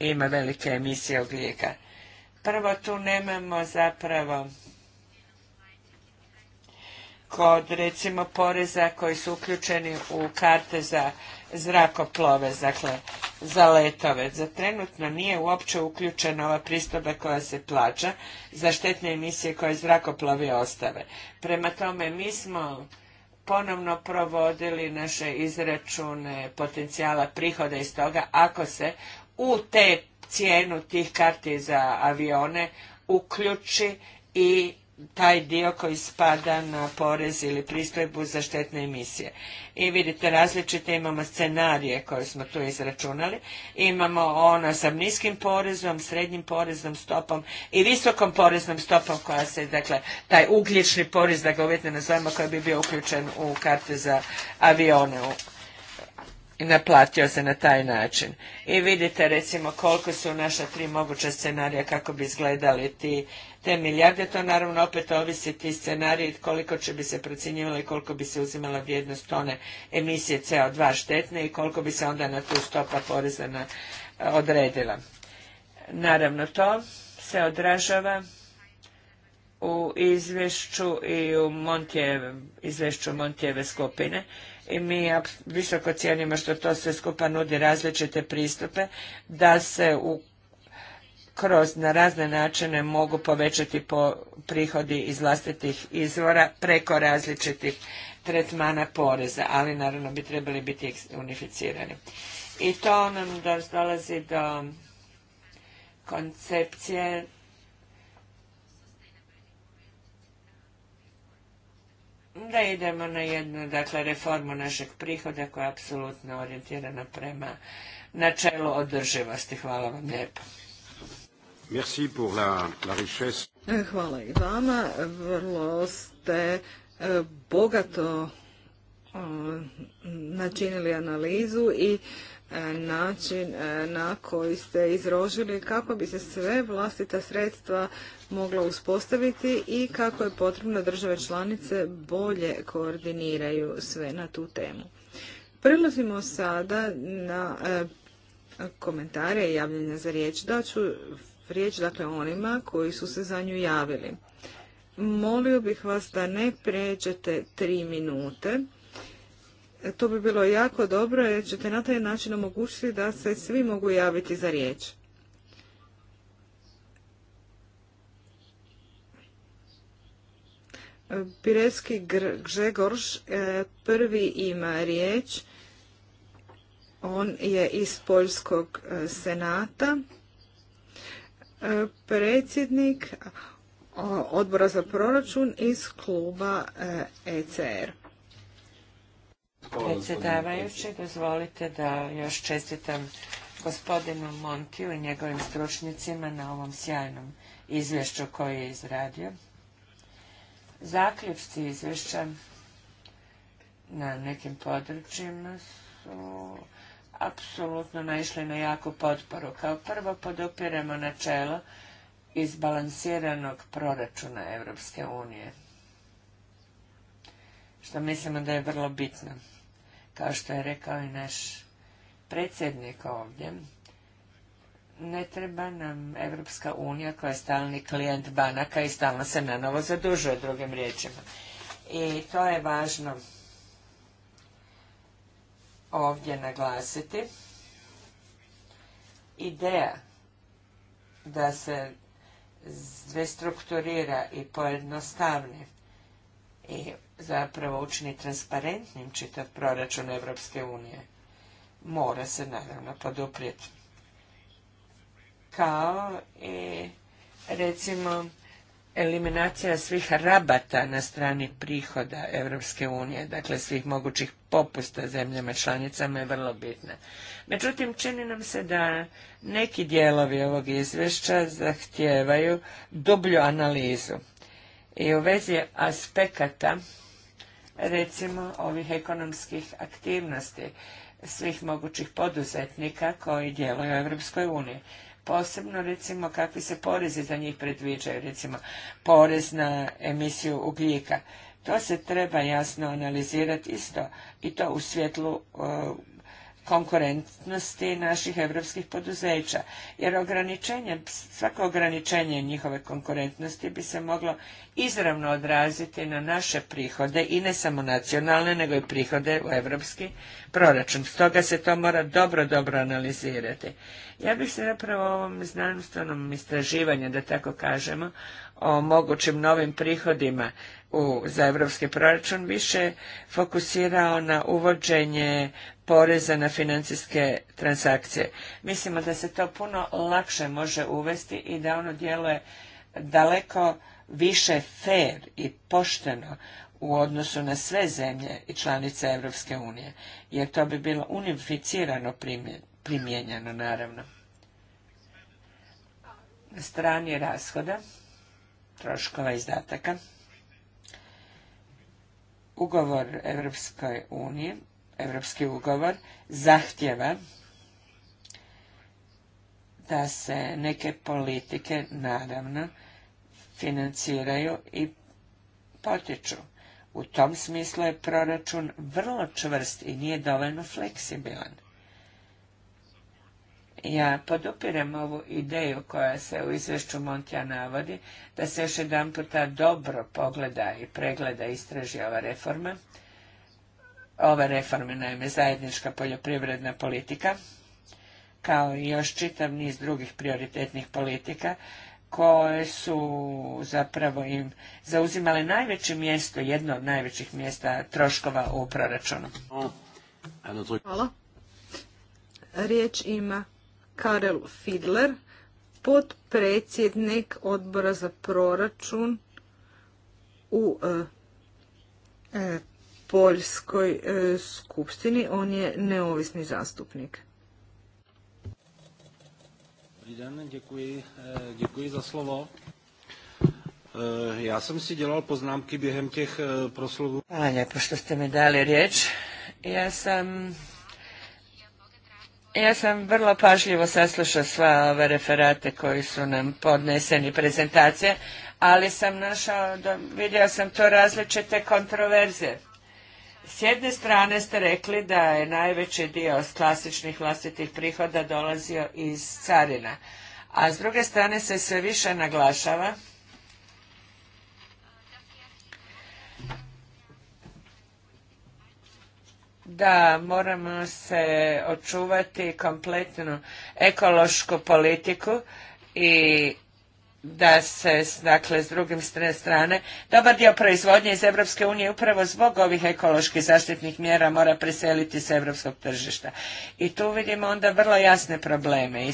ima velike emisije ugljika. Prvo tu nemamo zapravo kod recimo poreza koji su uključeni u karte za zrakoplove, dakle za letove. Za trenutno nije uopće uključena ova pristojba koja se plaća za štetne emisije koje zrakoplovi ostave. Prema tome mi smo ponovno provodili naše izračune potencijala prihoda iz toga ako se u te cijenu tih karti za avione uključi i taj dio koji spada na porez ili pristojbu za štetne emisije. I vidite različite imamo scenarije koje smo tu izračunali. Imamo ono sa niskim porezom, srednjim poreznom stopom i visokom poreznom stopom koja se, dakle, taj ugljični porez, da ga uvjetno nazovemo, koji bi bio uključen u karte za avione naplatio se na taj način. I vidite recimo koliko su naša tri moguća scenarija kako bi izgledali ti, te milijarde. To naravno opet ovisi ti scenariji koliko će bi se procjenjivalo i koliko bi se uzimala vrijednost tone emisije CO2 štetne i koliko bi se onda na tu stopa poreza eh, odredila. Naravno to se odražava u izvješću i u Montijeve, izvješću Montjeve skupine i mi visoko cijenimo što to sve skupa nudi različite pristupe da se u kroz na razne načine mogu povećati po prihodi iz vlastitih izvora preko različitih tretmana poreza, ali naravno bi trebali biti unificirani. I to nam dolazi do koncepcije da idemo na jednu dakle, reformu našeg prihoda koja je apsolutno orijentirana prema načelu održivosti. Hvala vam lijepo. Merci pour la, la e, Hvala i vama. Vrlo ste e, bogato načinili analizu i E, način e, na koji ste izrožili kako bi se sve vlastita sredstva mogla uspostaviti i kako je potrebno države članice bolje koordiniraju sve na tu temu. Prelazimo sada na e, komentare i javljanja za riječ. Daću riječ dakle onima koji su se za nju javili. Molio bih vas da ne pređete tri minute to bi bilo jako dobro jer ćete na taj način omogućiti da se svi mogu javiti za riječ. Pirevski Grzegorz e, prvi ima riječ. On je iz Poljskog e, senata. E, predsjednik odbora za proračun iz kluba ECR. Predsjedavajući, dozvolite da još čestitam gospodinu Montiju i njegovim stručnicima na ovom sjajnom izvješću koje je izradio. Zaključci izvješća na nekim područjima su apsolutno naišli na jaku potporu. Kao prvo podupiremo načelo izbalansiranog proračuna Europske unije, što mislimo da je vrlo bitno. Kao što je rekao i naš predsjednik ovdje, ne treba nam Evropska unija koja je stalni klijent banaka i stalno se na novo zadužuje drugim riječima. I to je važno ovdje naglasiti. Ideja da se restrukturira i pojednostavni i zapravo učini transparentnim čitav proračun Evropske unije. Mora se naravno poduprijeti. Kao i recimo eliminacija svih rabata na strani prihoda Europske unije, dakle svih mogućih popusta zemljama članicama je vrlo bitna. Međutim, čini nam se da neki dijelovi ovog izvješća zahtijevaju dublju analizu. I u vezi aspekata recimo ovih ekonomskih aktivnosti svih mogućih poduzetnika koji djeluju u Europskoj uniji. Posebno recimo kakvi se porezi za njih predviđaju, recimo porez na emisiju ugljika. To se treba jasno analizirati isto i to u svjetlu e, konkurentnosti naših europskih poduzeća. Jer ograničenje, svako ograničenje njihove konkurentnosti bi se moglo izravno odraziti na naše prihode i ne samo nacionalne, nego i prihode u europski proračun. Stoga se to mora dobro, dobro analizirati. Ja bih se zapravo ovom znanstvenom istraživanju, da tako kažemo, o mogućim novim prihodima u, za europski proračun više fokusirao na uvođenje poreza na financijske transakcije. Mislimo da se to puno lakše može uvesti i da ono djeluje daleko više fer i pošteno u odnosu na sve zemlje i članice Europske unije, jer to bi bilo unificirano primijenjeno, naravno. Na strani rashoda troškova izdataka. Ugovor Evropske unije, Evropski ugovor, zahtjeva da se neke politike, naravno, financiraju i potiču. U tom smislu je proračun vrlo čvrst i nije dovoljno fleksibilan. Ja podupirem ovu ideju koja se u izvješću Montja navodi, da se još jedan puta dobro pogleda i pregleda i istraži ova reforma. Ova reforma, naime, zajednička poljoprivredna politika, kao i još čitav niz drugih prioritetnih politika, koje su zapravo im zauzimale najveće mjesto, jedno od najvećih mjesta troškova u proračunu. Hvala. Riječ ima Karel Fidler, potpredsjednik odbora za proračun u e, e, Poljskoj e, skupštini. On je neovisni zastupnik. Dobrý den, děkuji, děkuji za slovo. Ja sam si dělal poznámky během těch proslovů. Hvala lijepo što ste mi dali riječ. Ja sam ja sam vrlo pažljivo saslušao sva ove referate koji su nam podneseni prezentacije, ali sam našao, vidio sam to različite kontroverze. S jedne strane ste rekli da je najveći dio klasičnih vlastitih prihoda dolazio iz carina, a s druge strane se sve više naglašava Da, moramo se očuvati kompletnu ekološku politiku i da se, dakle, s drugim strane, dobar dio proizvodnje iz Europske unije upravo zbog ovih ekoloških zaštitnih mjera mora preseliti s europskog tržišta. I tu vidimo onda vrlo jasne probleme,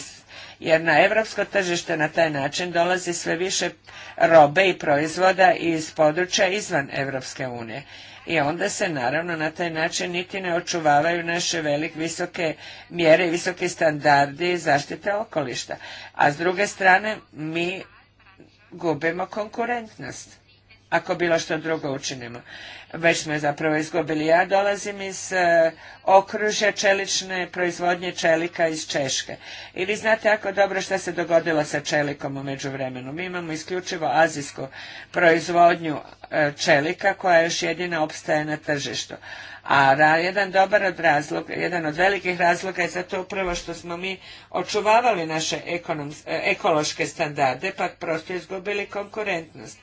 jer na europsko tržište na taj način dolazi sve više robe i proizvoda iz područja izvan Europske unije i onda se naravno na taj način niti ne očuvavaju naše velike visoke mjere i visoki standardi zaštite okolišta. A s druge strane mi gubimo konkurentnost ako bilo što drugo učinimo. Već smo je zapravo izgubili. Ja dolazim iz e, okružja čelične proizvodnje čelika iz Češke. I vi znate jako dobro što se dogodilo sa čelikom u međuvremenu. Mi imamo isključivo azijsku proizvodnju e, čelika koja još jedina opstaje na tržištu. A jedan dobar od razloga, jedan od velikih razloga je to upravo što smo mi očuvavali naše e, ekološke standarde, pa prosto izgubili konkurentnost.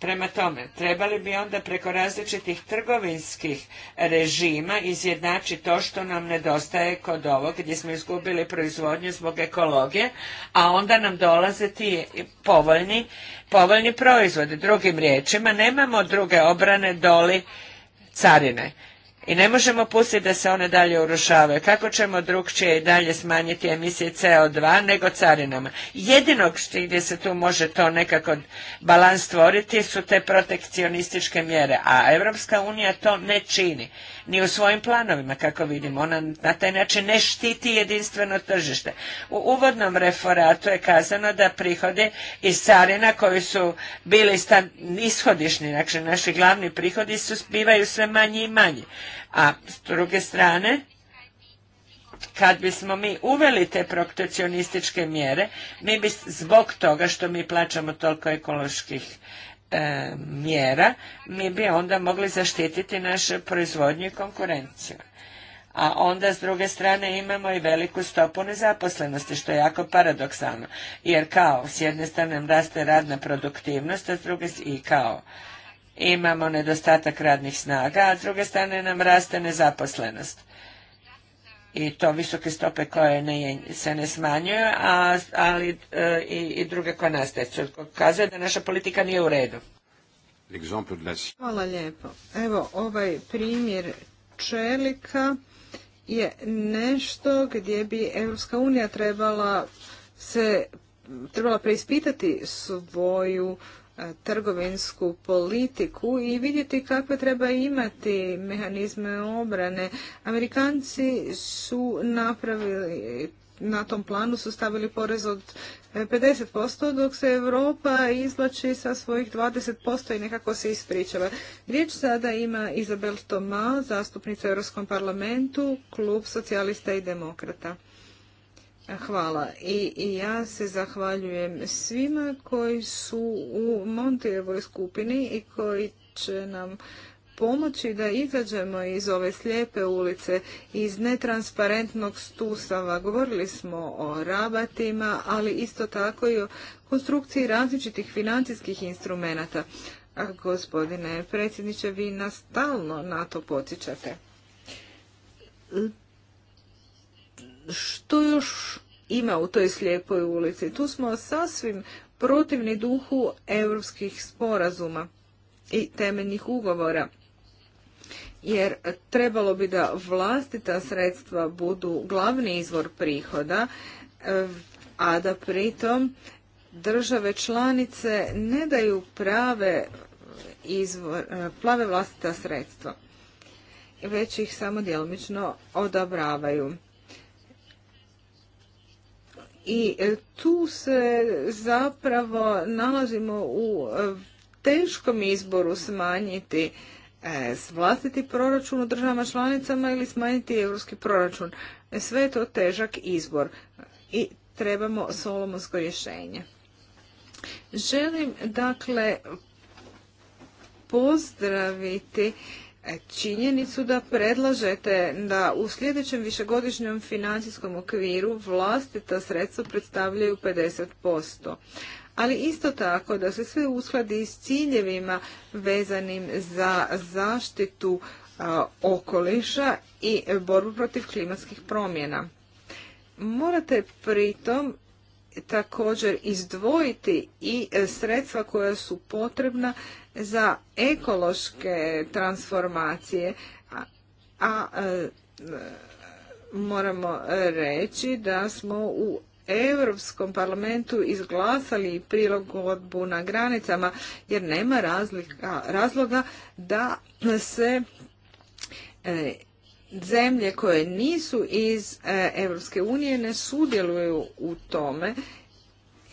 Prema tome, trebali bi onda preko različitih trgovinskih režima izjednačiti to što nam nedostaje kod ovog gdje smo izgubili proizvodnju zbog ekologije, a onda nam dolaze ti povoljni, povoljni proizvodi. Drugim riječima, nemamo druge obrane doli carine. I ne možemo pustiti da se one dalje urušavaju. Kako ćemo drugčije i dalje smanjiti emisije CO2 nego carinama? Jedino gdje se tu može to nekako balans stvoriti su te protekcionističke mjere, a Europska unija to ne čini ni u svojim planovima, kako vidimo. Ona na taj način ne štiti jedinstveno tržište. U uvodnom referatu je kazano da prihode iz carina koji su bili ishodišni, znači naši glavni prihodi su bivaju sve manji i manji. A s druge strane, kad bismo mi uveli te protekcionističke mjere, mi bi zbog toga što mi plaćamo toliko ekoloških E, mjera, mi bi onda mogli zaštititi našu proizvodnju i konkurenciju. A onda s druge strane imamo i veliku stopu nezaposlenosti, što je jako paradoksalno. Jer kao, s jedne strane raste radna produktivnost, a s druge i kao imamo nedostatak radnih snaga, a s druge strane nam raste nezaposlenost i to visoke stope koje se ne smanjuju, a, ali e, i, i druge koje nastaje. Kazuje da naša politika nije u redu. Hvala lijepo. Evo, ovaj primjer čelika je nešto gdje bi Europska unija trebala se trebala preispitati svoju E, trgovinsku politiku i vidjeti kakve treba imati mehanizme obrane. Amerikanci su napravili na tom planu su stavili porez od 50%, e, dok se Europa izvlači sa svojih 20% i nekako se ispričava. Riječ sada ima Izabel Toma, zastupnica u Europskom parlamentu, klub socijalista i demokrata. Hvala. I, ja se zahvaljujem svima koji su u Montijevoj skupini i koji će nam pomoći da izađemo iz ove slijepe ulice, iz netransparentnog stusava. Govorili smo o rabatima, ali isto tako i o konstrukciji različitih financijskih instrumenata. gospodine predsjedniče, vi nas stalno na to potičate što još ima u toj slijepoj ulici. Tu smo sasvim protivni duhu europskih sporazuma i temeljnih ugovora. Jer trebalo bi da vlastita sredstva budu glavni izvor prihoda, a da pritom države članice ne daju prave izvor, e, plave vlastita sredstva, već ih samo djelomično odabravaju i e, tu se zapravo nalazimo u e, teškom izboru smanjiti e, vlastiti proračun u državama članicama ili smanjiti europski proračun. Sve je to težak izbor i trebamo solomonsko rješenje. Želim dakle pozdraviti E, činjenicu da predlažete da u sljedećem višegodišnjem financijskom okviru vlastita sredstva predstavljaju 50%. Ali isto tako da se sve uskladi s ciljevima vezanim za zaštitu okoliša i borbu protiv klimatskih promjena. Morate pritom također izdvojiti i sredstva koja su potrebna za ekološke transformacije, a, e, moramo reći da smo u Europskom parlamentu izglasali prilagodbu na granicama jer nema razloga da se e, zemlje koje nisu iz e, Europske unije ne sudjeluju u tome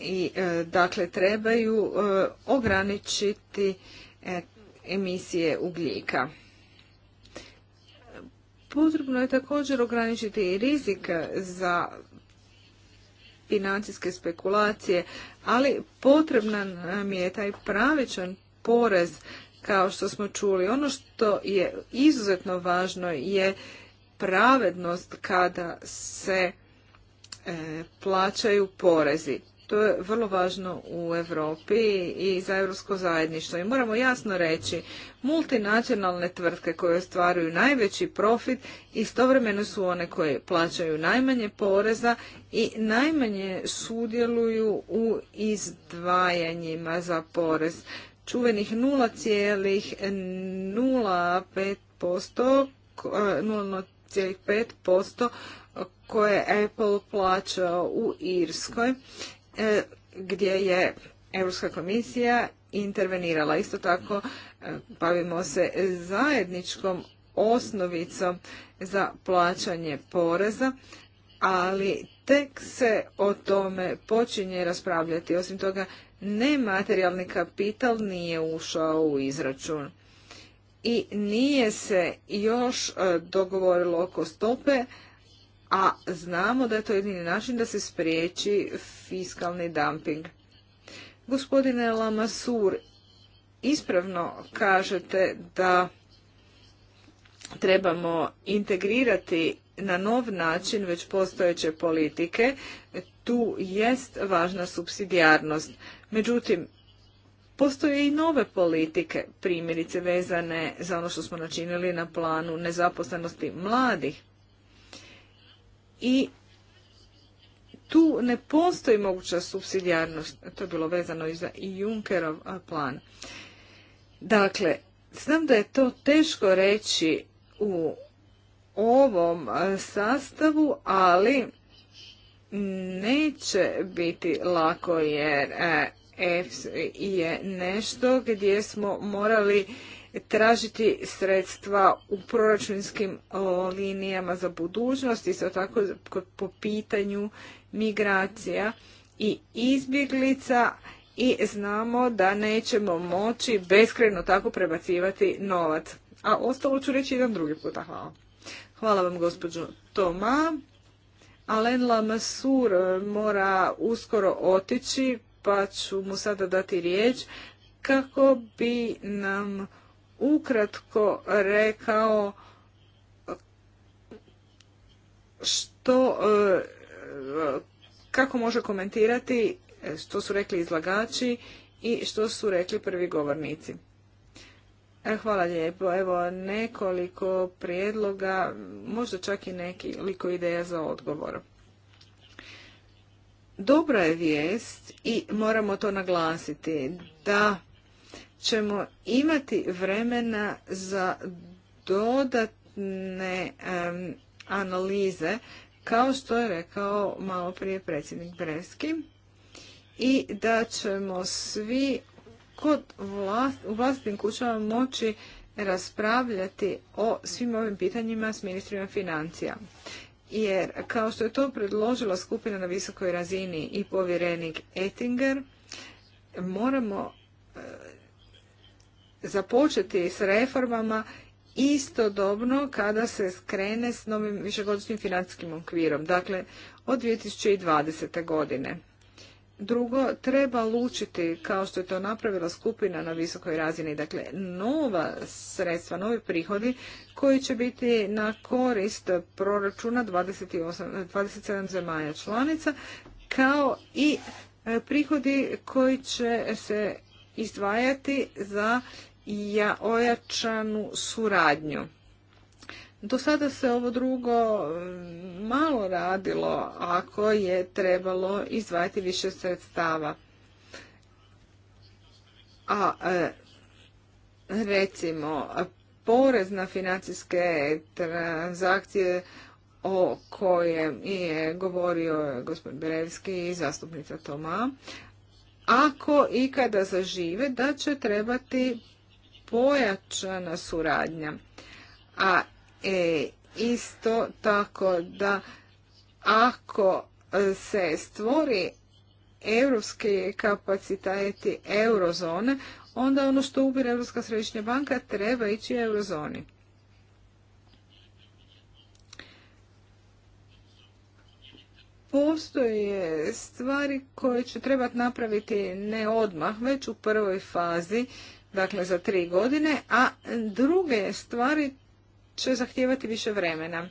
i e, dakle trebaju e, ograničiti e, emisije ugljika. Potrebno je također ograničiti i rizik za financijske spekulacije, ali potrebna nam je taj pravičan porez kao što smo čuli. Ono što je izuzetno važno je pravednost kada se plaćaju porezi. To je vrlo važno u Europi i za europsko zajedništvo. I moramo jasno reći, multinacionalne tvrtke koje ostvaruju najveći profit istovremeno su one koje plaćaju najmanje poreza i najmanje sudjeluju u izdvajanjima za porez. Čuvenih 0,05% 0,5% koje Apple plaća u Irskoj E, gdje je Europska komisija intervenirala. Isto tako e, bavimo se zajedničkom osnovicom za plaćanje poreza, ali tek se o tome počinje raspravljati. Osim toga, nematerijalni kapital nije ušao u izračun i nije se još e, dogovorilo oko stope, a znamo da je to jedini način da se spriječi fiskalni dumping. Gospodine Lamasur, ispravno kažete da trebamo integrirati na nov način već postojeće politike, tu jest važna subsidijarnost. Međutim, postoje i nove politike, primjerice vezane za ono što smo načinili na planu nezaposlenosti mladih i tu ne postoji moguća subsidijarnost. To je bilo vezano i za Junckerov plan. Dakle, znam da je to teško reći u ovom sastavu, ali neće biti lako jer e, je nešto gdje smo morali tražiti sredstva u proračunskim linijama za budućnost, isto tako po pitanju migracija i izbjeglica i znamo da nećemo moći beskreno tako prebacivati novac. A ostalo ću reći jedan drugi puta. Hvala. Hvala vam gospođo Toma. Alen Lamassur mora uskoro otići, pa ću mu sada dati riječ kako bi nam ukratko rekao što e, kako može komentirati e, što su rekli izlagači i što su rekli prvi govornici. E, hvala lijepo. Evo nekoliko prijedloga, možda čak i nekoliko ideja za odgovor. Dobra je vijest i moramo to naglasiti da ćemo imati vremena za dodatne analize, kao što je rekao malo prije predsjednik Breski, i da ćemo svi kod vlast, u vlastitim kućama moći raspravljati o svim ovim pitanjima s ministrima financija. Jer kao što je to predložila skupina na visokoj razini i povjerenik Ettinger, moramo započeti s reformama istodobno kada se skrene s novim višegodišnjim financijskim okvirom, dakle od 2020. godine. Drugo, treba lučiti, kao što je to napravila skupina na visokoj razini, dakle nova sredstva, novi prihodi koji će biti na korist proračuna 28, 27 zemalja članica, kao i e, prihodi koji će se izdvajati za i ojačanu suradnju. Do sada se ovo drugo mm, malo radilo ako je trebalo izdvajati više sredstava. A e, recimo porez na financijske transakcije o kojem je govorio gospodin Berevski i zastupnica Toma, ako ikada zažive da će trebati pojačana suradnja. A e, isto tako da ako se stvori europske kapaciteti eurozone, onda ono što ubire Europska središnja banka treba ići u eurozoni. Postoje stvari koje će trebati napraviti ne odmah, već u prvoj fazi dakle za tri godine, a druge stvari će zahtijevati više vremena.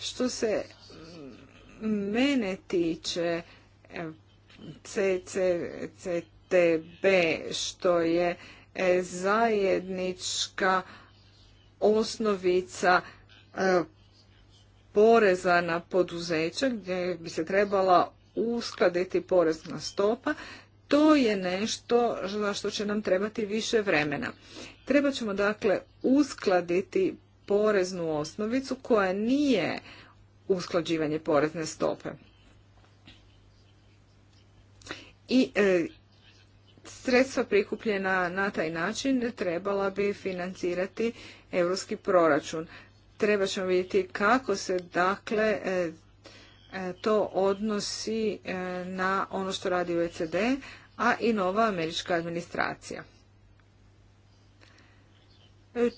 Što se mene tiče CCCTB, što je e, zajednička osnovica e, poreza na poduzeća gdje bi se trebala uskladiti porezna stopa, to je nešto za što će nam trebati više vremena. Treba ćemo dakle uskladiti poreznu osnovicu koja nije usklađivanje porezne stope. I e, sredstva prikupljena na taj način trebala bi financirati europski proračun. Treba ćemo vidjeti kako se dakle e, e, to odnosi e, na ono što radi OECD, a i nova američka administracija.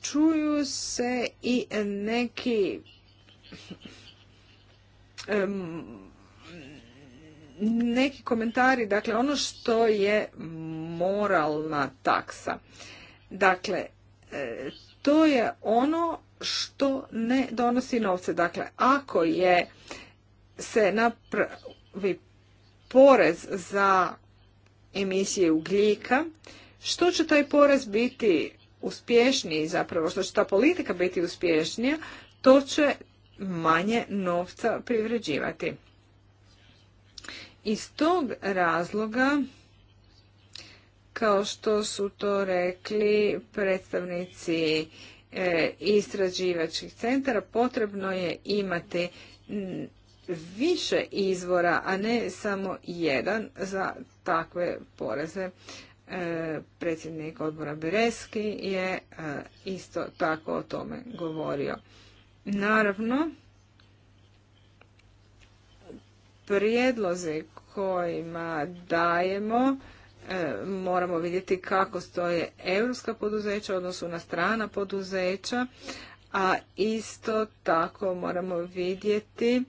Čuju se i neki neki komentari, dakle ono što je moralna taksa. Dakle, e, to je ono što ne donosi novce. Dakle, ako je se napravi porez za emisije ugljika, što će taj porez biti uspješniji zapravo, što će ta politika biti uspješnija, to će manje novca privređivati. Iz tog razloga, kao što su to rekli predstavnici e, istraživačkih centara, potrebno je imati više izvora, a ne samo jedan za takve poreze. E, predsjednik odbora Bereski je e, isto tako o tome govorio. Naravno, prijedlozi kojima dajemo e, moramo vidjeti kako stoje europska poduzeća odnosu na strana poduzeća, a isto tako moramo vidjeti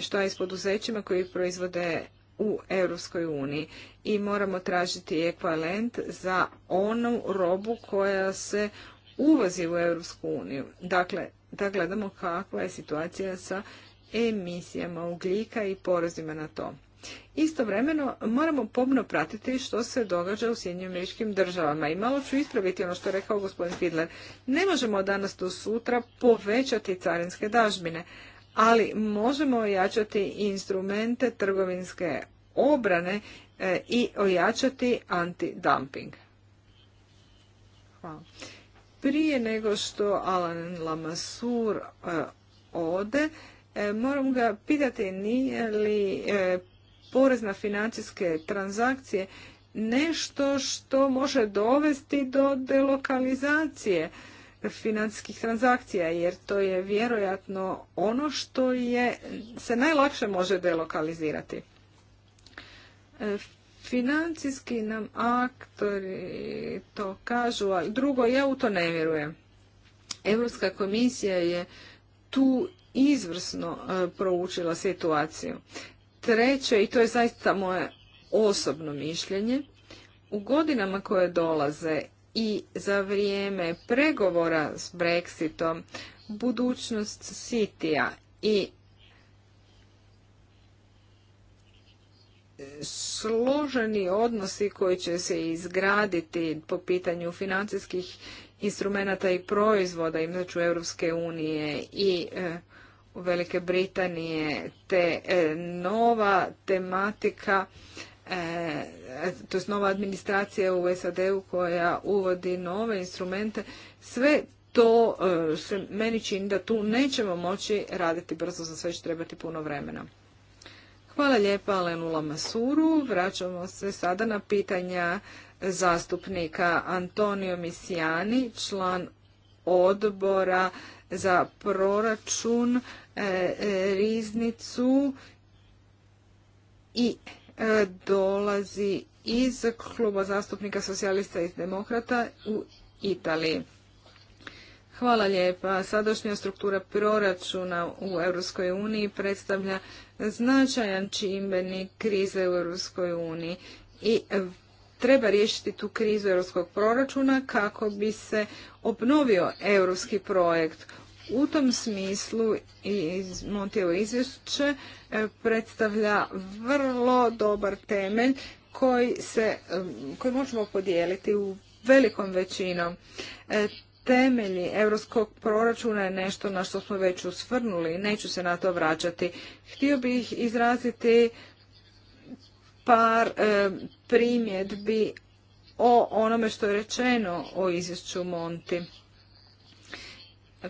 što je s poduzećima koji proizvode u Europskoj uniji i moramo tražiti ekvalent za onu robu koja se uvozi u Europsku uniju. Dakle, da gledamo kakva je situacija sa emisijama ugljika i porezima na to. Istovremeno moramo pomno pratiti što se događa u Sjedinjim američkim državama. I malo ću ispraviti ono što je rekao gospodin Fidler. Ne možemo danas do sutra povećati carinske dažbine, ali možemo ojačati instrumente trgovinske obrane e, i ojačati antidumping. Hvala. Prije nego što Alan Lamassur e, ode, e, moram ga pitati nije li porez na financijske transakcije nešto što može dovesti do delokalizacije financijskih transakcija jer to je vjerojatno ono što je, se najlakše može delokalizirati. E, financijski nam aktori to kažu, a drugo, ja u to ne vjerujem. Europska komisija je tu izvrsno e, proučila situaciju. Treće, i to je zaista moje osobno mišljenje, u godinama koje dolaze i za vrijeme pregovora s Brexitom budućnost Sitija i složeni odnosi koji će se izgraditi po pitanju financijskih instrumenata i proizvoda između Europske unije i e, Velike Britanije te e, nova tematika E, to je nova administracija u SAD-u koja uvodi nove instrumente, sve to e, se meni čini da tu nećemo moći raditi brzo, za sve će trebati puno vremena. Hvala lijepa Alenu Lamasuru. Vraćamo se sada na pitanja zastupnika Antonio Misijani, član odbora za proračun, e, riznicu i dolazi iz kluba zastupnika socijalista i demokrata u Italiji. Hvala lijepa. Sadašnja struktura proračuna u Europskoj uniji predstavlja značajan čimbenik krize u Europskoj uniji i treba riješiti tu krizu europskog proračuna kako bi se obnovio europski projekt. U tom smislu iz Montijevo izvješće e, predstavlja vrlo dobar temelj koji, se, e, koji možemo podijeliti u velikom većinom. E, temelji europskog proračuna je nešto na što smo već usvrnuli i neću se na to vraćati. Htio bih izraziti par primjedbi o onome što je rečeno o izvješću Monti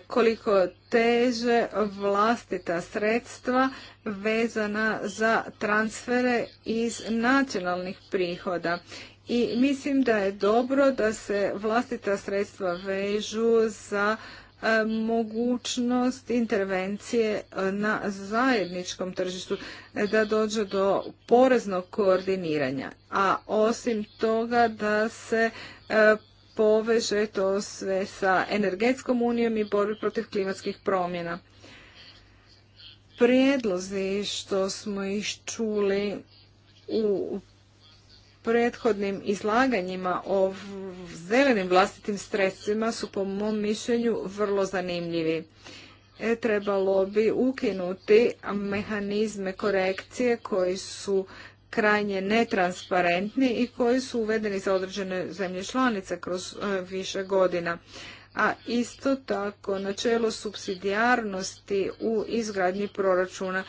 koliko teže vlastita sredstva vezana za transfere iz nacionalnih prihoda. I mislim da je dobro da se vlastita sredstva vežu za e, mogućnost intervencije e, na zajedničkom tržištu e, da dođe do poreznog koordiniranja, a osim toga da se poveže to sve sa energetskom unijom i borbi protiv klimatskih promjena. Prijedlozi što smo iščuli čuli u prethodnim izlaganjima o zelenim vlastitim sredstvima su po mom mišljenju vrlo zanimljivi. E, trebalo bi ukinuti mehanizme korekcije koji su krajnje netransparentni i koji su uvedeni za određene zemlje članice kroz e, više godina. A isto tako načelo subsidijarnosti u izgradnji proračuna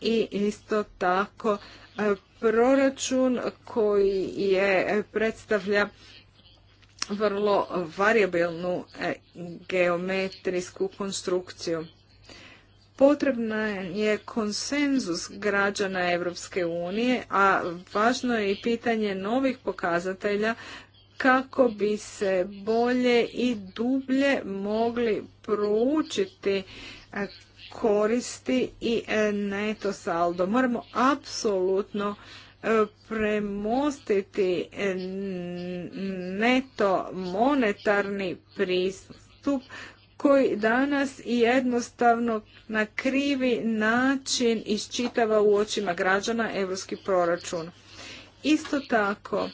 i isto tako e, proračun koji je e, predstavlja vrlo variabilnu geometrijsku konstrukciju. Potrebna je konsenzus građana Europske unije, a važno je i pitanje novih pokazatelja kako bi se bolje i dublje mogli proučiti e, koristi i e, neto saldo. Moramo apsolutno e, premostiti neto monetarni pristup koji danas jednostavno na krivi način iščitava u očima građana europski proračun. Isto tako,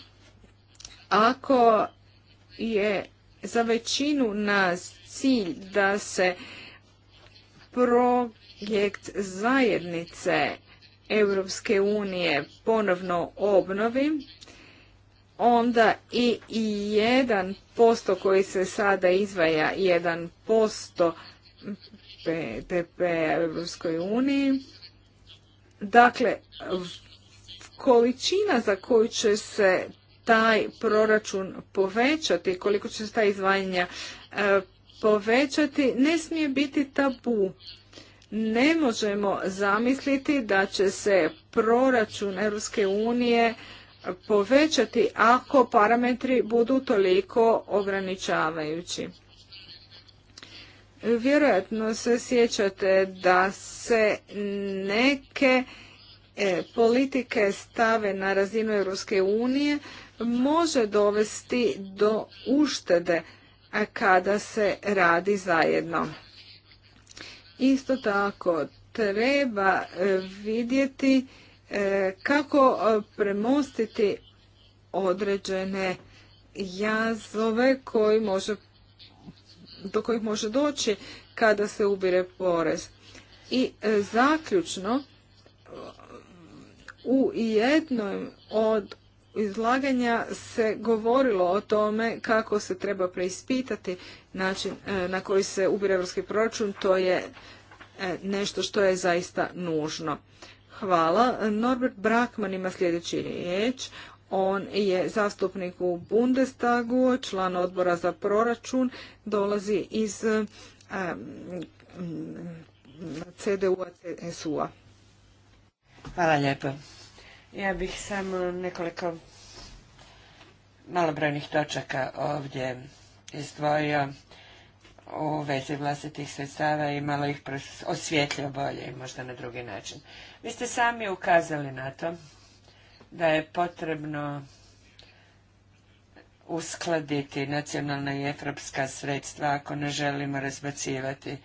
ako je za većinu nas cilj da se projekt zajednice Europske unije ponovno obnovi, onda i 1% koji se sada izvaja 1% posto Evropskoj EU. Dakle, količina za koju će se taj proračun povećati, koliko će se ta izvajanja e, povećati, ne smije biti tabu. Ne možemo zamisliti da će se proračun Europske unije povećati ako parametri budu toliko ograničavajući. Vjerojatno se sjećate da se neke e, politike stave na razinu Europske unije može dovesti do uštede kada se radi zajedno. Isto tako treba e, vidjeti E, kako e, premostiti određene jazove koji može, do kojih može doći kada se ubire porez. I e, zaključno, u jednom od izlaganja se govorilo o tome kako se treba preispitati način na koji se ubire evropski proračun, to je nešto što je zaista nužno. Hvala. Norbert Brakman ima sljedeći riječ. On je zastupnik u Bundestagu, član odbora za proračun, dolazi iz CDU-a, CSU-a. Hvala lijepo. Ja bih samo nekoliko malobrojnih točaka ovdje izdvojio u vezi vlastitih sredstava i malo ih osvjetljio bolje i možda na drugi način. Vi ste sami ukazali na to da je potrebno uskladiti nacionalna i evropska sredstva ako ne želimo razbacivati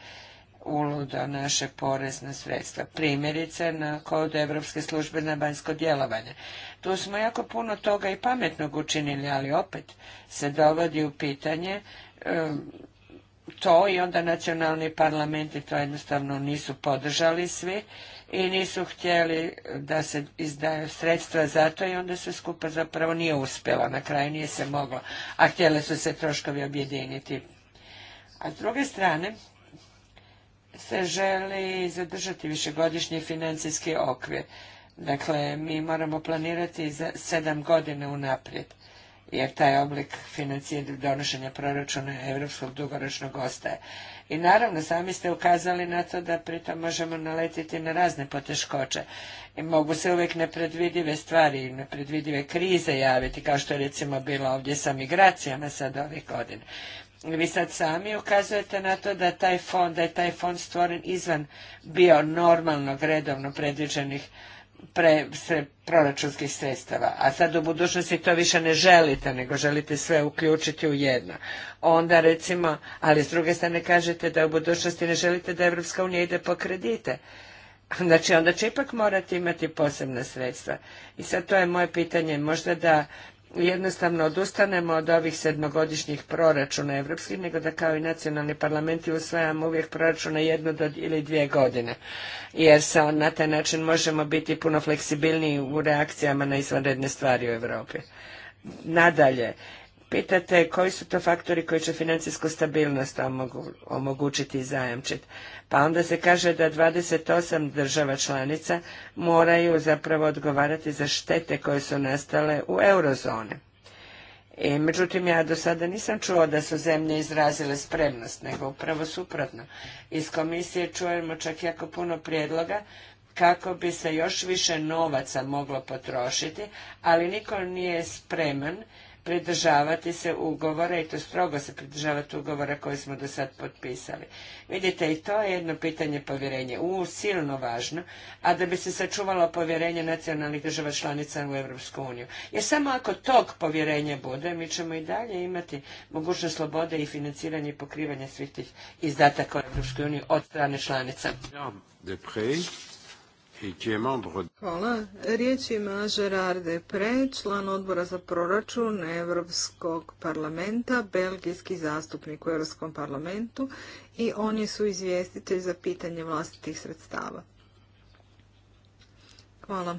uludo naše porezne sredstva. Primjerice na kodu Evropske službe na vanjsko djelovanje. Tu smo jako puno toga i pametnog učinili, ali opet se dovodi u pitanje to i onda nacionalni parlamenti to jednostavno nisu podržali svi i nisu htjeli da se izdaju sredstva za to i onda se skupa zapravo nije uspjela, na kraju nije se moglo, a htjeli su se troškovi objediniti. A s druge strane se želi zadržati višegodišnji financijski okvir. Dakle, mi moramo planirati za sedam godina unaprijed jer taj oblik financiranja donošenja proračuna europskog dugoročnog ostaje. I naravno, sami ste ukazali na to da pritom možemo naletiti na razne poteškoće. I mogu se uvijek nepredvidive stvari, i nepredvidive krize javiti, kao što je recimo bilo ovdje sa migracijama sad ovih godina. Vi sad sami ukazujete na to da taj fond, da je taj fond stvoren izvan bio normalnog redovno predviđenih pre, proračunskih sredstava, a sad u budućnosti to više ne želite, nego želite sve uključiti u jedno. Onda recimo, ali s druge strane kažete da u budućnosti ne želite da Evropska unija ide po kredite. Znači, onda će ipak morati imati posebna sredstva. I sad to je moje pitanje, možda da jednostavno odustanemo od ovih sedmogodišnjih proračuna evropskih, nego da kao i nacionalni parlamenti usvajamo uvijek proračuna jednu ili dvije godine, jer se na taj način možemo biti puno fleksibilniji u reakcijama na izvanredne stvari u Europi. Nadalje, pitate koji su to faktori koji će financijsku stabilnost omogućiti i zajamčiti. Pa onda se kaže da 28 država članica moraju zapravo odgovarati za štete koje su nastale u eurozone. I e, međutim, ja do sada nisam čuo da su zemlje izrazile spremnost, nego upravo suprotno. Iz komisije čujemo čak jako puno prijedloga kako bi se još više novaca moglo potrošiti, ali niko nije spreman pridržavati se ugovora i to strogo se pridržavati ugovora koje smo do sad potpisali. Vidite, i to je jedno pitanje povjerenja. U, silno važno, a da bi se sačuvalo povjerenje nacionalnih država članica u Europsku uniju. Jer samo ako tog povjerenja bude, mi ćemo i dalje imati mogućnost slobode i financiranje i pokrivanje svih tih izdataka u Europskoj uniji od strane članica. Hvala. Riječ ima Gerard Depre, član odbora za proračun Europskog parlamenta, belgijski zastupnik u Europskom parlamentu i oni su izvjestitelj za pitanje vlastitih sredstava. Hvala.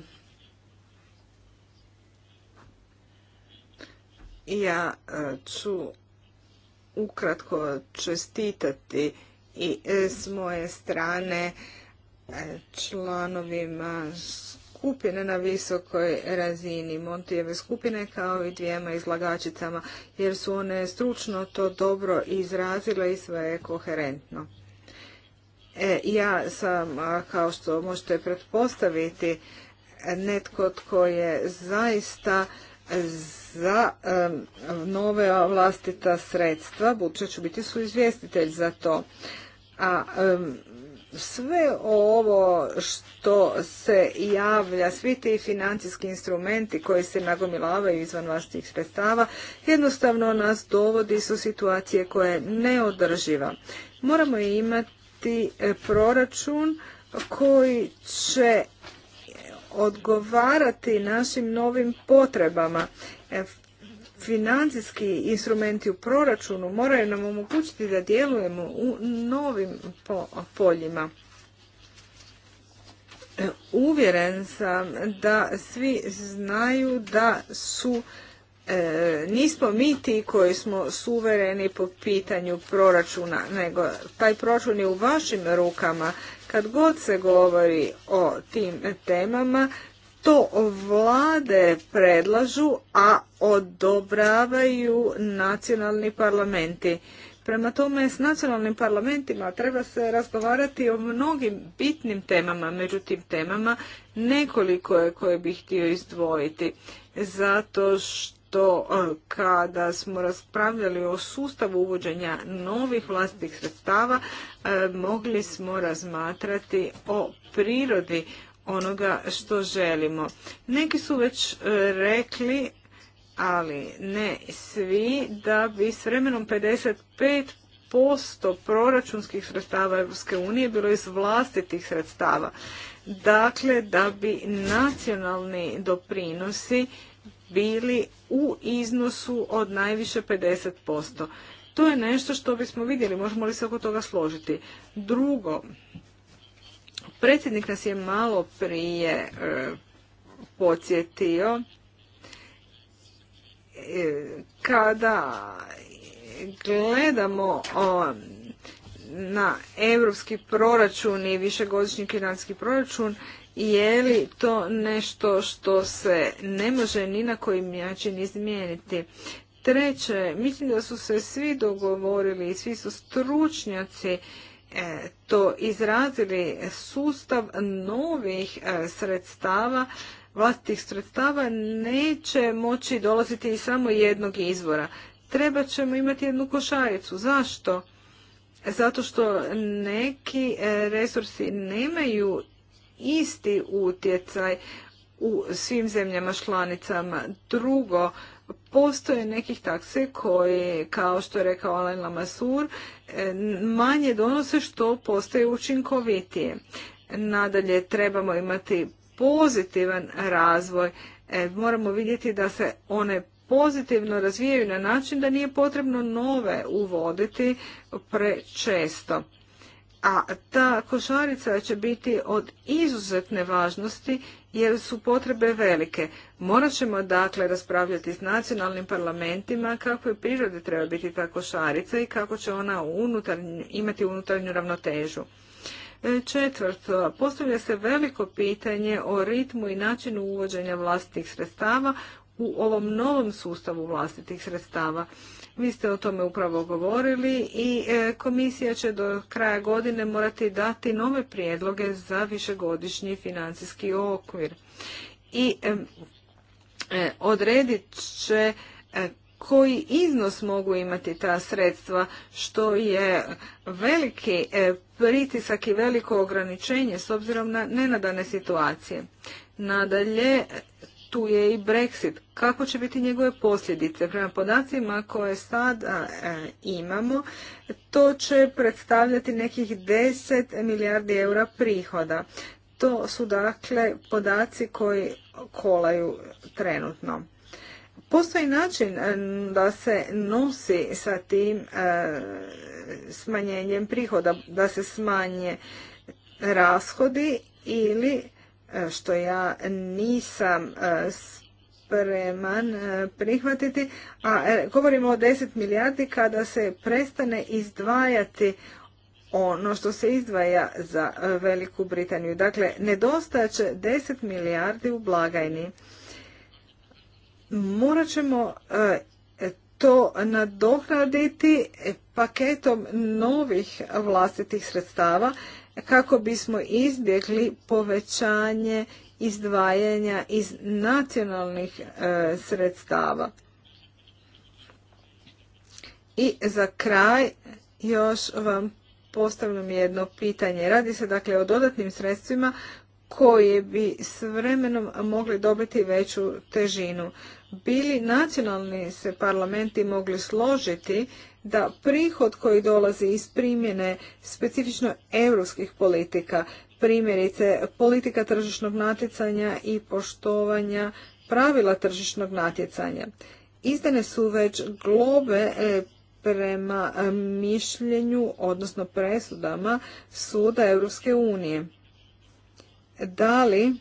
Ja e, ću ukratko čestitati i e, s moje strane članovima skupine na visokoj razini Montijeve skupine kao i dvijema izlagačicama jer su one stručno to dobro izrazile i sve je koherentno. E, ja sam, kao što možete pretpostaviti, netko tko je zaista za nove vlastita sredstva, budući ću biti suizvjestitelj za to. A sve ovo što se javlja, svi ti financijski instrumenti koji se nagomilavaju izvan vlastitih sredstava, jednostavno nas dovodi su situacije koja je neodrživa. Moramo imati e, proračun koji će odgovarati našim novim potrebama. E, financijski instrumenti u proračunu moraju nam omogućiti da djelujemo u novim poljima. E, uvjeren sam da svi znaju da su e, nismo mi ti koji smo suvereni po pitanju proračuna, nego taj proračun je u vašim rukama. Kad god se govori o tim temama, to vlade predlažu, a odobravaju nacionalni parlamenti. Prema tome, s nacionalnim parlamentima treba se razgovarati o mnogim bitnim temama, međutim temama nekoliko je koje bih htio izdvojiti. Zato što e, kada smo raspravljali o sustavu uvođenja novih vlastitih sredstava, e, mogli smo razmatrati o prirodi onoga što želimo. Neki su već e, rekli, ali ne svi, da bi s vremenom 55% proračunskih sredstava EU bilo iz vlastitih sredstava. Dakle, da bi nacionalni doprinosi bili u iznosu od najviše 50%. To je nešto što bismo vidjeli, možemo li se oko toga složiti. Drugo, Predsjednik nas je malo prije e, podsjetio e, kada gledamo na europski proračun i višegodišnji financijski proračun, je li to nešto što se ne može ni na koji način izmijeniti? Treće, mislim da su se svi dogovorili i svi su stručnjaci E, to izrazili sustav novih e, sredstava, vlastitih sredstava neće moći dolaziti iz samo jednog izvora. Treba ćemo imati jednu košaricu. Zašto? Zato što neki e, resursi nemaju isti utjecaj u svim zemljama članicama. Drugo, postoje nekih takse koje, kao što je rekao Alain Lamassur, e, manje donose što postaje učinkovitije. Nadalje, trebamo imati pozitivan razvoj. E, moramo vidjeti da se one pozitivno razvijaju na način da nije potrebno nove uvoditi prečesto. A ta košarica će biti od izuzetne važnosti jer su potrebe velike. Morat ćemo dakle raspravljati s nacionalnim parlamentima kako je prirode treba biti ta košarica i kako će ona imati unutarnju ravnotežu. E, četvrto, postavlja se veliko pitanje o ritmu i načinu uvođenja vlastitih sredstava u ovom novom sustavu vlastitih sredstava. Vi ste o tome upravo govorili i e, komisija će do kraja godine morati dati nove prijedloge za višegodišnji financijski okvir. I e, odredit će e, koji iznos mogu imati ta sredstva, što je veliki pritisak i veliko ograničenje s obzirom na nenadane situacije. Nadalje, tu je i Brexit. Kako će biti njegove posljedice? Prema podacima koje sad e, imamo, to će predstavljati nekih 10 milijardi eura prihoda. To su dakle podaci koji kolaju trenutno. Postoji način e, da se nosi sa tim e, smanjenjem prihoda, da se smanje rashodi ili E, što ja nisam e, spreman e, prihvatiti, a govorimo o 10 milijardi kada se prestane izdvajati ono što se izdvaja za Veliku Britaniju. Dakle, će 10 milijardi u blagajni. Morat ćemo to nadoknaditi paketom novih vlastitih sredstava kako bismo izbjegli povećanje izdvajanja iz nacionalnih e, sredstava. I za kraj još vam postavljam jedno pitanje. Radi se dakle o dodatnim sredstvima koje bi s vremenom mogli dobiti veću težinu. Bili nacionalni se parlamenti mogli složiti da prihod koji dolazi iz primjene specifično europskih politika, primjerice politika tržišnog natjecanja i poštovanja pravila tržišnog natjecanja. Izdane su već globe e, prema e, mišljenju, odnosno presudama Suda Europske unije. Da li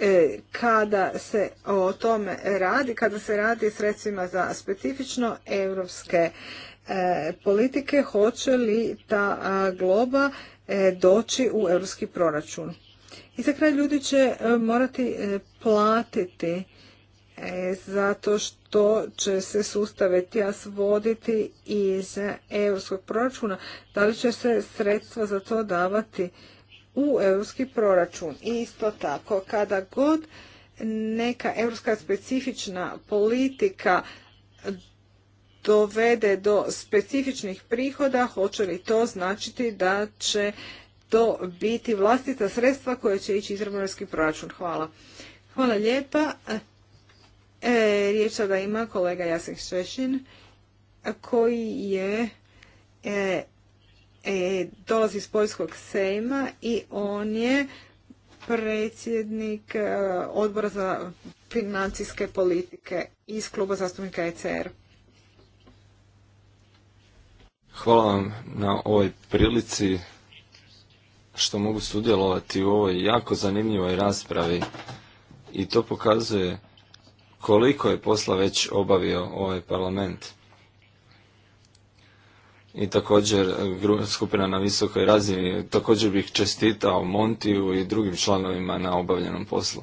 E, kada se o tome radi, kada se radi sredstvima za specifično europske e, politike, hoće li ta globa e, doći u europski proračun. I za kraj ljudi će morati platiti zato što će se sustave tijas voditi iz europskog proračuna. Da li će se sredstva za to davati u europski proračun. I isto tako, kada god neka europska specifična politika dovede do specifičnih prihoda, hoće li to značiti da će to biti vlastita sredstva koja će ići iz europski proračun? Hvala. Hvala lijepa. E, riječ sada ima kolega Jasen Šešin koji je e, E, dolazi iz Poljskog sejma i on je predsjednik e, odbora za financijske politike iz kluba zastupnika ECR. Hvala vam na ovoj prilici što mogu sudjelovati u ovoj jako zanimljivoj raspravi i to pokazuje koliko je posla već obavio ovaj parlament i također e, skupina na visokoj razini. Također bih čestitao Montiju i drugim članovima na obavljenom poslu.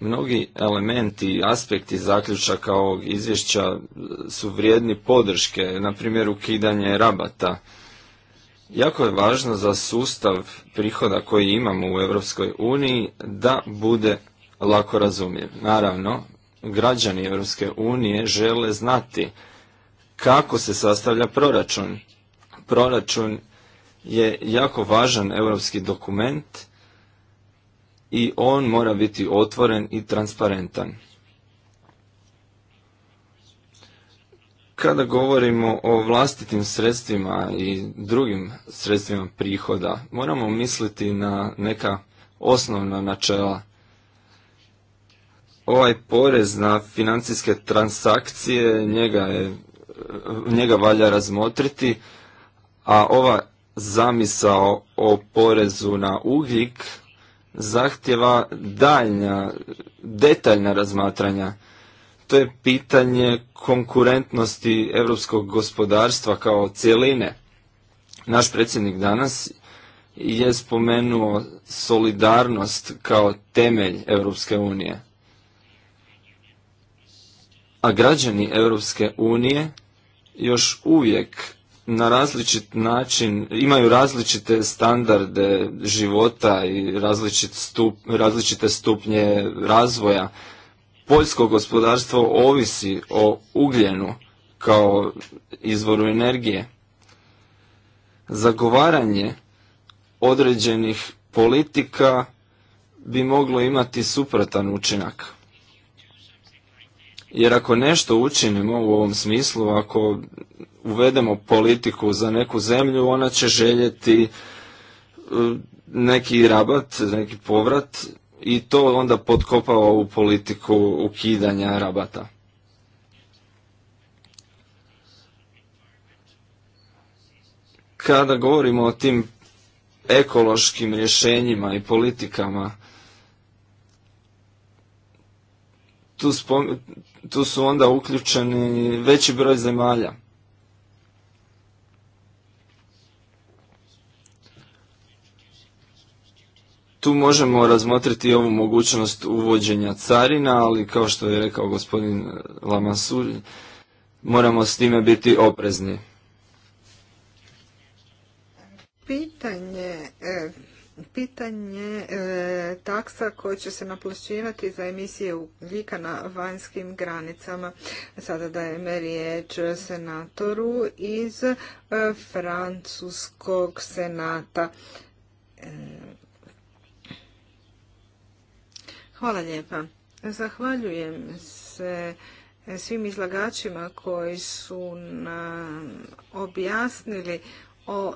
Mnogi elementi i aspekti zaključaka ovog izvješća e, su vrijedni podrške, na primjer ukidanje rabata. Jako je važno za sustav prihoda koji imamo u Europskoj uniji da bude lako razumljiv. Naravno, građani Europske unije žele znati kako se sastavlja proračun. Proračun je jako važan europski dokument i on mora biti otvoren i transparentan. Kada govorimo o vlastitim sredstvima i drugim sredstvima prihoda, moramo misliti na neka osnovna načela ovaj porez na financijske transakcije, njega, je, njega valja razmotriti, a ova zamisao o porezu na ugljik zahtjeva daljnja, detaljna razmatranja. To je pitanje konkurentnosti europskog gospodarstva kao cjeline. Naš predsjednik danas je spomenuo solidarnost kao temelj Europske unije a građani Europske unije još uvijek na različit način imaju različite standarde života i različit različite stupnje razvoja. Poljsko gospodarstvo ovisi o ugljenu kao izvoru energije. Zagovaranje određenih politika bi moglo imati suprotan učinak. Jer ako nešto učinimo u ovom smislu, ako uvedemo politiku za neku zemlju, ona će željeti e, neki rabat, neki povrat i to onda potkopava ovu politiku ukidanja rabata. Kada govorimo o tim ekološkim rješenjima i politikama, tu, tu su onda uključeni veći broj zemalja. Tu možemo razmotriti ovu mogućnost uvođenja carina, ali kao što je rekao gospodin Lamasulj, moramo s time biti oprezni. Pitanje e, Pitanje e, taksa koje će se naplaćivati za emisije ugljika na vanjskim granicama. Sada dajem riječ senatoru iz e, Francuskog senata. E, hvala lijepa. Zahvaljujem se svim izlagačima koji su nam objasnili o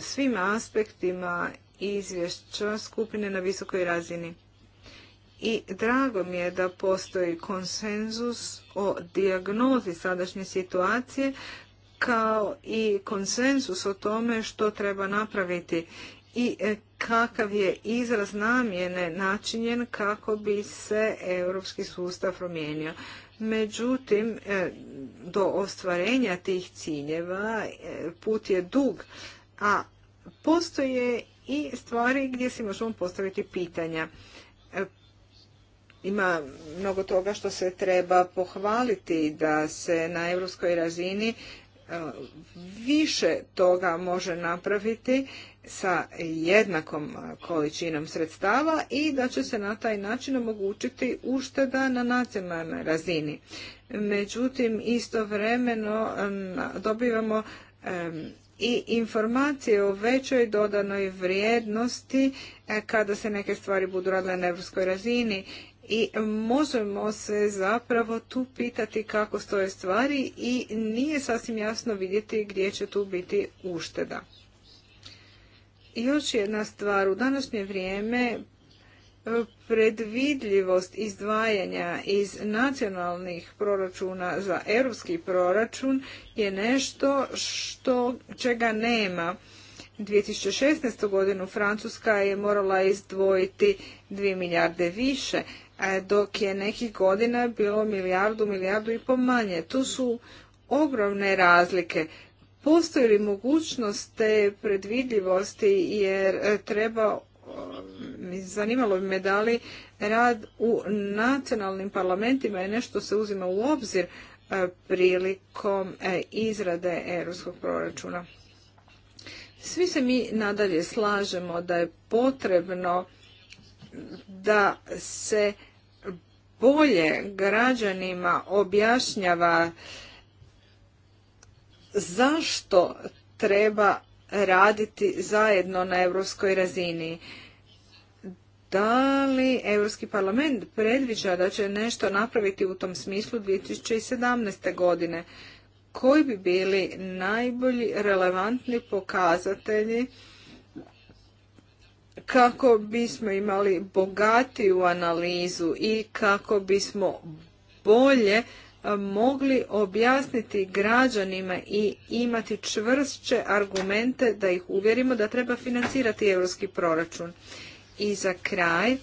svim aspektima izvješća skupine na visokoj razini. I drago mi je da postoji konsenzus o diagnozi sadašnje situacije kao i konsenzus o tome što treba napraviti i e, kakav je izraz namjene načinjen kako bi se europski sustav promijenio. Međutim, e, do ostvarenja tih ciljeva e, put je dug, a postoje i stvari gdje si možemo postaviti pitanja. E, ima mnogo toga što se treba pohvaliti da se na europskoj razini e, više toga može napraviti sa jednakom količinom sredstava i da će se na taj način omogućiti ušteda na nacionalnoj razini. Međutim, istovremeno dobivamo i informacije o većoj dodanoj vrijednosti e, kada se neke stvari budu radile na europskoj razini i možemo se zapravo tu pitati kako stoje stvari i nije sasvim jasno vidjeti gdje će tu biti ušteda. još jedna stvar, u današnje vrijeme predvidljivost izdvajanja iz nacionalnih proračuna za europski proračun je nešto što čega nema. 2016. godinu Francuska je morala izdvojiti 2 milijarde više, dok je nekih godina bilo milijardu, milijardu i po manje. Tu su ogromne razlike. Postoji li mogućnost te predvidljivosti jer treba zanimalo bi me da li rad u nacionalnim parlamentima je nešto se uzima u obzir e, prilikom e, izrade europskog proračuna. Svi se mi nadalje slažemo da je potrebno da se bolje građanima objašnjava zašto treba raditi zajedno na europskoj razini. Da li Europski parlament predviđa da će nešto napraviti u tom smislu 2017. godine? Koji bi bili najbolji relevantni pokazatelji kako bismo imali bogatiju analizu i kako bismo bolje mogli objasniti građanima i imati čvršće argumente da ih uvjerimo da treba financirati europski proračun. I za kraj,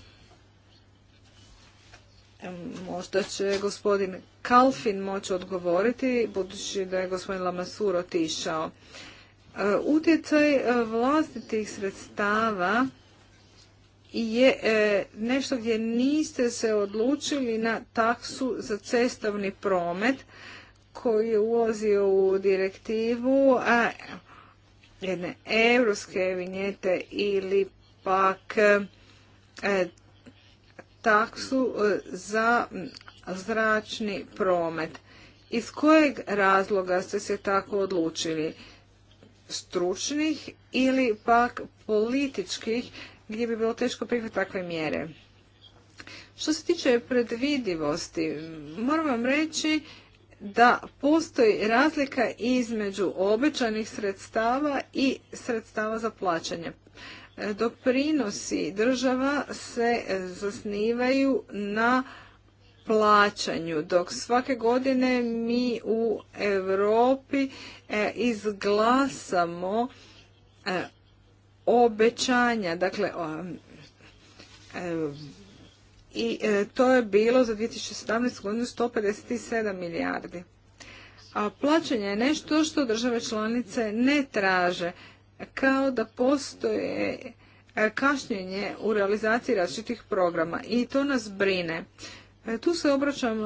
možda će gospodin Kalfin moći odgovoriti, budući da je gospodin Lamasur otišao. E, utjecaj e, vlastitih sredstava je e, nešto gdje niste se odlučili na taksu za cestovni promet koji je ulazio u direktivu a jedne europske vinjete ili pak e, taksu e, za zračni promet. Iz kojeg razloga ste se tako odlučili? Stručnih ili pak političkih gdje bi bilo teško prihvatiti takve mjere. Što se tiče predvidivosti, moram vam reći da postoji razlika između obećanih sredstava i sredstava za plaćanje. Doprinosi država se zasnivaju na plaćanju, dok svake godine mi u Europi e, izglasamo e, obećanja. Dakle, e, i e, to je bilo za 2017. godinu 157 milijardi. A plaćanje je nešto što države članice ne traže, kao da postoje e, kašnjenje u realizaciji različitih programa i to nas brine. Tu se obraćam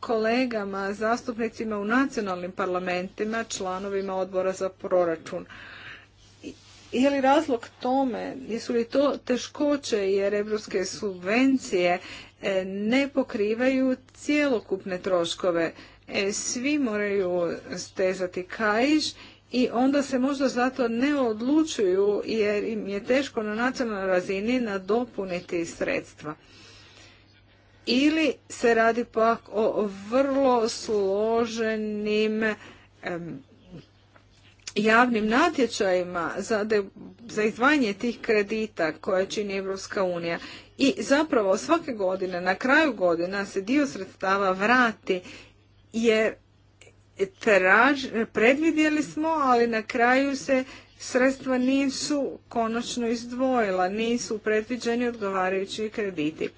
kolegama, zastupnicima u nacionalnim parlamentima, članovima odbora za proračun. Je li razlog tome, jesu li to teškoće jer evropske subvencije e, ne pokrivaju cjelokupne troškove? E, svi moraju stezati kajiš i onda se možda zato ne odlučuju jer im je teško na nacionalnoj razini nadopuniti sredstva. Ili se radi pak o vrlo složenim javnim natječajima za, de, za izdvajanje tih kredita koje čini Evropska unija i zapravo svake godine, na kraju godina se dio sredstava vrati jer traž, predvidjeli smo, ali na kraju se sredstva nisu konačno izdvojila, nisu predviđeni odgovarajući krediti.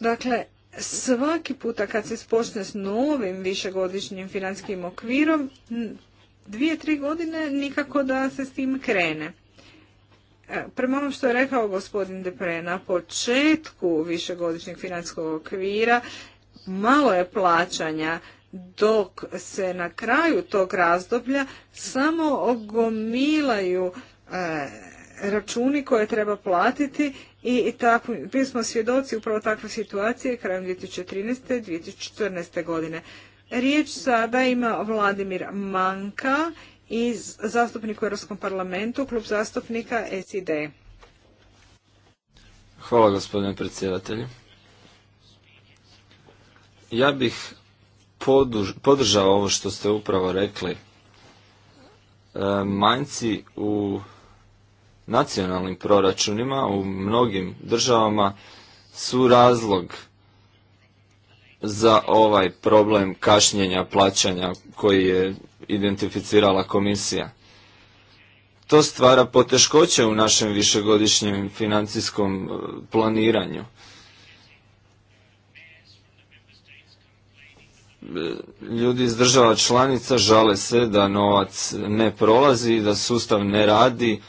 Dakle, svaki puta kad se spočne s novim višegodišnjim financijskim okvirom, dvije, tri godine nikako da se s tim krene. E, prema onom što je rekao gospodin Depre, na početku višegodišnjeg financijskog okvira malo je plaćanja, dok se na kraju tog razdoblja samo ogomilaju e, računi koje treba platiti i tako, bili smo svjedoci upravo takve situacije krajem 2013. i 2014. godine. Riječ sada ima Vladimir Manka iz zastupnika u Europskom parlamentu, klub zastupnika SID. Hvala gospodine predsjedatelju. Ja bih podržao ovo što ste upravo rekli. E, manjci u nacionalnim proračunima u mnogim državama su razlog za ovaj problem kašnjenja plaćanja koji je identificirala komisija. To stvara poteškoće u našem višegodišnjem financijskom e, planiranju. E, ljudi iz država članica žale se da novac ne prolazi, da sustav ne radi,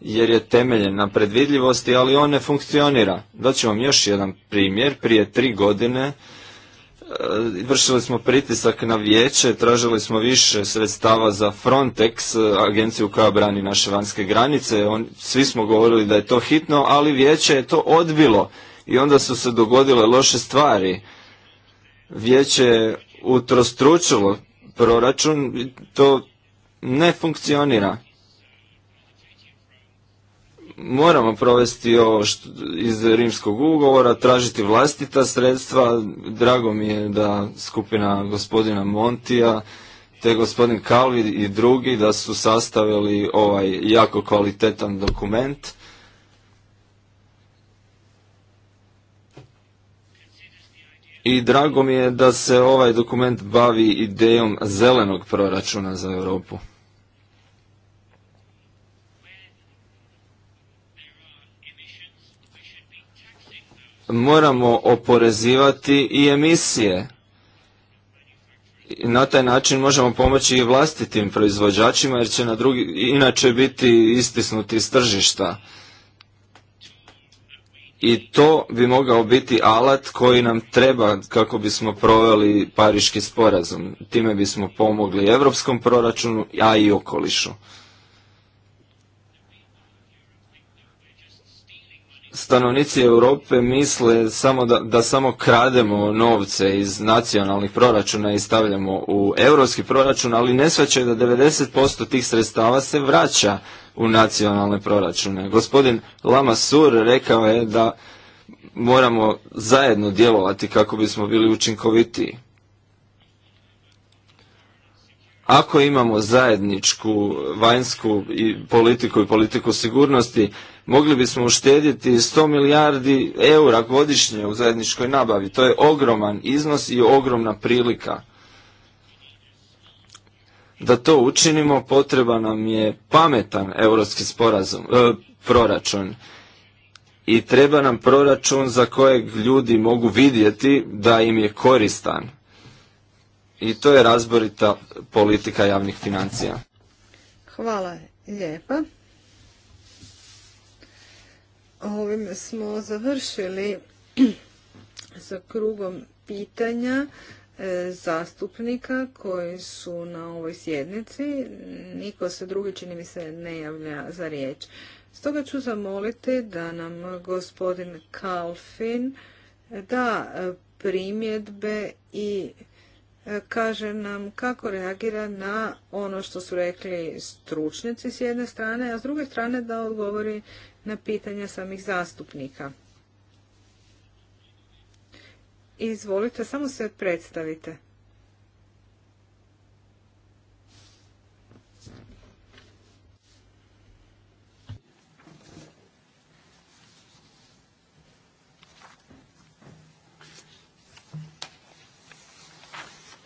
jer je temeljen na predvidljivosti, ali on ne funkcionira. Daću vam još jedan primjer. Prije tri godine E, vršili smo pritisak na vijeće, tražili smo više sredstava za Frontex, e, agenciju koja brani naše vanjske granice. svi smo govorili da je to hitno, ali vijeće je to odbilo i onda su se dogodile loše stvari. Vijeće je utrostručilo proračun, to ne funkcionira moramo provesti ovo iz rimskog ugovora, tražiti vlastita sredstva. Drago mi je da skupina gospodina Montija te gospodin Kalvi i drugi da su sastavili ovaj jako kvalitetan dokument. I drago mi je da se ovaj dokument bavi idejom zelenog proračuna za Europu. moramo oporezivati i emisije. Na taj način možemo pomoći i vlastitim proizvođačima jer će na drugi, inače biti istisnuti iz tržišta. I to bi mogao biti alat koji nam treba kako bismo proveli pariški sporazum. Time bismo pomogli europskom proračunu, a i okolišu. stanovnici Europe misle samo da, da samo krademo novce iz nacionalnih proračuna i stavljamo u europski proračun, ali ne shvaćaju da 90% tih sredstava se vraća u nacionalne proračune. Gospodin sur rekao je da moramo zajedno djelovati kako bismo bili učinkovitiji. Ako imamo zajedničku vanjsku i politiku i politiku sigurnosti, mogli bismo uštedjeti 100 milijardi eura godišnje u zajedničkoj nabavi. To je ogroman iznos i ogromna prilika. Da to učinimo potreba nam je pametan europski sporazum, e, proračun i treba nam proračun za kojeg ljudi mogu vidjeti da im je koristan. I to je razborita politika javnih financija. Hvala lijepa. Ovim smo završili sa krugom pitanja e, zastupnika koji su na ovoj sjednici. Niko se drugi, čini mi se, ne javlja za riječ. Stoga ću zamoliti da nam gospodin Kalfin da e, primjedbe i e, kaže nam kako reagira na ono što su rekli stručnjaci s jedne strane, a s druge strane da odgovori na pitanja samih zastupnika. Izvolite, samo se predstavite.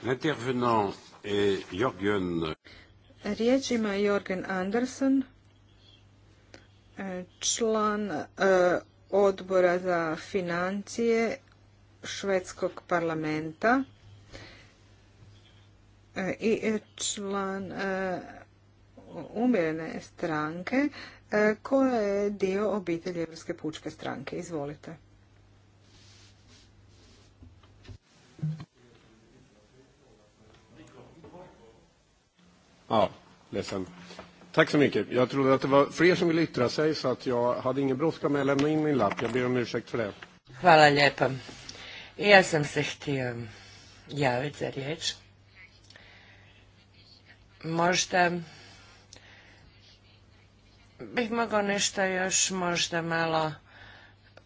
L'intervenant est Jorgen. Riječ Jorgen Andersen E, član e, odbora za financije švedskog parlamenta e, i član umjerene stranke koja je dio obitelji Evropske pučke stranke. Izvolite. Hvala. Tack så mycket. Jag trodde att det var fler som ville yttra sig så att jag hade ingen brådska med att lämna in min lapp. Jag ber om ursäkt för det. Hvala lijepa. Ja sam se htio javiti za riječ. Možda bih mogao nešto još možda malo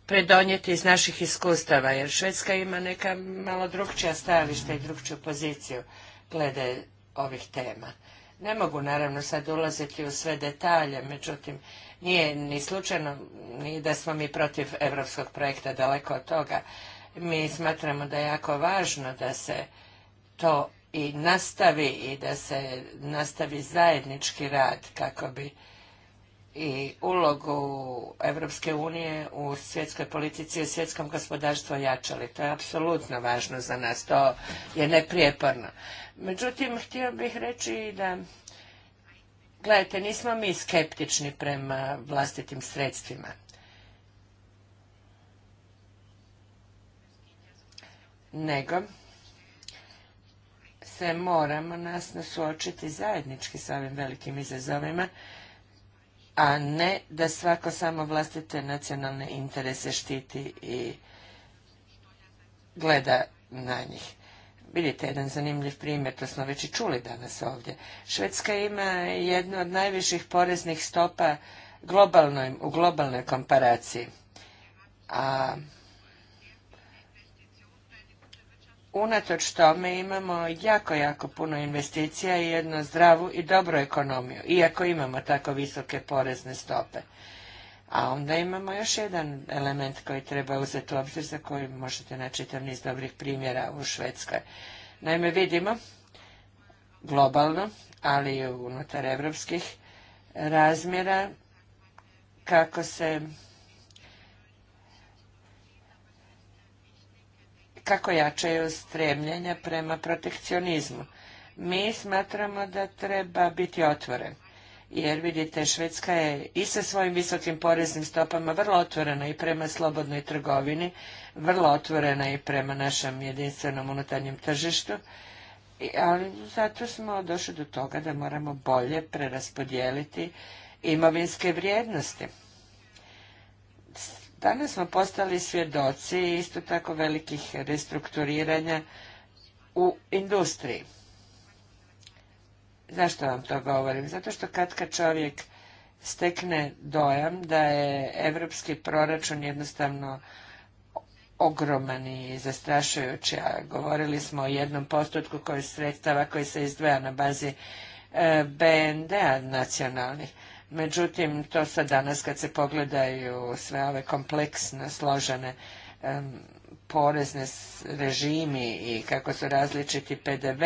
predonijeti iz naših iskustava, jer Švedska ima neka malo drugčija stajališta i drugčiju poziciju glede ovih tema. Ne mogu naravno sad ulaziti u sve detalje, međutim nije ni slučajno ni da smo mi protiv europskog projekta, daleko od toga. Mi smatramo da je jako važno da se to i nastavi i da se nastavi zajednički rad kako bi i ulogu Europske unije u svjetskoj politici i svjetskom gospodarstvu jačali. To je apsolutno važno za nas, to je neprijeporno. Međutim, htio bih reći da, gledajte, nismo mi skeptični prema vlastitim sredstvima. Nego, se moramo nas suočiti zajednički s ovim velikim izazovima a ne da svako samo vlastite nacionalne interese štiti i gleda na njih. Vidite jedan zanimljiv primjer, to smo već i čuli danas ovdje. Švedska ima jednu od najviših poreznih stopa u globalnoj komparaciji. A unatoč tome imamo jako, jako puno investicija i jednu zdravu i dobru ekonomiju, iako imamo tako visoke porezne stope. A onda imamo još jedan element koji treba uzeti u obzir za koji možete naći tam niz dobrih primjera u Švedskoj. Naime, vidimo globalno, ali i unutar evropskih razmjera kako se kako jačaju stremljenja prema protekcionizmu. Mi smatramo da treba biti otvoren, jer vidite, Švedska je i sa svojim visokim poreznim stopama vrlo otvorena i prema slobodnoj trgovini, vrlo otvorena i prema našem jedinstvenom unutarnjem tržištu, ali zato smo došli do toga da moramo bolje preraspodijeliti imovinske vrijednosti. Danas smo postali svjedoci isto tako velikih restrukturiranja u industriji. Zašto vam to govorim? Zato što kad kad čovjek stekne dojam da je evropski proračun jednostavno ogroman i zastrašujući, a govorili smo o jednom postotku koji sredstava koji se izdvaja na bazi e, BND-a nacionalnih. Međutim, to sad danas kad se pogledaju sve ove kompleksne, složene porezne režimi i kako su različiti PDV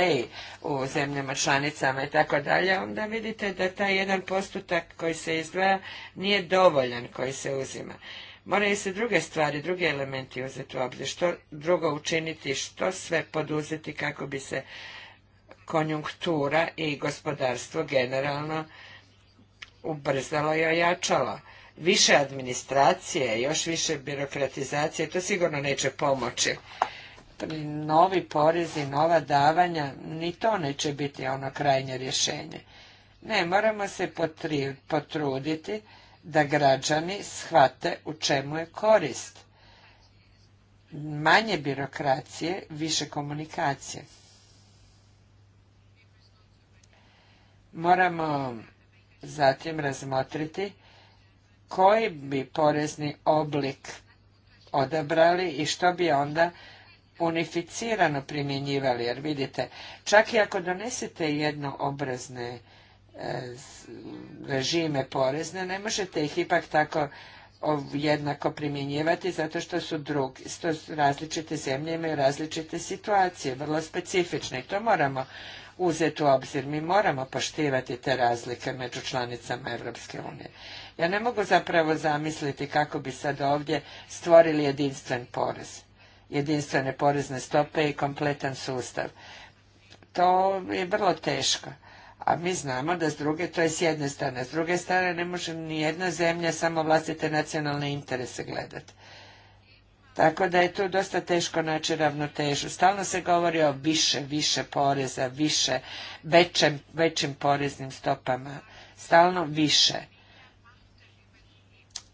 u zemljama članicama i tako dalje, onda vidite da taj jedan postotak koji se izdvaja nije dovoljan koji se uzima. Moraju se druge stvari, drugi elementi uzeti u obzir, što drugo učiniti, što sve poduzeti kako bi se konjunktura i gospodarstvo generalno ubrzala i ojačala. Više administracije, još više birokratizacije, to sigurno neće pomoći. Novi porezi, nova davanja, ni to neće biti ono krajnje rješenje. Ne, moramo se potruditi da građani shvate u čemu je korist. Manje birokracije, više komunikacije. Moramo zatim razmotriti koji bi porezni oblik odabrali i što bi onda unificirano primjenjivali, jer vidite, čak i ako donesete jednoobrazne e, režime porezne, ne možete ih ipak tako jednako primjenjivati zato što su drugi, različite zemlje imaju različite situacije, vrlo specifične i to moramo uzeti u obzir. Mi moramo poštivati te razlike među članicama Europske unije. Ja ne mogu zapravo zamisliti kako bi sad ovdje stvorili jedinstven porez, jedinstvene porezne stope i kompletan sustav. To je vrlo teško. A mi znamo da s druge, to je s jedne strane, s druge strane ne može ni jedna zemlja samo vlastite nacionalne interese gledati. Tako da je tu dosta teško naći ravnotežu. Stalno se govori o više, više poreza, više, većim poreznim stopama. Stalno više.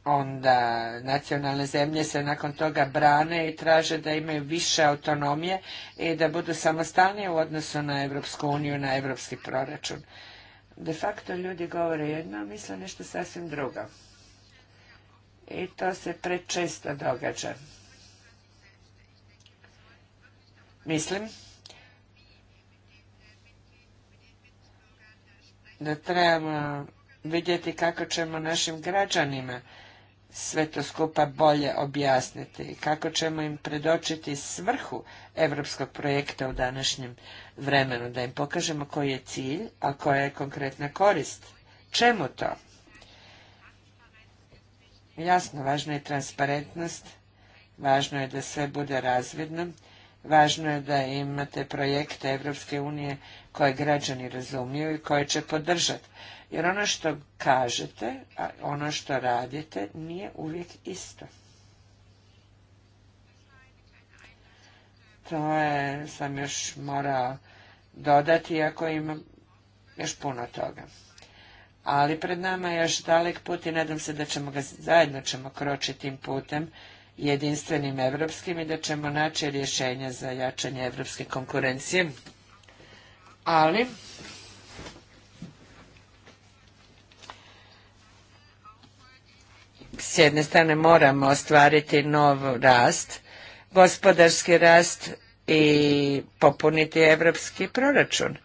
Onda nacionalne zemlje se nakon toga brane i traže da imaju više autonomije i da budu samostalnije u odnosu na Europsku uniju, na europski proračun. De facto ljudi govore jedno, misle nešto sasvim drugo. I to se prečesto događa. Mislim da trebamo vidjeti kako ćemo našim građanima sve to skupa bolje objasniti i kako ćemo im predočiti svrhu europskog projekta u današnjem vremenu, da im pokažemo koji je cilj, a koja je konkretna korist. Čemu to? Jasno, važna je transparentnost, važno je da sve bude razvidno Važno je da imate projekte Evropske unije koje građani razumiju i koje će podržati. Jer ono što kažete, a ono što radite, nije uvijek isto. To je, sam još morao dodati, iako imam još puno toga. Ali pred nama je još dalek put i nadam se da ćemo ga, zajedno ćemo kročiti tim putem jedinstvenim evropskim i da ćemo naći rješenja za jačanje evropske konkurencije. Ali, s jedne strane moramo ostvariti nov rast, gospodarski rast i popuniti evropski proračun.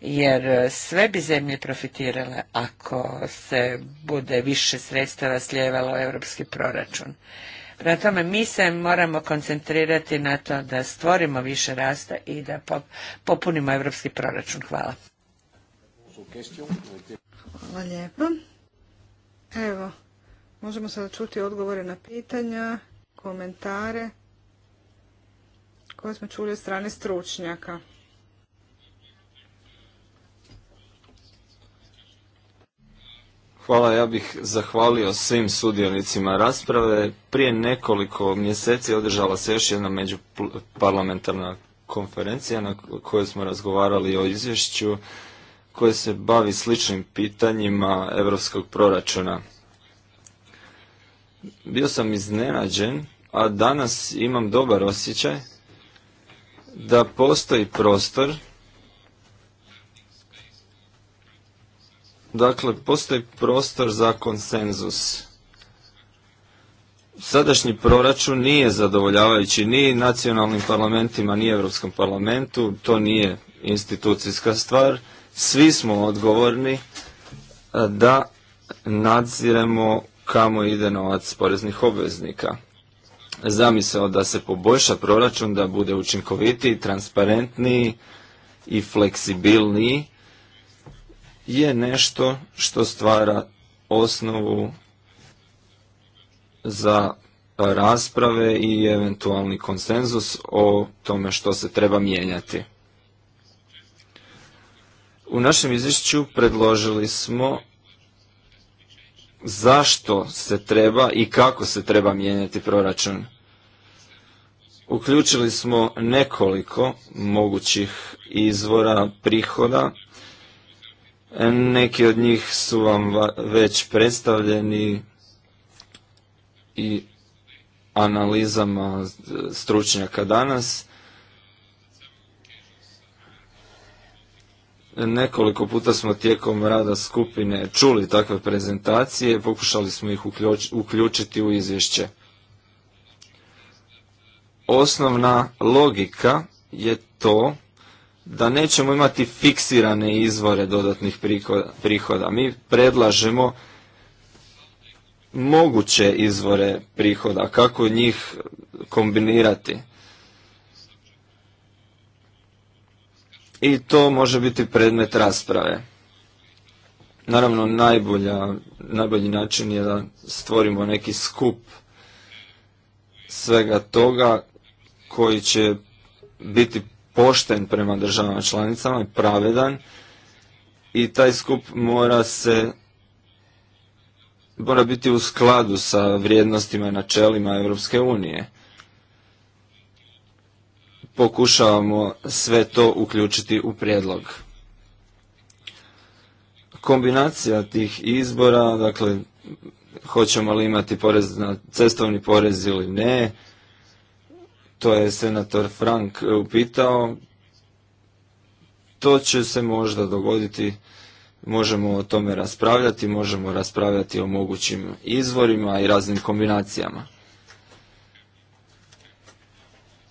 Jer sve bi zemlje profitirale ako se bude više sredstava sljevalo evropski proračun. Prema tome, mi se moramo koncentrirati na to da stvorimo više rasta i da popunimo evropski proračun. Hvala. Hvala lijepo. Evo, možemo sada čuti odgovore na pitanja, komentare koje smo čuli od strane stručnjaka. Hvala, ja bih zahvalio svim sudionicima rasprave. Prije nekoliko mjeseci održala se još jedna međuparlamentarna konferencija na kojoj smo razgovarali o izvješću koje se bavi sličnim pitanjima europskog proračuna. Bio sam iznenađen, a danas imam dobar osjećaj da postoji prostor Dakle, postoji prostor za konsenzus. Sadašnji proračun nije zadovoljavajući ni nacionalnim parlamentima, ni Europskom parlamentu, to nije institucijska stvar. Svi smo odgovorni e, da nadziremo kamo ide novac poreznih obveznika. Zamisao da se poboljša proračun, da bude učinkovitiji, transparentniji i fleksibilniji je nešto što stvara osnovu za rasprave i eventualni konsenzus o tome što se treba mijenjati. U našem izvješću predložili smo zašto se treba i kako se treba mijenjati proračun. Uključili smo nekoliko mogućih izvora prihoda neki od njih su vam već predstavljeni i analizama stručnjaka danas. Nekoliko puta smo tijekom rada skupine čuli takve prezentacije, pokušali smo ih uključiti u izvješće. Osnovna logika je to da nećemo imati fiksirane izvore dodatnih prihoda. Mi predlažemo moguće izvore prihoda, kako njih kombinirati. I to može biti predmet rasprave. Naravno, najbolja, najbolji način je da stvorimo neki skup svega toga koji će biti pošten prema državama članicama i pravedan i taj skup mora se mora biti u skladu sa vrijednostima i načelima Europske unije. Pokušavamo sve to uključiti u prijedlog. Kombinacija tih izbora, dakle, hoćemo li imati porez na cestovni porez ili ne, to je senator Frank e, upitao, to će se možda dogoditi, možemo o tome raspravljati, možemo raspravljati o mogućim izvorima i raznim kombinacijama.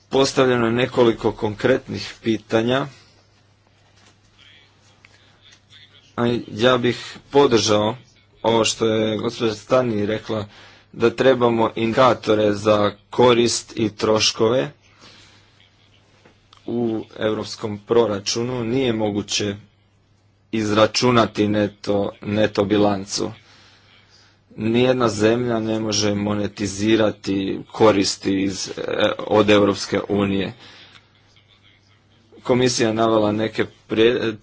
Postavljeno je nekoliko konkretnih pitanja. Ja bih podržao ovo što je gospođa Stani rekla da trebamo indikatore za korist i troškove u europskom proračunu nije moguće izračunati neto, neto bilancu. Nijedna zemlja ne može monetizirati koristi iz, e, od Europske unije komisija navela neke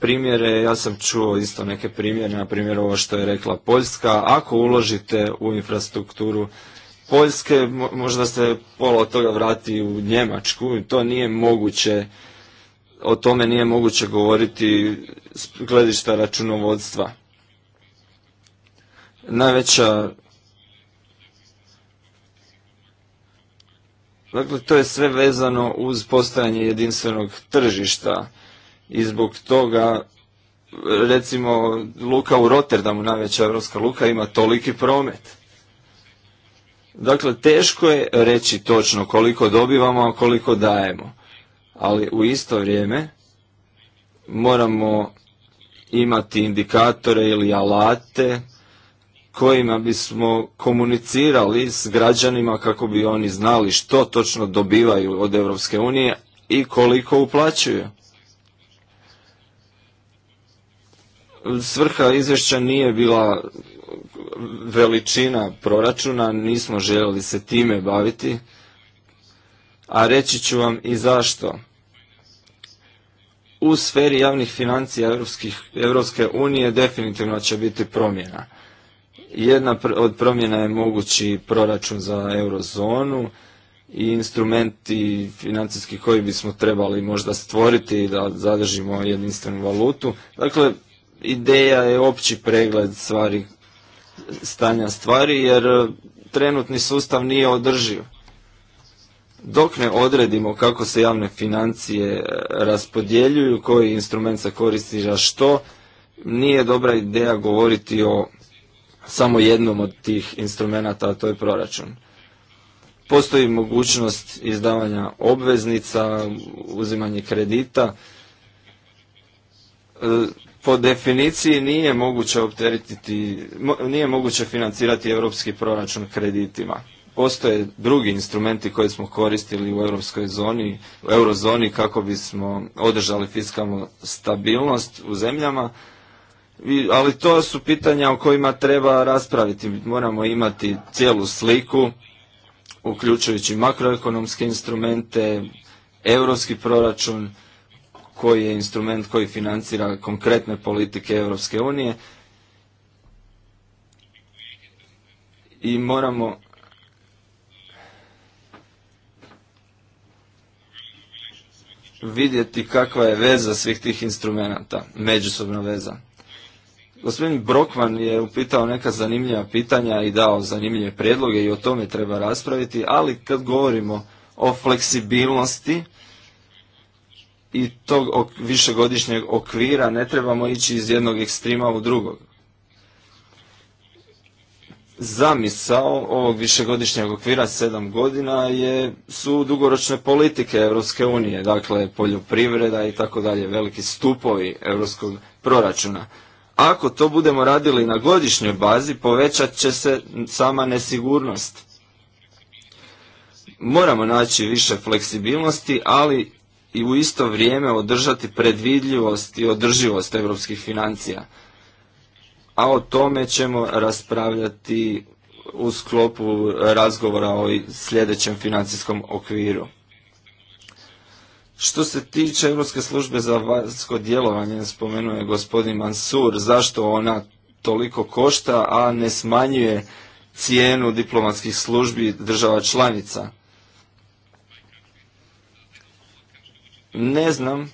primjere, ja sam čuo isto neke primjere, na primjer ovo što je rekla Poljska, ako uložite u infrastrukturu Poljske, možda se pola od toga vrati u Njemačku, to nije moguće, o tome nije moguće govoriti s gledišta računovodstva. Najveća Dakle, to je sve vezano uz postojanje jedinstvenog tržišta i zbog toga recimo luka u Rotterdamu, najveća evropska luka, ima toliki promet. Dakle, teško je reći točno koliko dobivamo, a koliko dajemo. Ali u isto vrijeme moramo imati indikatore ili alate kojima bismo komunicirali s građanima kako bi oni znali što točno dobivaju od Europske unije i koliko uplaćuju. Svrha izvješća nije bila veličina proračuna, nismo željeli se time baviti, a reći ću vam i zašto. U sferi javnih financija Europske unije definitivno će biti promjena jedna od promjena je mogući proračun za eurozonu i instrumenti financijski koji bismo trebali možda stvoriti da zadržimo jedinstvenu valutu. Dakle, ideja je opći pregled stvari, stanja stvari jer trenutni sustav nije održiv. Dok ne odredimo kako se javne financije e, raspodjeljuju, koji instrument se koristi za što, nije dobra ideja govoriti o samo jednom od tih instrumenata, a to je proračun. Postoji mogućnost izdavanja obveznica, uzimanje kredita. E, po definiciji nije moguće opteretiti, nije moguće financirati europski proračun kreditima. Postoje drugi instrumenti koje smo koristili u europskoj zoni, u eurozoni kako bismo održali fiskalnu stabilnost u zemljama ali to su pitanja o kojima treba raspraviti. Moramo imati cijelu sliku, uključujući makroekonomske instrumente, europski proračun, koji je instrument koji financira konkretne politike Europske unije. I moramo vidjeti kakva je veza svih tih instrumenta, međusobna veza. Gospodin Brokman je upitao neka zanimljiva pitanja i dao zanimljive prijedloge i o tome treba raspraviti, ali kad govorimo o fleksibilnosti i tog višegodišnjeg okvira ne trebamo ići iz jednog ekstrema u drugog. Zamisao ovog višegodišnjeg okvira sedam godina je, su dugoročne politike Europske unije, dakle poljoprivreda i tako dalje, veliki stupovi europskog proračuna ako to budemo radili na godišnjoj bazi, povećat će se sama nesigurnost. Moramo naći više fleksibilnosti, ali i u isto vrijeme održati predvidljivost i održivost europskih financija. A o tome ćemo raspravljati u sklopu razgovora o sljedećem financijskom okviru. Što se tiče Europske službe za vanjsko djelovanje, spomenuo je gospodin Mansur, zašto ona toliko košta, a ne smanjuje cijenu diplomatskih službi država članica? Ne znam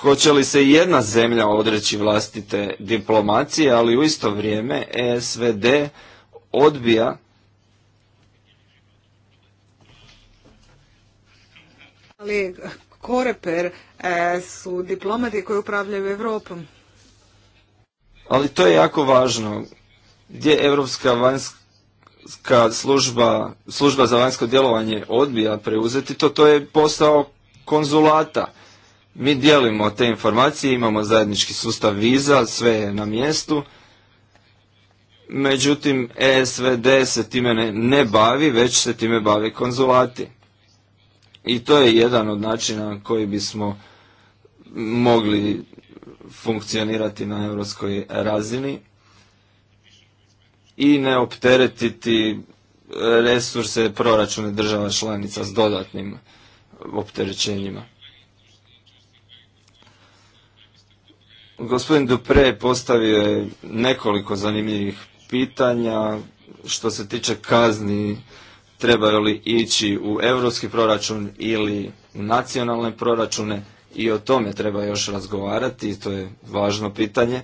hoće li se jedna zemlja odreći vlastite diplomacije, ali u isto vrijeme e SVD odbija Ali koreper e, su diplomati koji upravljaju Evropom. Ali to je jako važno. Gdje Europska vanjska služba, služba za vanjsko djelovanje odbija preuzeti to, to je posao konzulata. Mi dijelimo te informacije, imamo zajednički sustav viza, sve je na mjestu. Međutim, ESVD se time ne, ne bavi, već se time bavi konzulati. I to je jedan od načina koji bismo mogli funkcionirati na europskoj razini i ne opteretiti resurse proračune država članica s dodatnim opterećenjima. Gospodin Dupre postavio je nekoliko zanimljivih pitanja što se tiče kazni trebaju li ići u europski proračun ili u nacionalne proračune i o tome treba još razgovarati i to je važno pitanje.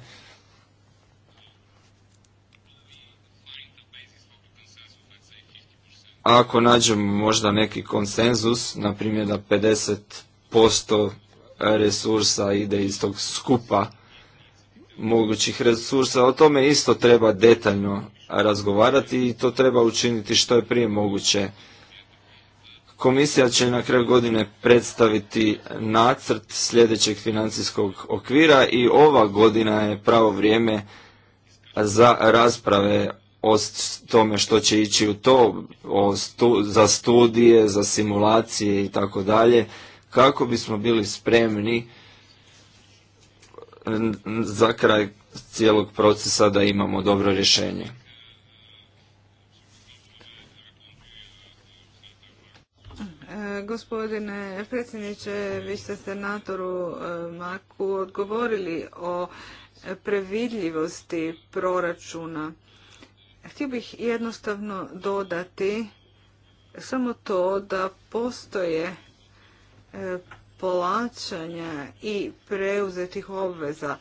ako nađemo možda neki konsenzus, na primjer da 50% resursa ide iz tog skupa mogućih resursa. O tome isto treba detaljno razgovarati i to treba učiniti što je prije moguće. Komisija će na kraju godine predstaviti nacrt sljedećeg financijskog okvira i ova godina je pravo vrijeme za rasprave o tome što će ići u to, za studije, za simulacije i tako dalje, kako bismo bili spremni za kraj cijelog procesa da imamo dobro rješenje. E, gospodine predsjedniče, vi ste senatoru e, Maku odgovorili o previdljivosti proračuna. Htio bih jednostavno dodati samo to da postoje e, plaćanja i preuzetih obveza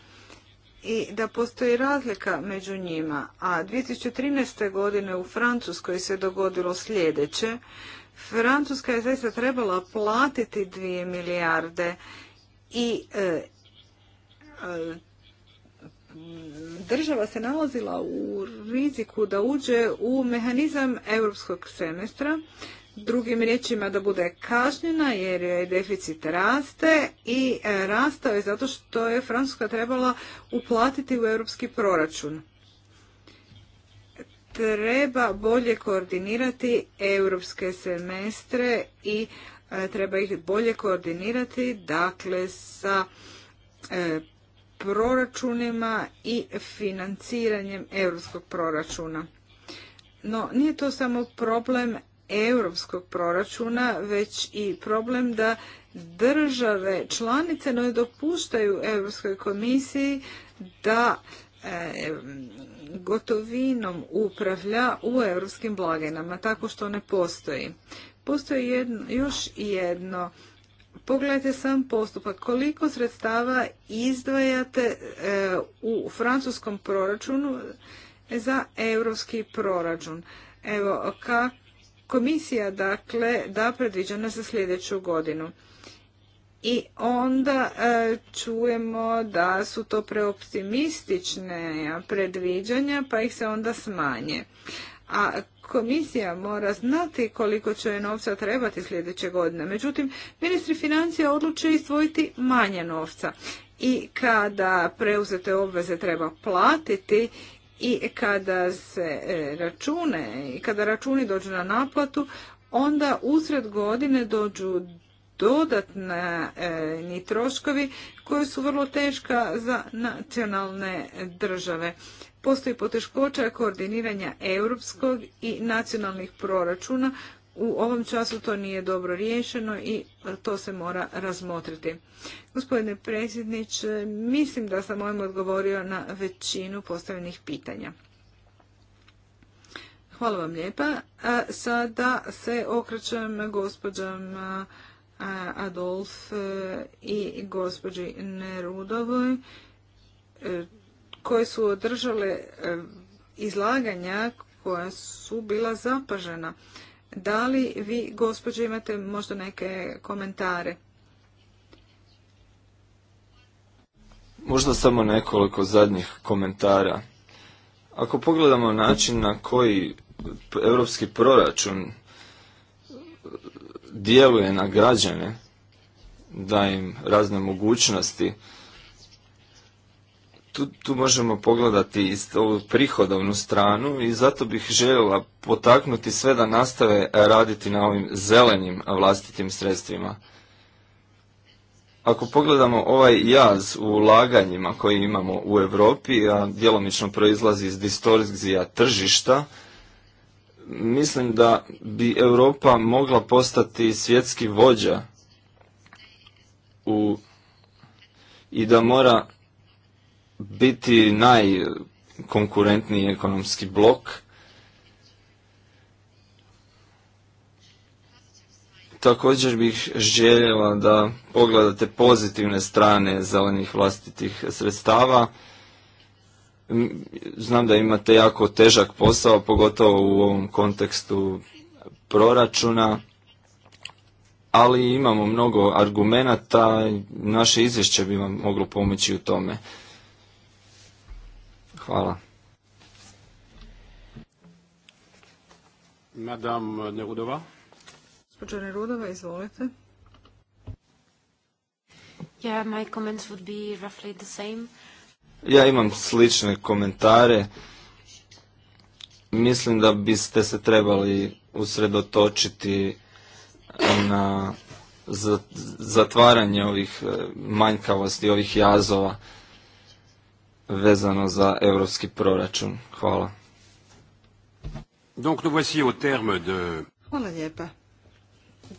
i da postoji razlika među njima. A 2013. godine u Francuskoj se dogodilo sljedeće. Francuska je zaista trebala platiti 2 milijarde i e, e, država se nalazila u riziku da uđe u mehanizam europskog semestra drugim riječima da bude kažnjena jer joj deficit raste i e, rastao je zato što je Francuska trebala uplatiti u europski proračun. Treba bolje koordinirati europske semestre i e, treba ih bolje koordinirati dakle sa e, proračunima i financiranjem europskog proračuna. No, nije to samo problem europskog proračuna, već i problem da države članice ne dopuštaju Europskoj komisiji da e, gotovinom upravlja u europskim blagajnama, tako što ne postoji. Postoji jedno, još jedno. Pogledajte sam postupak. Koliko sredstava izdvajate e, u francuskom proračunu za europski proračun? Evo, kak, Komisija dakle da predviđena za sljedeću godinu. I onda e, čujemo da su to preoptimistične predviđanja pa ih se onda smanje. A komisija mora znati koliko će novca trebati sljedeće godine. Međutim, ministri financija odluče izdvojiti manje novca. I kada preuzete obveze treba platiti i kada se e, račune i kada računi dođu na naplatu, onda usred godine dođu dodatne e, troškovi koji su vrlo teška za nacionalne države. Postoji poteškoća koordiniranja europskog i nacionalnih proračuna u ovom času to nije dobro riješeno i to se mora razmotriti. Gospodine predsjedniče, mislim da sam ovim odgovorio na većinu postavljenih pitanja. Hvala vam lijepa. Sada se okrećem gospođam Adolf e, i gospođi Nerudovoj e, koje su održale e, izlaganja koja su bila zapažena. Da li vi, gospođo, imate možda neke komentare? Možda samo nekoliko zadnjih komentara. Ako pogledamo način na koji europski proračun djeluje na građane, da im razne mogućnosti tu, tu možemo pogledati ovu prihodovnu stranu i zato bih željela potaknuti sve da nastave raditi na ovim zelenim vlastitim sredstvima. Ako pogledamo ovaj jaz u ulaganjima koji imamo u Europi, a djelomično proizlazi iz distorzija tržišta, mislim da bi Europa mogla postati svjetski vođa u, i da mora biti najkonkurentniji ekonomski blok. Također bih željela da pogledate pozitivne strane zelenih vlastitih sredstava. Znam da imate jako težak posao, pogotovo u ovom kontekstu proračuna, ali imamo mnogo argumenata, naše izvješće bi vam moglo pomoći u tome. Hvala. Madame Nerudova. Gospođo Nerudova, izvolite. Yeah, my comments would be roughly the same. Ja imam slične komentare. Mislim da biste se trebali usredotočiti na zatvaranje ovih eh, manjkavosti, ovih jazova vezano za europski proračun. Hvala. Donc nous voici au terme de... Hvala lijepa.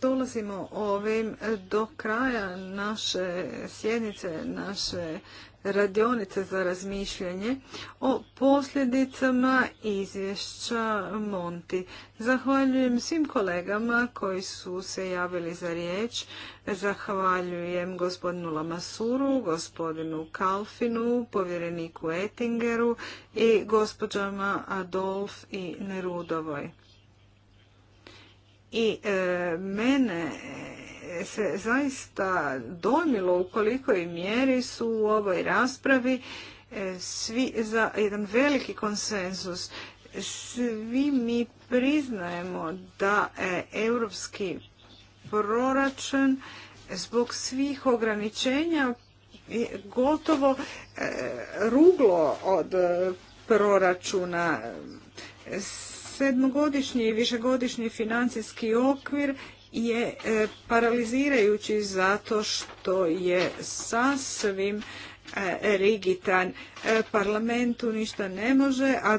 Dolazimo ovim do kraja naše sjednice, naše radionice za razmišljanje o posljedicama izvješća Monti. Zahvaljujem svim kolegama koji su se javili za riječ. Zahvaljujem gospodinu Lamasuru, gospodinu Kalfinu, povjereniku Ettingeru i gospođama Adolf i Nerudovoj. I e, mene se zaista dojmilo u kolikoj mjeri su u ovoj raspravi e, svi za jedan veliki konsenzus. Svi mi priznajemo da e, europski proračun zbog svih ograničenja gotovo e, ruglo od proračuna s Sedmogodišnji i višegodišnji financijski okvir je e, paralizirajući zato što je sasvim e, rigitan. E, parlamentu ništa ne može, a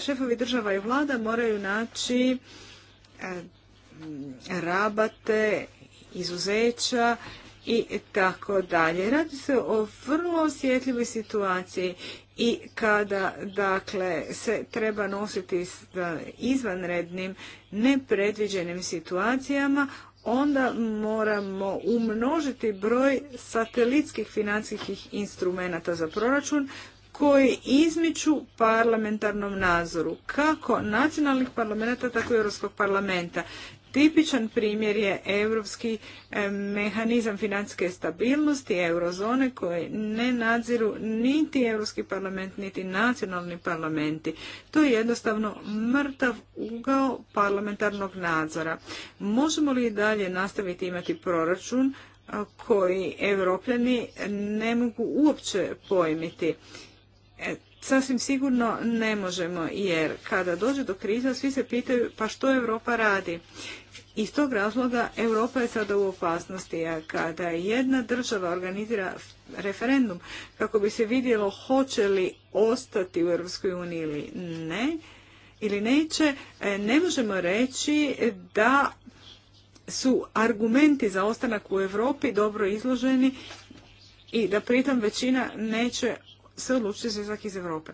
šefovi država i vlada moraju naći rabate, izuzeća i tako dalje. Radi se o vrlo osjetljivoj situaciji i kada dakle se treba nositi s e, izvanrednim nepredviđenim situacijama onda moramo umnožiti broj satelitskih financijskih instrumenata za proračun koji izmiču parlamentarnom nadzoru kako nacionalnih parlamenta tako i Europskog parlamenta Tipičan primjer je europski e, mehanizam financijske stabilnosti eurozone koje ne nadziru niti Europski parlament niti nacionalni parlamenti. To je jednostavno mrtav ugao parlamentarnog nadzora. Možemo li dalje nastaviti imati proračun e, koji europljani ne mogu uopće pojmiti? E, sasvim sigurno ne možemo jer kada dođe do kriza svi se pitaju pa što Europa radi. Iz tog razloga Europa je sada u opasnosti, a kada jedna država organizira referendum kako bi se vidjelo hoće li ostati u Europskoj uniji ili ne, ili neće, e, ne možemo reći da su argumenti za ostanak u Europi dobro izloženi i da pritom većina neće se odlučiti za iz Europe.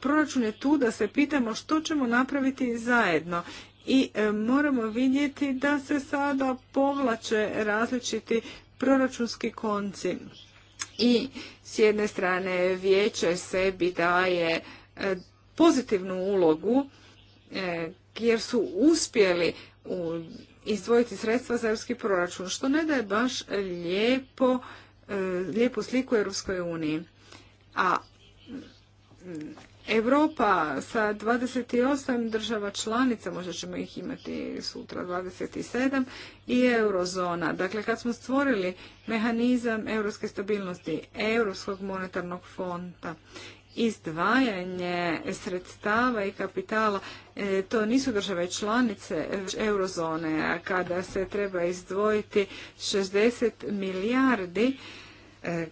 Proračun je tu da se pitamo što ćemo napraviti zajedno i e, moramo vidjeti da se sada povlače različiti proračunski konci. I s jedne strane vijeće sebi daje e, pozitivnu ulogu e, jer su uspjeli izdvojiti sredstva za europski proračun, što ne daje baš lijepo, lijepu sliku Europskoj uniji. A mm, Europa sa 28 država članica, možda ćemo ih imati sutra 27, i eurozona. Dakle, kad smo stvorili mehanizam europske stabilnosti, europskog monetarnog fonda, izdvajanje sredstava i kapitala, e, to nisu države članice eurozone, a kada se treba izdvojiti 60 milijardi, e,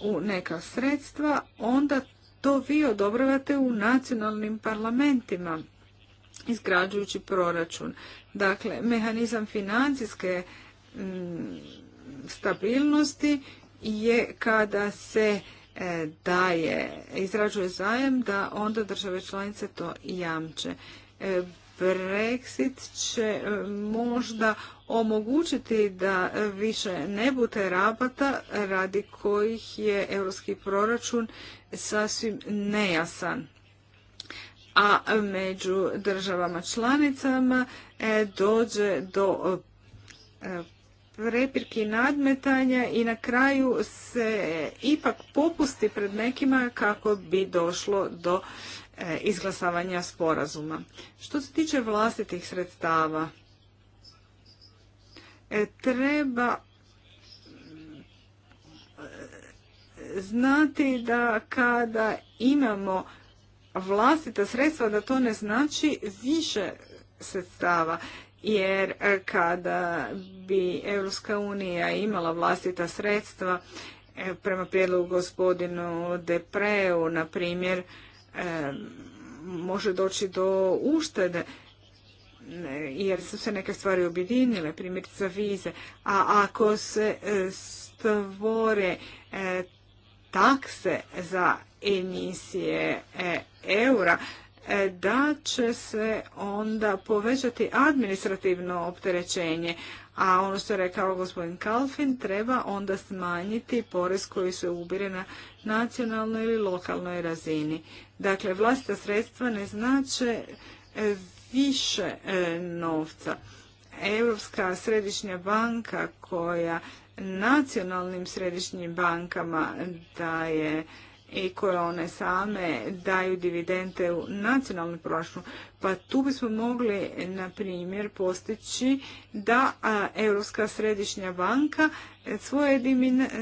u neka sredstva, onda to vi odobravate u nacionalnim parlamentima izgrađujući proračun. Dakle, mehanizam financijske mm, stabilnosti je kada se e, daje, izrađuje zajem da onda države članice to jamče. E, Brexit će e, možda omogućiti da više ne bude rabata radi kojih je europski proračun sasvim nejasan. A među državama članicama e, dođe do e, prepirki nadmetanja i na kraju se ipak popusti pred nekima kako bi došlo do e, izglasavanja sporazuma. Što se tiče vlastitih sredstava, E, treba e, znati da kada imamo vlastita sredstva da to ne znači više sredstava jer e, kada bi Europska unija imala vlastita sredstva prema prijedlogu gospodinu Depreu na primjer može doći do uštede jer su se neke stvari objedinile, primjerice vize, a ako se e, stvore e, takse za emisije e, eura, da će se onda povećati administrativno opterećenje, a ono što je rekao gospodin Kalfin, treba onda smanjiti porez koji se ubire na nacionalnoj ili lokalnoj razini. Dakle, vlastita sredstva ne znače više e, novca. Europska središnja banka koja nacionalnim središnjim bankama daje i koje one same daju dividende u nacionalni proračun. Pa tu bismo mogli, na primjer, postići da Europska središnja banka svoje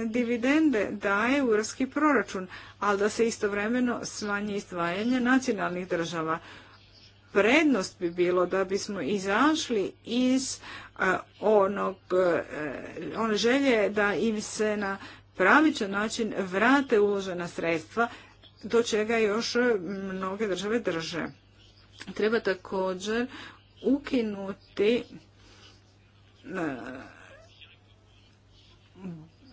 dividende daje u europski proračun, ali da se istovremeno smanji izdvajanje nacionalnih država prednost bi bilo da bismo izašli iz e, onog, e, one želje da im se na pravičan način vrate uložena sredstva do čega još mnoge države drže. Treba također ukinuti e,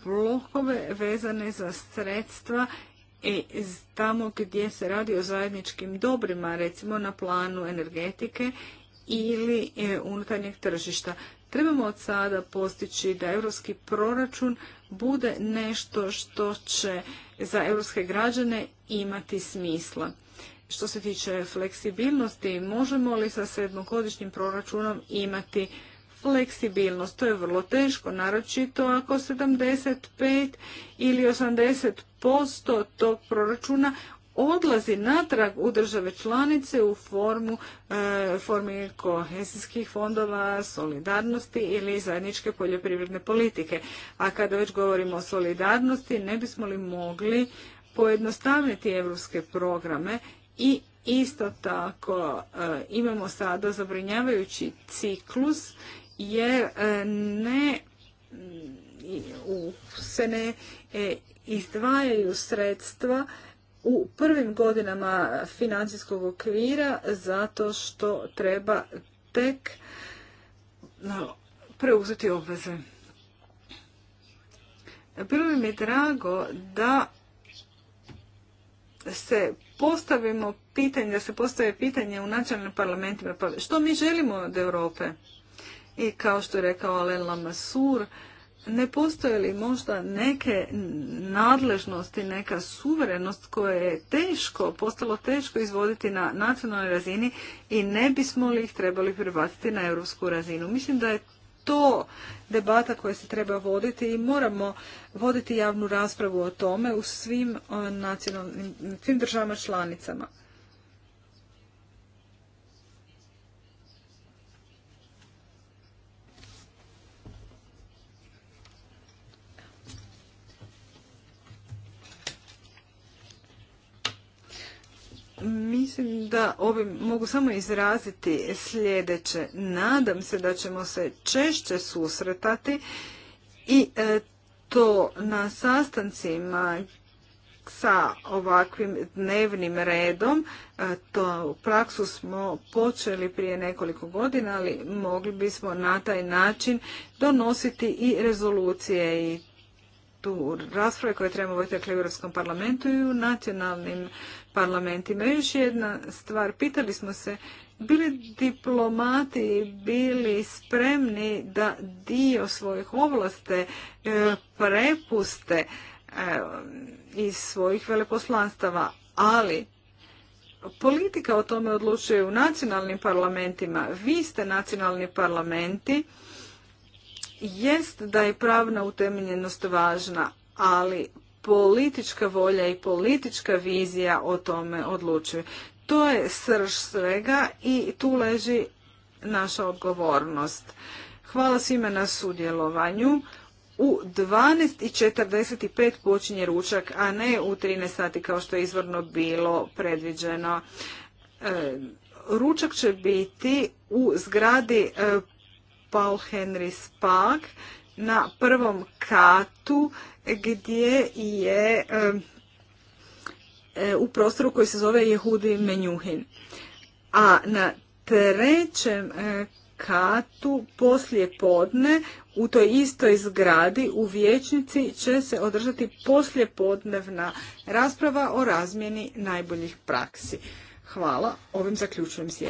blokove vezane za sredstva i tamo gdje se radi o zajedničkim dobrima, recimo na planu energetike ili e, unutarnjeg tržišta. Trebamo od sada postići da europski proračun bude nešto što će za europske građane imati smisla. Što se tiče fleksibilnosti, možemo li sa sedmogodišnjim proračunom imati fleksibilnost. To je vrlo teško, naročito ako 75 ili 80% tog proračuna odlazi natrag u države članice u formu e, formi kohezijskih fondova, solidarnosti ili zajedničke poljoprivredne politike. A kada već govorimo o solidarnosti, ne bismo li mogli pojednostavniti europske programe i isto tako e, imamo sada zabrinjavajući ciklus jer e, ne se ne e, izdvajaju sredstva u prvim godinama financijskog okvira zato što treba tek preuzeti obveze. Bilo bi mi drago da se postavimo pitanje, da se postave pitanje u nacionalnim parlamentima. Pa, što mi želimo od Europe? i kao što je rekao Alen Lamassur, ne postoje li možda neke nadležnosti, neka suverenost koje je teško, postalo teško izvoditi na nacionalnoj razini i ne bismo li ih trebali prebaciti na europsku razinu. Mislim da je to debata koja se treba voditi i moramo voditi javnu raspravu o tome u svim eh, nacionalnim, svim državama članicama. Mislim da ovim mogu samo izraziti sljedeće. Nadam se da ćemo se češće susretati i e, to na sastancima sa ovakvim dnevnim redom. E, to u praksu smo počeli prije nekoliko godina, ali mogli bismo na taj način donositi i rezolucije i tu rasprave koje trebamo voditi u Europskom parlamentu i u nacionalnim parlamentima. Još jedna stvar, pitali smo se bili diplomati bili spremni da dio svojih ovlaste prepuste e, iz svojih veleposlanstava, ali politika o tome odlučuje u nacionalnim parlamentima. Vi ste nacionalni parlamenti. Jest da je pravna utemeljenost važna, ali politička volja i politička vizija o tome odlučuje. To je srž svega i tu leži naša odgovornost. Hvala svima na sudjelovanju. U 12.45 počinje ručak, a ne u 13 sati kao što je izvorno bilo predviđeno. E, ručak će biti u zgradi e, Paul Henry Spag na prvom katu gdje je e, u prostoru koji se zove Jehudi Menjuhin. A na trećem e, katu poslije podne u toj istoj zgradi u vijećnici će se održati podnevna rasprava o razmjeni najboljih praksi. Hvala, ovim zaključujem sjednicu.